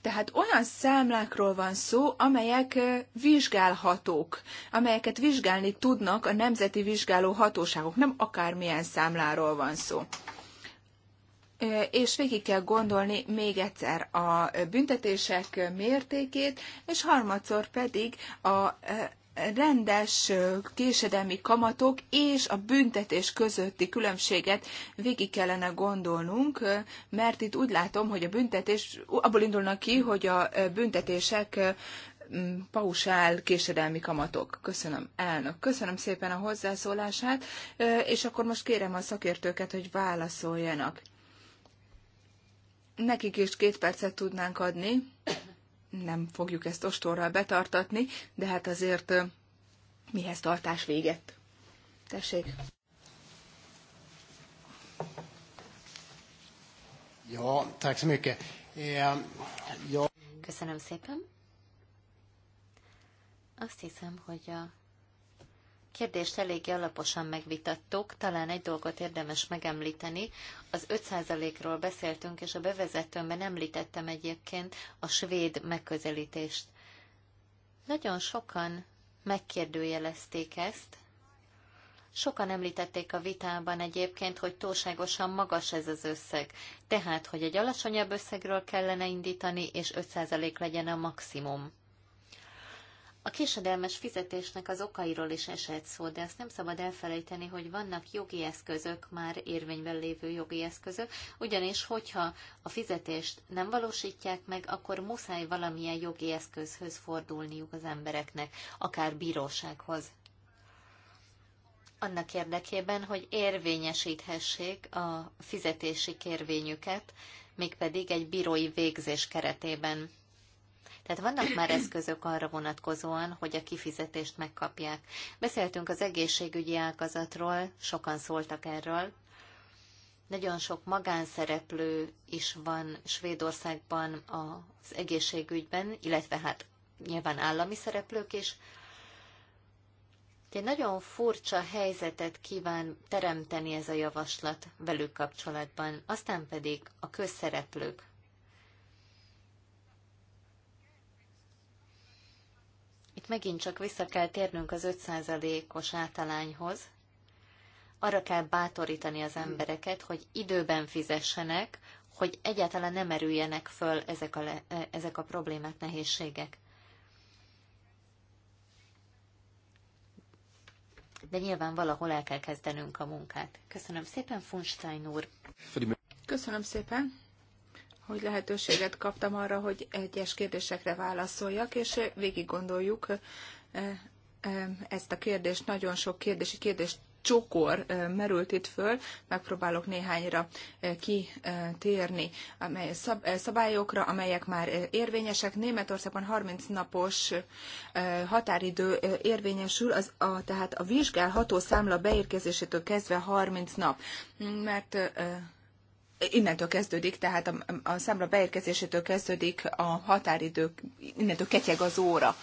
Speaker 3: tehát olyan számlákról van szó, amelyek vizsgálhatók, amelyeket vizsgálni tudnak a nemzeti vizsgáló hatóságok, nem akármilyen számláról van szó. És végig kell gondolni még egyszer a büntetések mértékét, és harmadszor pedig a rendes késedelmi kamatok és a büntetés közötti különbséget végig kellene gondolnunk, mert itt úgy látom, hogy a büntetés, abból indulnak ki, hogy a büntetések pausál késedelmi kamatok. Köszönöm, elnök. Köszönöm szépen a hozzászólását, és akkor most kérem a szakértőket, hogy válaszoljanak. Nekik is két percet tudnánk adni nem fogjuk ezt ostorral betartatni, de hát azért mihez tartás véget. Tessék!
Speaker 2: Ja, tack så mycket. Ehm, ja.
Speaker 1: Köszönöm szépen. Azt hiszem, hogy a kérdést eléggé alaposan megvitattuk, talán egy dolgot érdemes megemlíteni. Az 5%-ról beszéltünk, és a bevezetőmben említettem egyébként a svéd megközelítést. Nagyon sokan megkérdőjelezték ezt, Sokan említették a vitában egyébként, hogy túlságosan magas ez az összeg. Tehát, hogy egy alacsonyabb összegről kellene indítani, és 5% legyen a maximum. A késedelmes fizetésnek az okairól is esett szó, de azt nem szabad elfelejteni, hogy vannak jogi eszközök, már érvényben lévő jogi eszközök, ugyanis hogyha a fizetést nem valósítják meg, akkor muszáj valamilyen jogi eszközhöz fordulniuk az embereknek, akár bírósághoz. Annak érdekében, hogy érvényesíthessék a fizetési kérvényüket, mégpedig egy bírói végzés keretében. Tehát vannak már eszközök arra vonatkozóan, hogy a kifizetést megkapják. Beszéltünk az egészségügyi ágazatról, sokan szóltak erről. Nagyon sok magánszereplő is van Svédországban az egészségügyben, illetve hát nyilván állami szereplők is. Egy nagyon furcsa helyzetet kíván teremteni ez a javaslat velük kapcsolatban, aztán pedig a közszereplők Itt megint csak vissza kell térnünk az 5%-os általányhoz. Arra kell bátorítani az embereket, hogy időben fizessenek, hogy egyáltalán nem erüljenek föl ezek a, le, e, ezek a problémák, nehézségek. De nyilván valahol el kell kezdenünk a munkát. Köszönöm szépen, Funstein úr!
Speaker 3: Köszönöm szépen! hogy lehetőséget kaptam arra, hogy egyes kérdésekre válaszoljak, és végig gondoljuk eh, eh, ezt a kérdést. Nagyon sok kérdési kérdést csokor eh, merült itt föl, megpróbálok néhányra kitérni, amely szabályokra, amelyek már érvényesek. Németországban 30 napos határidő érvényesül, az a, tehát a vizsgálható számla beérkezésétől kezdve 30 nap, mert innentől kezdődik, tehát a, a számla beérkezésétől kezdődik a határidő, innentől ketyeg az óra.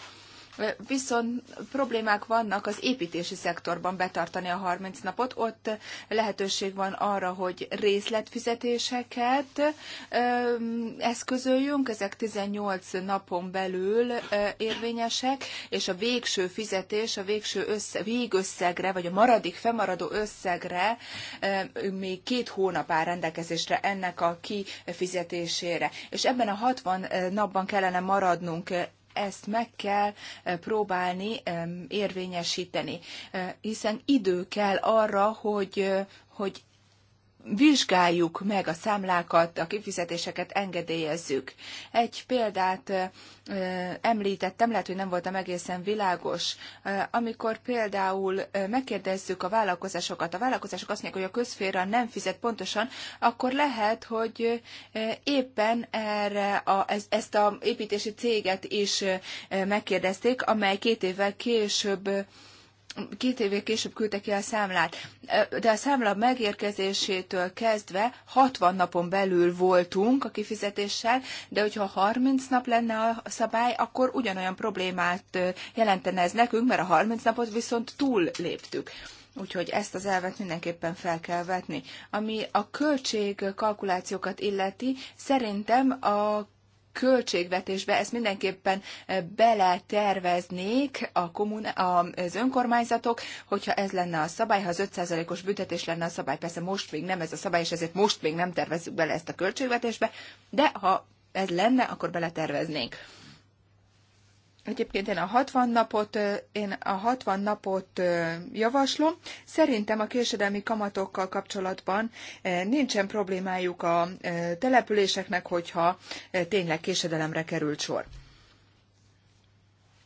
Speaker 3: Viszont problémák vannak az építési szektorban betartani a 30 napot. Ott lehetőség van arra, hogy részletfizetéseket eszközöljünk, ezek 18 napon belül érvényesek, és a végső fizetés, a végső össze, végösszegre, vagy a maradik, fennmaradó összegre még két hónap áll rendelkezésre ennek a kifizetésére. És ebben a 60 napban kellene maradnunk ezt meg kell próbálni érvényesíteni, hiszen idő kell arra, hogy, hogy vizsgáljuk meg a számlákat, a kifizetéseket engedélyezzük. Egy példát említettem, lehet, hogy nem voltam egészen világos. Amikor például megkérdezzük a vállalkozásokat, a vállalkozások azt mondják, hogy a közféra nem fizet pontosan, akkor lehet, hogy éppen erre a, ezt a építési céget is megkérdezték, amely két évvel később két évvel később küldte ki a számlát, de a számla megérkezésétől kezdve 60 napon belül voltunk a kifizetéssel, de hogyha 30 nap lenne a szabály, akkor ugyanolyan problémát jelentene ez nekünk, mert a 30 napot viszont túl léptük. Úgyhogy ezt az elvet mindenképpen fel kell vetni. Ami a költségkalkulációkat illeti, szerintem a költségvetésbe ezt mindenképpen eh, beleterveznék a kommun, az önkormányzatok, hogyha ez lenne a szabály, ha az 5%-os büntetés lenne a szabály, persze most még nem ez a szabály, és ezért most még nem tervezzük bele ezt a költségvetésbe, de ha ez lenne, akkor beleterveznénk. Egyébként én a 60 napot, én a 60 napot javaslom. Szerintem a késedelmi kamatokkal kapcsolatban nincsen problémájuk a településeknek, hogyha tényleg késedelemre került sor.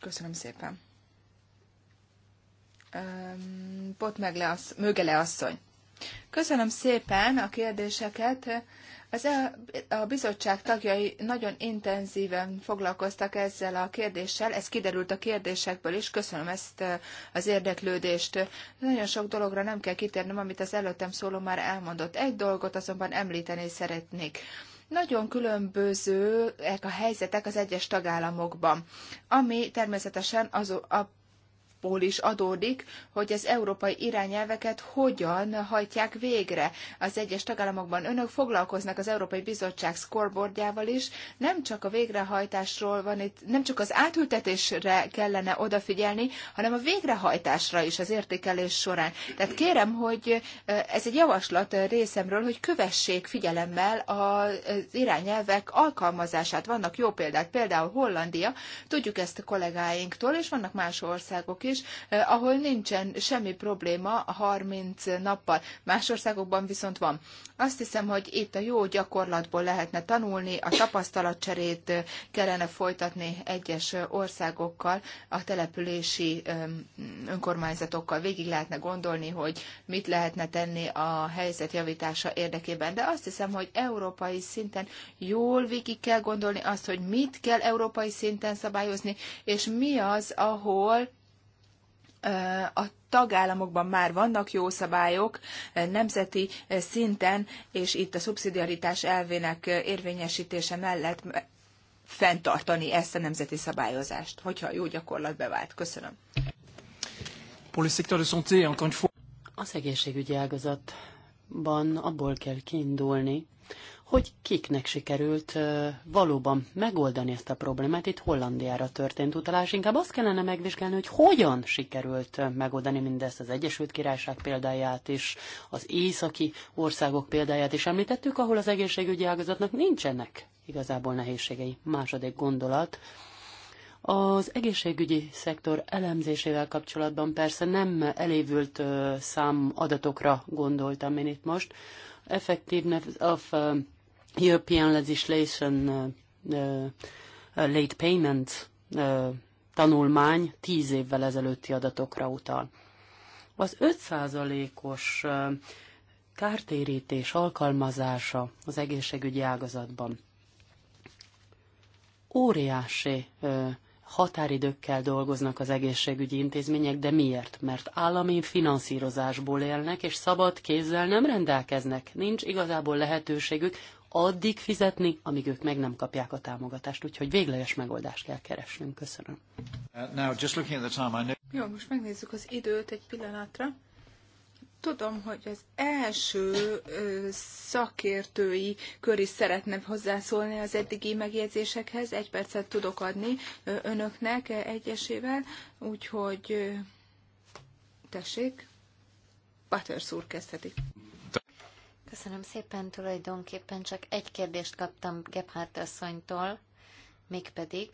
Speaker 3: Köszönöm szépen. Pot Mögele asszony. Köszönöm szépen a kérdéseket. Az e- a bizottság tagjai nagyon intenzíven foglalkoztak ezzel a kérdéssel, ez kiderült a kérdésekből is, köszönöm ezt e, az érdeklődést. Nagyon sok dologra nem kell kitérnem, amit az előttem szóló már elmondott. Egy dolgot azonban említeni szeretnék. Nagyon különbözőek a helyzetek az egyes tagállamokban, ami természetesen az a abból is adódik, hogy az európai irányelveket hogyan hajtják végre. Az egyes tagállamokban önök foglalkoznak az Európai Bizottság scoreboardjával is. Nem csak a végrehajtásról van itt, nem csak az átültetésre kellene odafigyelni, hanem a végrehajtásra is az értékelés során. Tehát kérem, hogy ez egy javaslat részemről, hogy kövessék figyelemmel az irányelvek alkalmazását. Vannak jó példák, például Hollandia, tudjuk ezt a kollégáinktól, és vannak más országok is, is, eh, ahol nincsen semmi probléma 30 nappal. Más országokban viszont van. Azt hiszem, hogy itt a jó gyakorlatból lehetne tanulni, a tapasztalatcserét eh, kellene folytatni egyes eh, országokkal, a települési önkormányzatokkal. Végig lehetne gondolni, hogy mit lehetne tenni a helyzet javítása érdekében. De azt hiszem, hogy európai szinten jól végig kell gondolni azt, hogy mit kell európai szinten szabályozni, és mi az, ahol a tagállamokban már vannak jó szabályok nemzeti szinten, és itt a szubszidiaritás elvének érvényesítése mellett fenntartani ezt a nemzeti szabályozást, hogyha jó gyakorlat bevált. Köszönöm.
Speaker 2: Az egészségügyi ágazatban abból kell kiindulni, hogy kiknek sikerült valóban megoldani ezt a problémát. Itt Hollandiára történt utalás. Inkább azt kellene megvizsgálni, hogy hogyan sikerült megoldani mindezt az Egyesült Királyság példáját is, az északi országok példáját is említettük, ahol az egészségügyi ágazatnak nincsenek igazából nehézségei. Második gondolat. Az egészségügyi szektor elemzésével kapcsolatban persze nem elévült szám adatokra gondoltam én itt most. Effective of European Legislation uh, uh, uh, Late payment uh, tanulmány tíz évvel ezelőtti adatokra utal. Az 5%-os uh, kártérítés alkalmazása az egészségügyi ágazatban óriási uh, határidőkkel dolgoznak az egészségügyi intézmények, de miért? Mert állami finanszírozásból élnek, és szabad kézzel nem rendelkeznek. Nincs igazából lehetőségük addig fizetni, amíg ők meg nem kapják a támogatást, úgyhogy végleges megoldást kell keresnünk. Köszönöm.
Speaker 3: Uh,
Speaker 1: now, just looking at the time, I
Speaker 3: know... Jó, most megnézzük az időt egy pillanatra. Tudom, hogy az
Speaker 2: első ö,
Speaker 3: szakértői kör is szeretne hozzászólni az eddigi megjegyzésekhez. Egy percet tudok adni ö, önöknek egyesével, úgyhogy ö, tessék, Butters úr kezdhetik. Köszönöm szépen,
Speaker 1: tulajdonképpen csak egy kérdést kaptam Gebhardt asszonytól, mégpedig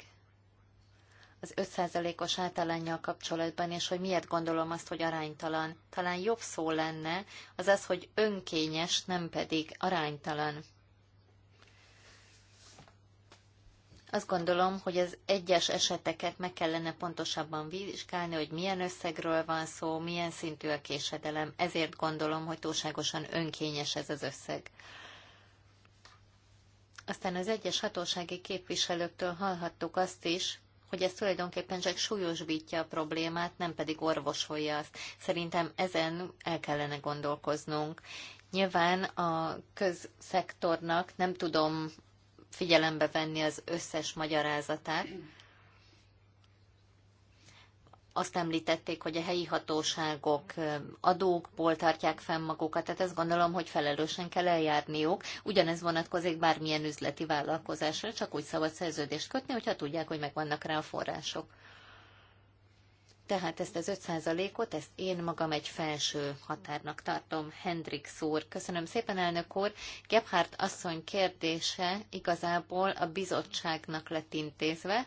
Speaker 1: az 5%-os általánnyal kapcsolatban, és hogy miért gondolom azt, hogy aránytalan. Talán jobb szó lenne az az, hogy önkényes, nem pedig aránytalan. Azt gondolom, hogy az egyes eseteket meg kellene pontosabban vizsgálni, hogy milyen összegről van szó, milyen szintű a késedelem. Ezért gondolom, hogy túlságosan önkényes ez az összeg. Aztán az egyes hatósági képviselőktől hallhattuk azt is, hogy ez tulajdonképpen csak súlyosbítja a problémát, nem pedig orvosolja azt. Szerintem ezen el kellene gondolkoznunk. Nyilván a közszektornak nem tudom figyelembe venni az összes magyarázatát. Azt említették, hogy a helyi hatóságok adókból tartják fenn magukat, tehát ezt gondolom, hogy felelősen kell eljárniuk. Ugyanez vonatkozik bármilyen üzleti vállalkozásra, csak úgy szabad szerződést kötni, hogyha tudják, hogy megvannak rá a források. Tehát ezt az 5%-ot, ezt én magam egy felső határnak tartom. Hendrik úr, köszönöm szépen, elnök úr. Gebhardt asszony kérdése igazából a bizottságnak lett intézve.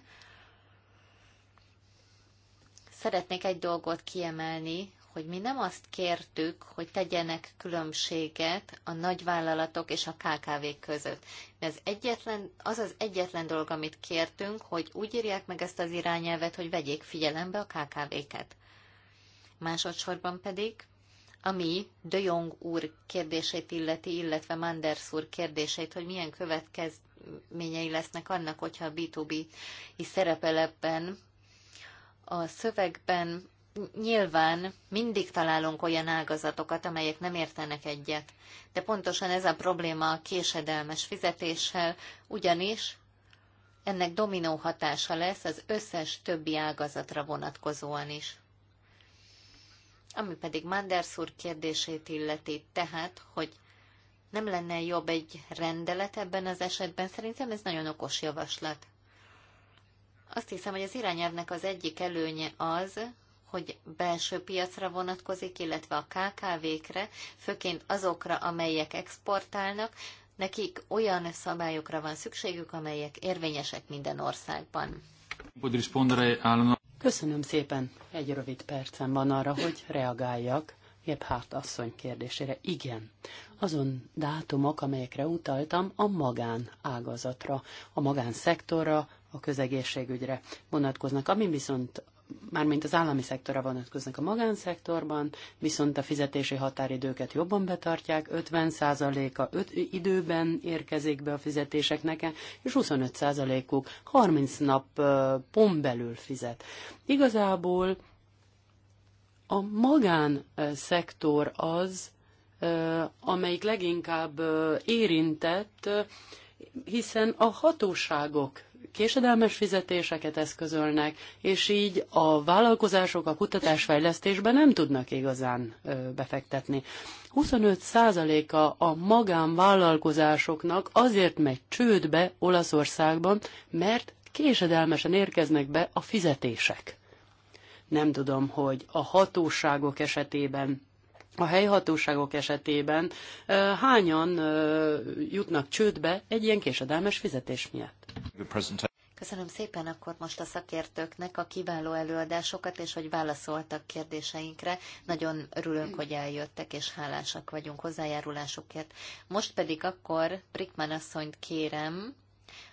Speaker 1: Szeretnék egy dolgot kiemelni, hogy mi nem azt kértük, hogy tegyenek különbséget a nagyvállalatok és a KKV-k között. az egyetlen, az az egyetlen dolog, amit kértünk, hogy úgy írják meg ezt az irányelvet, hogy vegyék figyelembe a KKV-ket. Másodszorban pedig, ami De Jong úr kérdését illeti, illetve Manders úr kérdését, hogy milyen következményei lesznek annak, hogyha a B2B szerepel ebben a szövegben, nyilván mindig találunk olyan ágazatokat, amelyek nem értenek egyet. De pontosan ez a probléma a késedelmes fizetéssel, ugyanis ennek dominó hatása lesz az összes többi ágazatra vonatkozóan is. Ami pedig Manders úr kérdését illeti, tehát, hogy nem lenne jobb egy rendelet ebben az esetben, szerintem ez nagyon okos javaslat. Azt hiszem, hogy az irányelvnek az egyik előnye az, hogy belső piacra vonatkozik, illetve a KKV-kre, főként azokra, amelyek exportálnak, nekik olyan szabályokra van szükségük, amelyek érvényesek minden országban.
Speaker 2: Köszönöm szépen. Egy rövid percem van arra, hogy reagáljak hát asszony kérdésére. Igen, azon dátumok, amelyekre utaltam, a magán ágazatra, a magánszektorra, a közegészségügyre vonatkoznak. Ami viszont mármint az állami szektora vonatkoznak a magánszektorban, viszont a fizetési határidőket jobban betartják, 50%-a időben érkezik be a fizetéseknek, és 25%-uk 30 nap pont belül fizet. Igazából a magánszektor az, amelyik leginkább érintett, hiszen a hatóságok késedelmes fizetéseket eszközölnek, és így a vállalkozások a kutatásfejlesztésben nem tudnak igazán befektetni. 25%-a a magánvállalkozásoknak azért megy csődbe Olaszországban, mert késedelmesen érkeznek be a fizetések. Nem tudom, hogy a hatóságok esetében a helyhatóságok esetében hányan jutnak csődbe egy ilyen késedelmes fizetés miatt? Köszönöm szépen
Speaker 1: akkor most a szakértőknek a kiváló előadásokat, és
Speaker 2: hogy válaszoltak kérdéseinkre.
Speaker 1: Nagyon örülünk, hogy eljöttek, és hálásak vagyunk hozzájárulásukért. Most pedig akkor Brickman asszonyt kérem,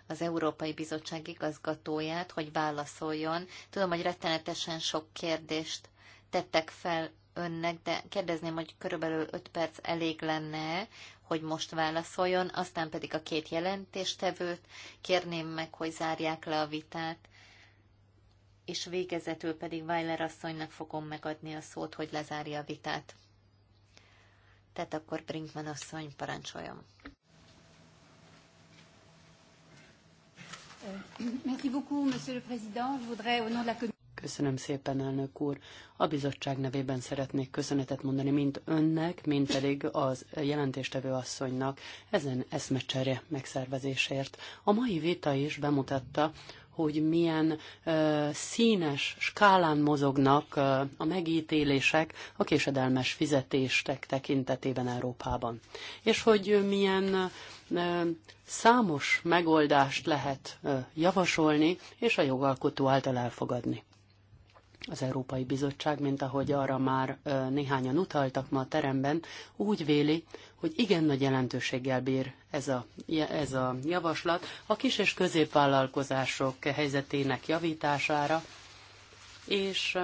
Speaker 1: az Európai Bizottság igazgatóját, hogy válaszoljon. Tudom, hogy rettenetesen sok kérdést tettek fel önnek, de kérdezném, hogy körülbelül 5 perc elég lenne, hogy most válaszoljon, aztán pedig a két jelentéstevőt kérném meg, hogy zárják le a vitát, és végezetül pedig Weiler asszonynak fogom megadni a szót, hogy lezárja a vitát. Tehát akkor Brinkman asszony, parancsoljon.
Speaker 3: Merci beaucoup,
Speaker 2: Monsieur le Président. Je voudrais, au nom de la Köszönöm szépen, elnök úr. A bizottság nevében szeretnék köszönetet mondani mind önnek, mind pedig az jelentéstevő asszonynak ezen eszmecsere megszervezésért. A mai vita is bemutatta, hogy milyen ö, színes skálán mozognak ö, a megítélések a késedelmes fizetéstek tekintetében Európában. És hogy milyen ö, számos megoldást lehet ö, javasolni, és a jogalkotó által elfogadni az Európai Bizottság, mint ahogy arra már néhányan utaltak ma a teremben, úgy véli, hogy igen nagy jelentőséggel bír ez a, ez a javaslat a kis és középvállalkozások helyzetének javítására, és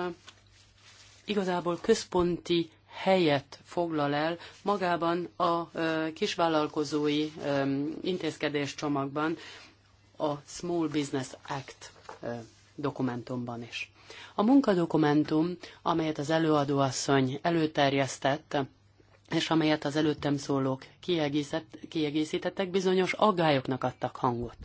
Speaker 2: igazából központi helyet foglal el magában a kisvállalkozói intézkedés csomagban, a Small Business Act dokumentumban is. A munkadokumentum, amelyet az előadóasszony előterjesztett, és amelyet az előttem szólók kiegészítettek, bizonyos aggályoknak adtak hangot.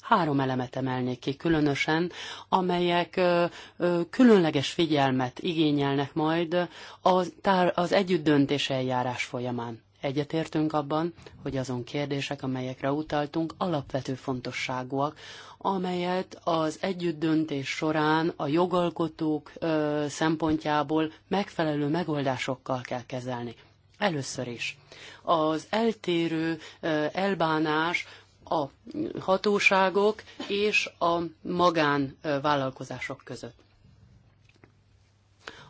Speaker 2: Három elemet emelnék ki különösen, amelyek ö, ö, különleges figyelmet igényelnek majd az, tár, az együttdöntés eljárás folyamán egyetértünk abban, hogy azon kérdések, amelyekre utaltunk, alapvető fontosságúak, amelyet az együttdöntés során a jogalkotók ö, szempontjából megfelelő megoldásokkal kell kezelni. Először is. Az eltérő ö, elbánás a hatóságok és a magánvállalkozások között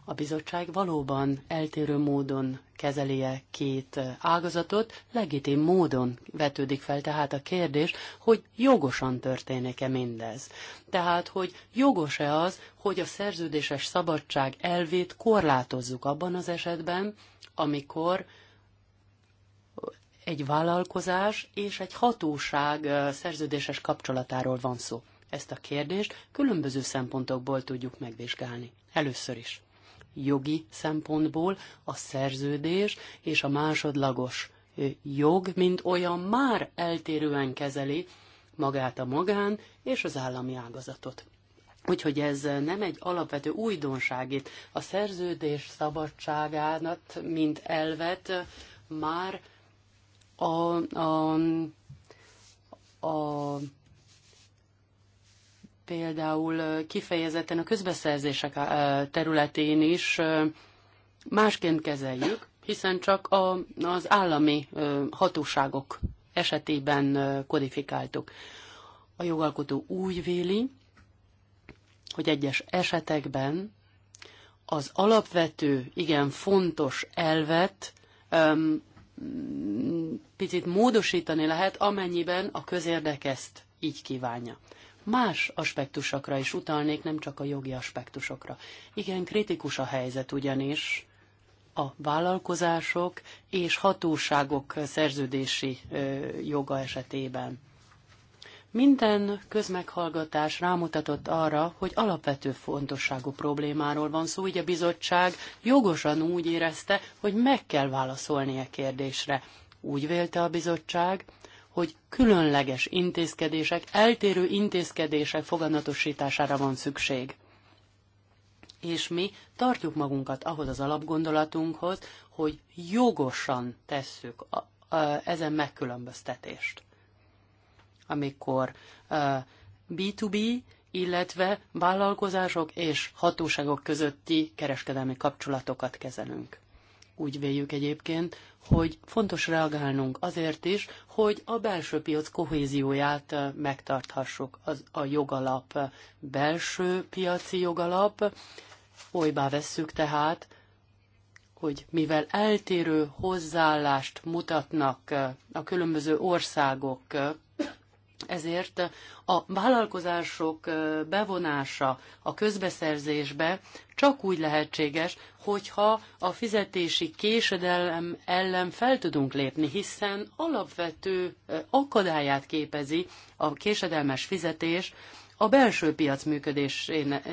Speaker 2: a bizottság valóban eltérő módon kezelie két ágazatot, legitim módon vetődik fel tehát a kérdés, hogy jogosan történik-e mindez. Tehát, hogy jogos-e az, hogy a szerződéses szabadság elvét korlátozzuk abban az esetben, amikor egy vállalkozás és egy hatóság szerződéses kapcsolatáról van szó. Ezt a kérdést különböző szempontokból tudjuk megvizsgálni. Először is jogi szempontból a szerződés és a másodlagos jog, mint olyan már eltérően kezeli magát a magán és az állami ágazatot. Úgyhogy ez nem egy alapvető újdonság itt. A szerződés szabadságánat, mint elvet már a, a, a például kifejezetten a közbeszerzések területén is másként kezeljük, hiszen csak a, az állami hatóságok esetében kodifikáltuk. A jogalkotó úgy véli, hogy egyes esetekben az alapvető, igen fontos elvet um, picit módosítani lehet, amennyiben a közérdek ezt így kívánja más aspektusokra is utalnék, nem csak a jogi aspektusokra. Igen, kritikus a helyzet ugyanis a vállalkozások és hatóságok szerződési joga esetében. Minden közmeghallgatás rámutatott arra, hogy alapvető fontosságú problémáról van szó, így a bizottság jogosan úgy érezte, hogy meg kell válaszolnia a e kérdésre. Úgy vélte a bizottság, hogy különleges intézkedések, eltérő intézkedések foganatosítására van szükség. És mi tartjuk magunkat ahhoz az alapgondolatunkhoz, hogy jogosan tesszük a, a, ezen megkülönböztetést. Amikor a, B2B, illetve vállalkozások és hatóságok közötti kereskedelmi kapcsolatokat kezelünk. Úgy véljük egyébként, hogy fontos reagálnunk azért is, hogy a belső piac kohézióját megtarthassuk. Az a jogalap, belső piaci jogalap, olybá vesszük tehát, hogy mivel eltérő hozzáállást mutatnak a különböző országok ezért a vállalkozások bevonása a közbeszerzésbe csak úgy lehetséges, hogyha a fizetési késedelem ellen fel tudunk lépni, hiszen alapvető akadályát képezi a késedelmes fizetés a belső piac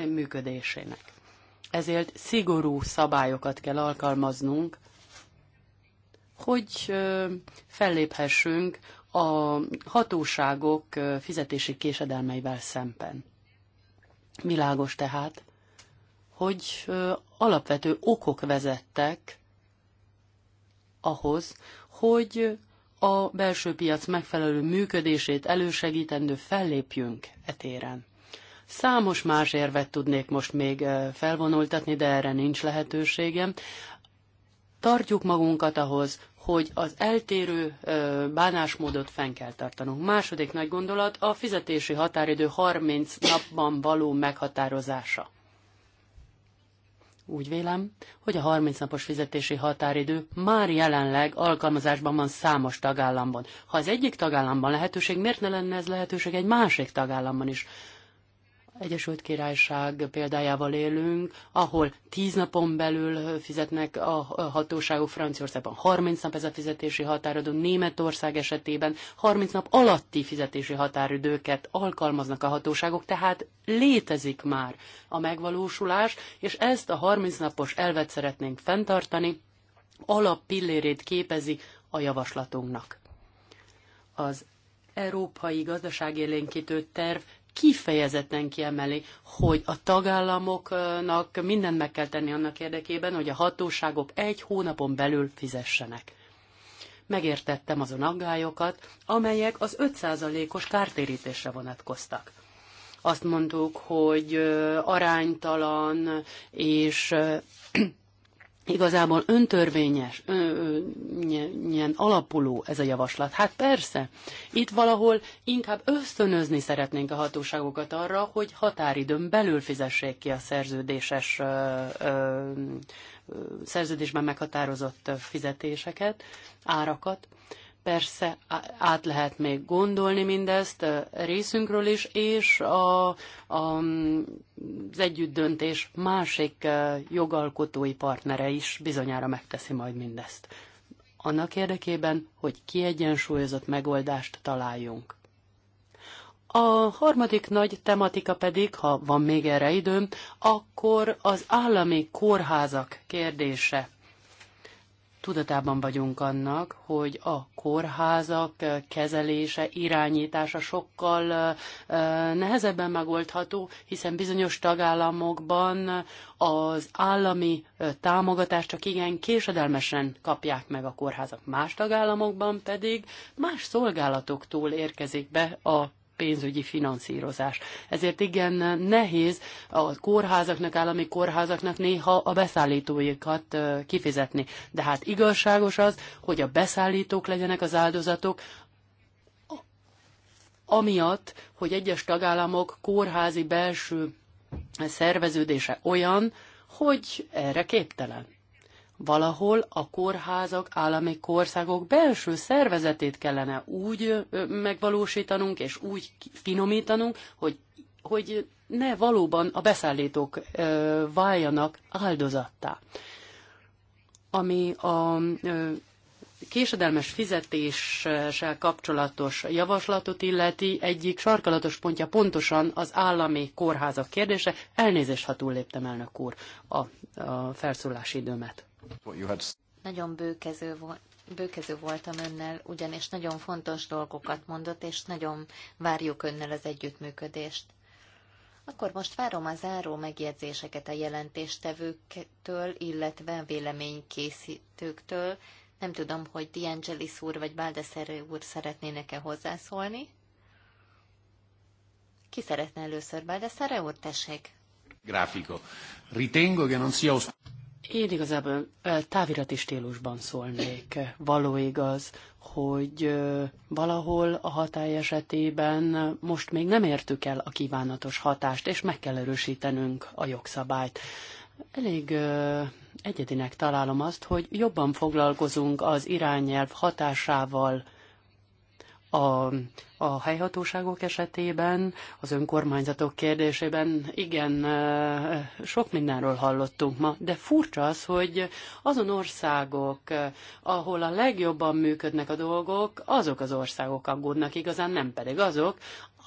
Speaker 2: működésének. Ezért szigorú szabályokat kell alkalmaznunk, hogy felléphessünk a hatóságok fizetési késedelmeivel szemben. Világos tehát, hogy alapvető okok vezettek ahhoz, hogy a belső piac megfelelő működését elősegítendő fellépjünk etéren. Számos más érvet tudnék most még felvonultatni, de erre nincs lehetőségem. Tartjuk magunkat ahhoz, hogy az eltérő bánásmódot fenn kell tartanunk. Második nagy gondolat a fizetési határidő 30 napban való meghatározása. Úgy vélem, hogy a 30 napos fizetési határidő már jelenleg alkalmazásban van számos tagállamban. Ha az egyik tagállamban lehetőség, miért ne lenne ez lehetőség egy másik tagállamban is? Egyesült Királyság példájával élünk, ahol tíz napon belül fizetnek a hatóságok, Franciaországban 30 nap ez a fizetési határidő, Németország esetében 30 nap alatti fizetési határidőket alkalmaznak a hatóságok, tehát létezik már a megvalósulás, és ezt a 30 napos elvet szeretnénk fenntartani, alappillérét képezi a javaslatunknak. Az európai gazdaságélénkítő terv kifejezetten kiemeli, hogy a tagállamoknak mindent meg kell tenni annak érdekében, hogy a hatóságok egy hónapon belül fizessenek. Megértettem azon aggályokat, amelyek az 5%-os kártérítésre vonatkoztak azt mondtuk, hogy aránytalan és igazából öntörvényes, ilyen alapuló ez a javaslat. Hát persze, itt valahol inkább ösztönözni szeretnénk a hatóságokat arra, hogy határidőn belül fizessék ki a szerződéses szerződésben meghatározott fizetéseket, árakat, Persze át lehet még gondolni mindezt részünkről is, és a, a, az döntés másik jogalkotói partnere is bizonyára megteszi majd mindezt. Annak érdekében, hogy kiegyensúlyozott megoldást találjunk. A harmadik nagy tematika pedig, ha van még erre időm, akkor az állami kórházak kérdése tudatában vagyunk annak, hogy a kórházak kezelése, irányítása sokkal nehezebben megoldható, hiszen bizonyos tagállamokban az állami támogatást csak igen késedelmesen kapják meg a kórházak. Más tagállamokban pedig más szolgálatoktól érkezik be a pénzügyi finanszírozás. Ezért igen nehéz a kórházaknak, állami kórházaknak néha a beszállítóikat kifizetni. De hát igazságos az, hogy a beszállítók legyenek az áldozatok, amiatt, hogy egyes tagállamok kórházi belső szerveződése olyan, hogy erre képtelen valahol a kórházak, állami kországok belső szervezetét kellene úgy megvalósítanunk és úgy finomítanunk, hogy, hogy ne valóban a beszállítók váljanak áldozattá. Ami a késedelmes fizetéssel kapcsolatos javaslatot illeti egyik sarkalatos pontja pontosan az állami kórházak kérdése. Elnézést, ha túlléptem, elnök úr, a, a felszólási időmet.
Speaker 1: Nagyon bőkező volt bőkező voltam önnel, ugyanis nagyon fontos dolgokat mondott, és nagyon várjuk önnel az együttműködést. Akkor most várom a záró megjegyzéseket a jelentéstevőktől, illetve a véleménykészítőktől. Nem tudom, hogy Diangelis úr vagy Baldesser úr szeretnének-e hozzászólni. Ki szeretne először Baldesser
Speaker 2: úr, tessék? Grafico. Ritengo che non sia én igazából távirati stílusban szólnék. Való igaz, hogy valahol a hatály esetében most még nem értük el a kívánatos hatást, és meg kell erősítenünk a jogszabályt. Elég ö, egyedinek találom azt, hogy jobban foglalkozunk az irányelv hatásával, a, a helyhatóságok esetében, az önkormányzatok kérdésében igen, sok mindenről hallottunk ma, de furcsa az, hogy azon országok, ahol a legjobban működnek a dolgok, azok az országok aggódnak igazán, nem pedig azok,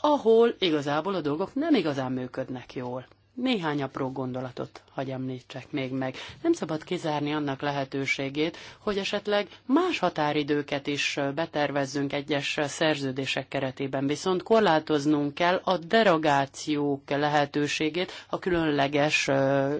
Speaker 2: ahol igazából a dolgok nem igazán működnek jól. Néhány apró gondolatot hagy említsek még meg. Nem szabad kizárni annak lehetőségét, hogy esetleg más határidőket is betervezzünk egyes szerződések keretében, viszont korlátoznunk kell a derogációk lehetőségét a különleges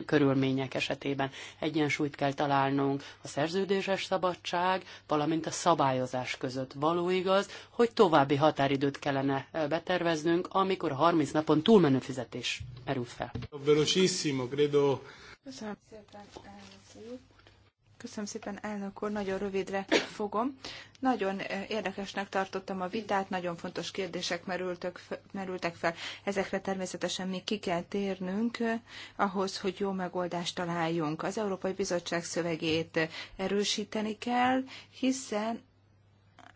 Speaker 2: körülmények esetében. Egyensúlyt kell találnunk a szerződéses szabadság, valamint a szabályozás között. Való igaz, hogy további határidőt kellene beterveznünk, amikor a 30 napon túlmenő fizetés Erufe. fel. Köszönöm szépen,
Speaker 3: elnök úr. Köszönöm szépen, elnök úr. Nagyon rövidre fogom. Nagyon érdekesnek tartottam a vitát, nagyon fontos kérdések merültek, merültek fel. Ezekre természetesen még ki kell térnünk ahhoz, hogy jó megoldást találjunk. Az Európai Bizottság szövegét erősíteni kell, hiszen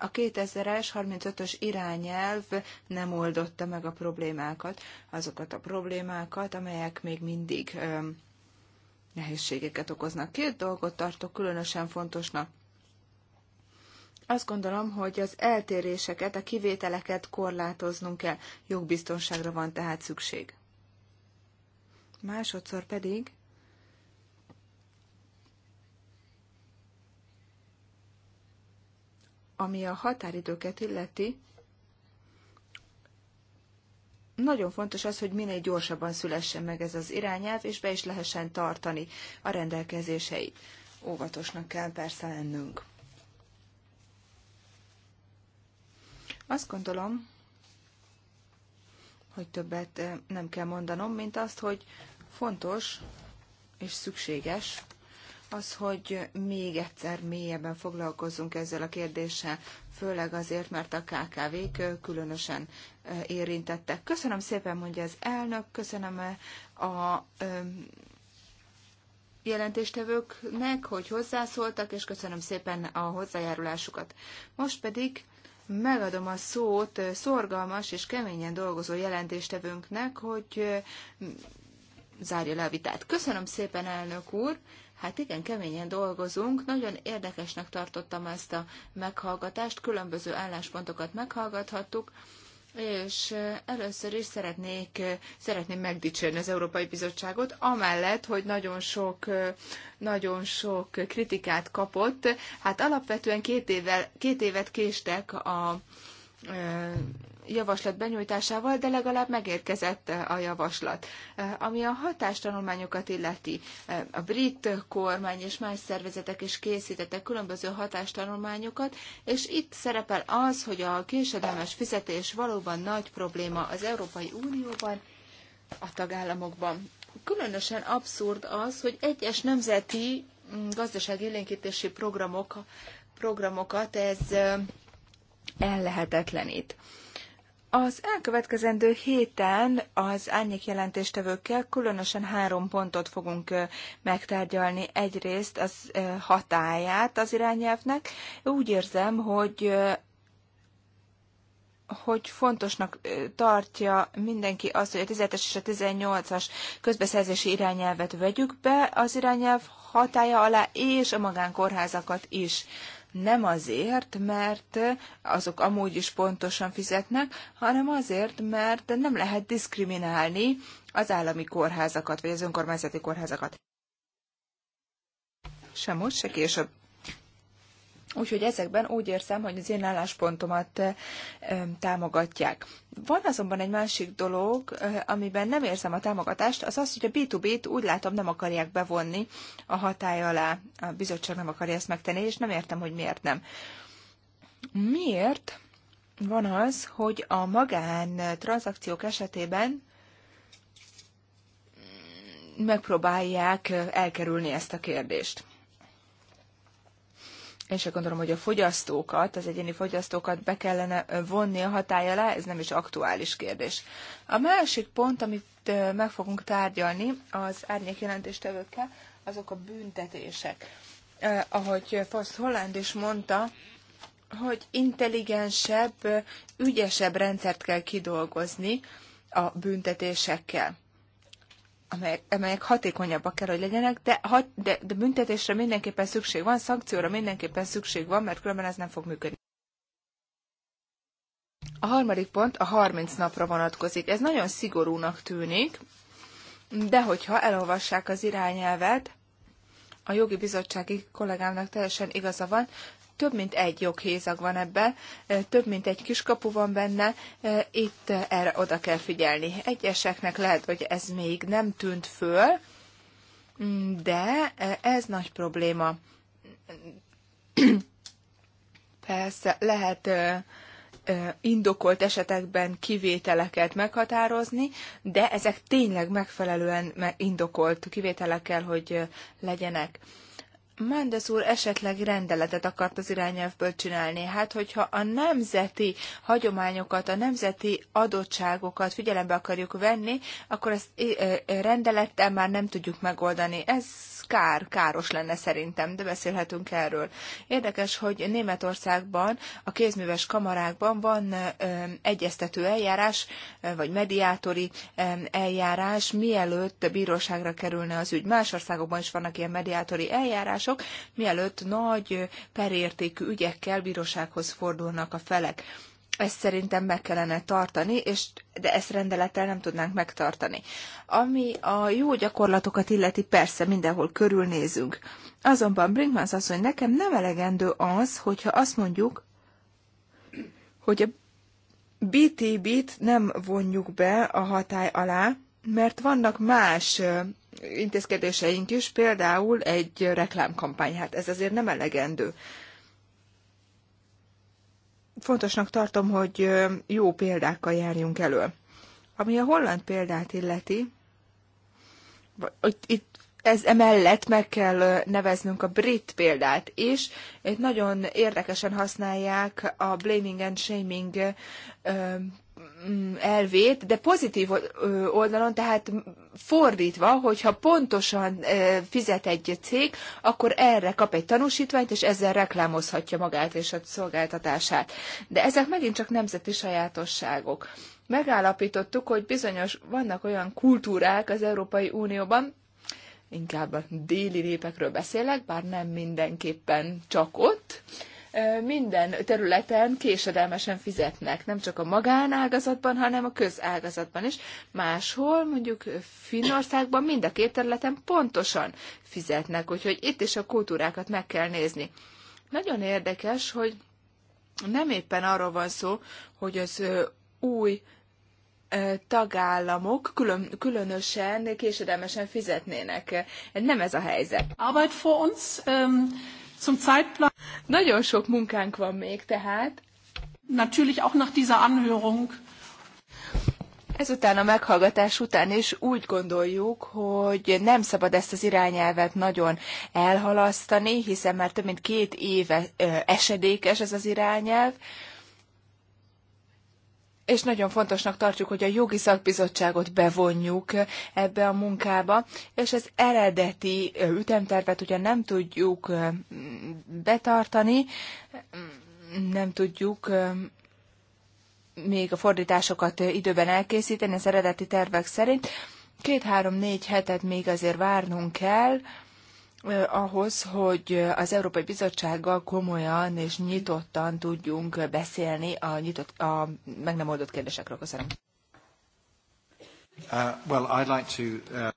Speaker 3: a 2000-es 35-ös irányelv nem oldotta meg a problémákat, azokat a problémákat, amelyek még mindig nehézségeket okoznak. Két dolgot tartok különösen fontosnak. Azt gondolom, hogy az eltéréseket, a kivételeket korlátoznunk kell. Jogbiztonságra van tehát szükség. Másodszor pedig Ami a határidőket illeti, nagyon fontos az, hogy minél gyorsabban szülessen meg ez az irányelv, és be is lehessen tartani a rendelkezéseit. Óvatosnak kell persze lennünk. Azt gondolom, hogy többet eh, nem kell mondanom, mint azt, hogy fontos és szükséges, az, hogy még egyszer mélyebben foglalkozzunk ezzel a kérdéssel, főleg azért, mert a KKV-k különösen érintettek. Köszönöm szépen, mondja az elnök, köszönöm a jelentéstevőknek, hogy hozzászóltak, és köszönöm szépen a hozzájárulásukat. Most pedig megadom a szót szorgalmas és keményen dolgozó jelentéstevőnknek, hogy zárja le a vitát. Köszönöm szépen, elnök úr! Hát igen, keményen dolgozunk. Nagyon érdekesnek tartottam ezt a meghallgatást, különböző álláspontokat meghallgathattuk. És először is szeretnék, szeretném megdicsérni az Európai Bizottságot, amellett, hogy nagyon sok, nagyon sok kritikát kapott. Hát alapvetően két, évvel, két évet késtek a, javaslat benyújtásával, de legalább megérkezett a javaslat. Ami a hatástanulmányokat illeti, a brit kormány és más szervezetek is készítettek különböző hatástanulmányokat, és itt szerepel az, hogy a késedelmes fizetés valóban nagy probléma az Európai Unióban, a tagállamokban. Különösen abszurd az, hogy egyes nemzeti mm, gazdaságélénkítési programok, programokat ez ellehetetlenít. Az elkövetkezendő héten az árnyék jelentéstevőkkel különösen három pontot fogunk megtárgyalni. Egyrészt az hatáját az irányelvnek. Úgy érzem, hogy hogy fontosnak tartja mindenki azt, hogy a 17-es és a 18-as közbeszerzési irányelvet vegyük be az irányelv hatája alá, és a magánkórházakat is nem azért, mert azok amúgy is pontosan fizetnek, hanem azért, mert nem lehet diszkriminálni az állami kórházakat, vagy az önkormányzati kórházakat. Sem most, se később. Úgyhogy ezekben úgy érzem, hogy az én álláspontomat támogatják. Van azonban egy másik dolog, amiben nem érzem a támogatást, az az, hogy a B2B-t úgy látom nem akarják bevonni a hatály alá. A bizottság nem akarja ezt megtenni, és nem értem, hogy miért nem. Miért van az, hogy a magán tranzakciók esetében megpróbálják elkerülni ezt a kérdést? Én sem gondolom, hogy a fogyasztókat, az egyéni fogyasztókat be kellene vonni a hatája alá, ez nem is aktuális kérdés. A másik pont, amit meg fogunk tárgyalni az árnyék jelentéstevőkkel, azok a büntetések. Eh, ahogy Foszt Holland is mondta, hogy intelligensebb, ügyesebb rendszert kell kidolgozni a büntetésekkel amelyek, amelyek hatékonyabbak kell, hogy legyenek, de, ha, de, de büntetésre mindenképpen szükség van, szankcióra mindenképpen szükség van, mert különben ez nem fog működni. A harmadik pont a 30 napra vonatkozik. Ez nagyon szigorúnak tűnik, de hogyha elolvassák az irányelvet, a jogi bizottsági kollégámnak teljesen igaza van, több mint egy joghézag van ebben, több mint egy kiskapu van benne, itt erre oda kell figyelni. Egyeseknek lehet, hogy ez még nem tűnt föl, mm, de ez nagy probléma. Persze lehet indokolt esetekben kivételeket meghatározni, de ezek tényleg megfelelően indokolt kivételekkel, hogy legyenek. Mendes úr esetleg rendeletet akart az irányelvből csinálni. Hát, hogyha a nemzeti hagyományokat, a nemzeti adottságokat figyelembe akarjuk venni, akkor ezt eh, eh, rendelettel már nem tudjuk megoldani. Ez kár, káros lenne szerintem, de beszélhetünk erről. Érdekes, hogy Németországban a kézműves kamarákban van egyeztető eljárás, vagy mediátori eljárás, mielőtt bíróságra kerülne az ügy. Más országokban is vannak ilyen mediátori eljárások, mielőtt nagy perértékű ügyekkel bírósághoz fordulnak a felek ezt szerintem meg kellene tartani, és, de ezt rendelettel nem tudnánk megtartani. Ami a jó gyakorlatokat illeti, persze mindenhol körülnézünk. Azonban Brinkmans azt mondja, hogy nekem nem elegendő az, hogyha azt mondjuk, hogy a BTB-t nem vonjuk be a hatály alá, mert vannak más intézkedéseink is, például egy reklámkampány. Hát ez azért nem elegendő fontosnak tartom, hogy jó példákkal járjunk elő. Ami a holland példát illeti, itt ez emellett meg kell neveznünk a brit példát is. Itt nagyon érdekesen használják a blaming and shaming Mm, elvét, de pozitív oldalon, tehát fordítva, hogyha pontosan fizet egy cég, akkor erre kap egy tanúsítványt, és ezzel reklámozhatja magát és a szolgáltatását. De ezek megint csak nemzeti sajátosságok. Megállapítottuk, hogy bizonyos vannak olyan kultúrák az Európai Unióban, inkább a déli népekről beszélek, bár nem mindenképpen csak ott, minden területen késedelmesen fizetnek, nem csak a magánágazatban, hanem a közágazatban is. Máshol, mondjuk Finnországban mind a két területen pontosan fizetnek, úgyhogy itt is a kultúrákat meg kell nézni. Nagyon érdekes, hogy nem éppen arról van szó, hogy az új tagállamok külön, különösen késedelmesen fizetnének. Nem ez a helyzet. Arbeit vor uns. Um... Zum Zeitplan. Nagyon sok munkánk van még tehát. Natürlich auch nach dieser Anhörung. Ezután a meghallgatás után is úgy gondoljuk, hogy nem szabad ezt az irányelvet nagyon elhalasztani, hiszen már több mint két éve esedékes ez az irányelv és nagyon fontosnak tartjuk, hogy a jogi szakbizottságot bevonjuk ebbe a munkába, és az eredeti ütemtervet ugye nem tudjuk betartani, nem tudjuk még a fordításokat időben elkészíteni az eredeti tervek szerint. Két-három-négy hetet még azért várnunk kell, Eh, ahhoz, hogy az Európai Bizottsággal komolyan és nyitottan tudjunk beszélni a, nyitott, a meg nem oldott kérdésekről. Köszönöm.
Speaker 1: Uh, well, I'd like to, uh...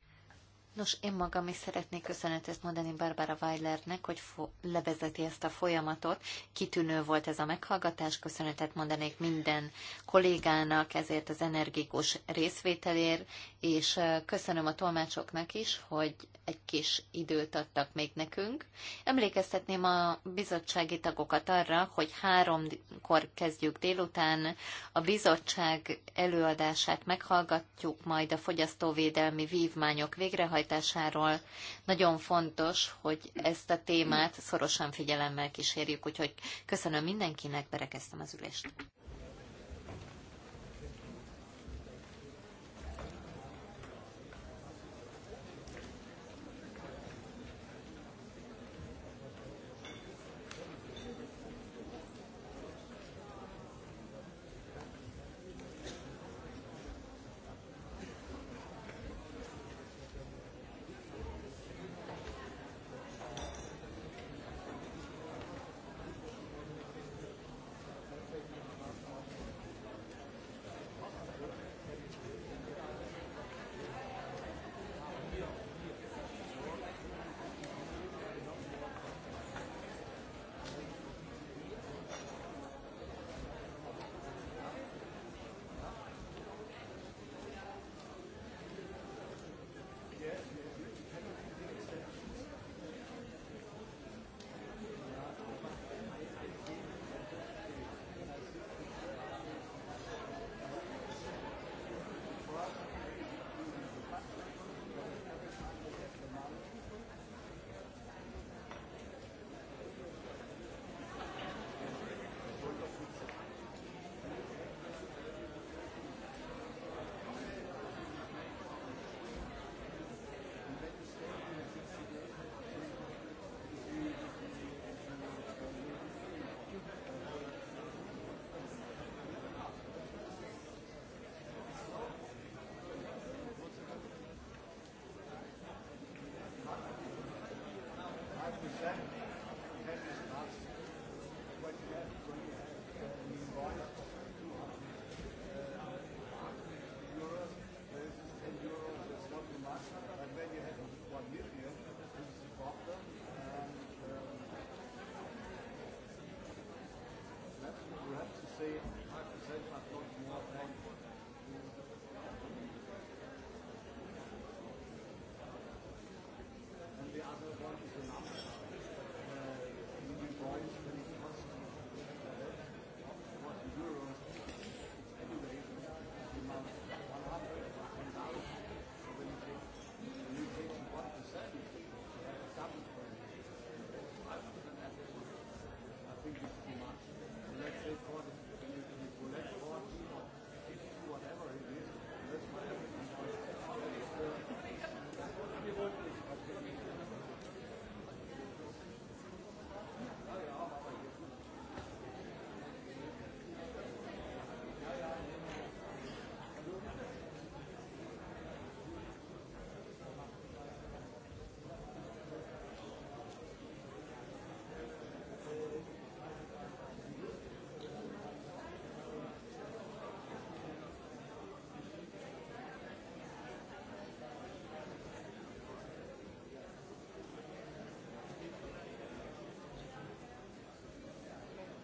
Speaker 1: Nos, én magam is szeretnék köszönetet mondani Barbara Weilernek, hogy levezeti ezt a folyamatot. Kitűnő volt ez a meghallgatás, köszönetet mondanék minden kollégának ezért az energikus részvételért, és köszönöm a tolmácsoknak is, hogy egy kis időt adtak még nekünk. Emlékeztetném a bizottsági tagokat arra, hogy háromkor kezdjük délután, a bizottság előadását meghallgatjuk, majd a fogyasztóvédelmi vívmányok végrehajtását, végrehajtásáról. Nagyon fontos, hogy ezt a témát szorosan figyelemmel kísérjük, úgyhogy köszönöm mindenkinek, berekeztem az ülést.
Speaker 3: see.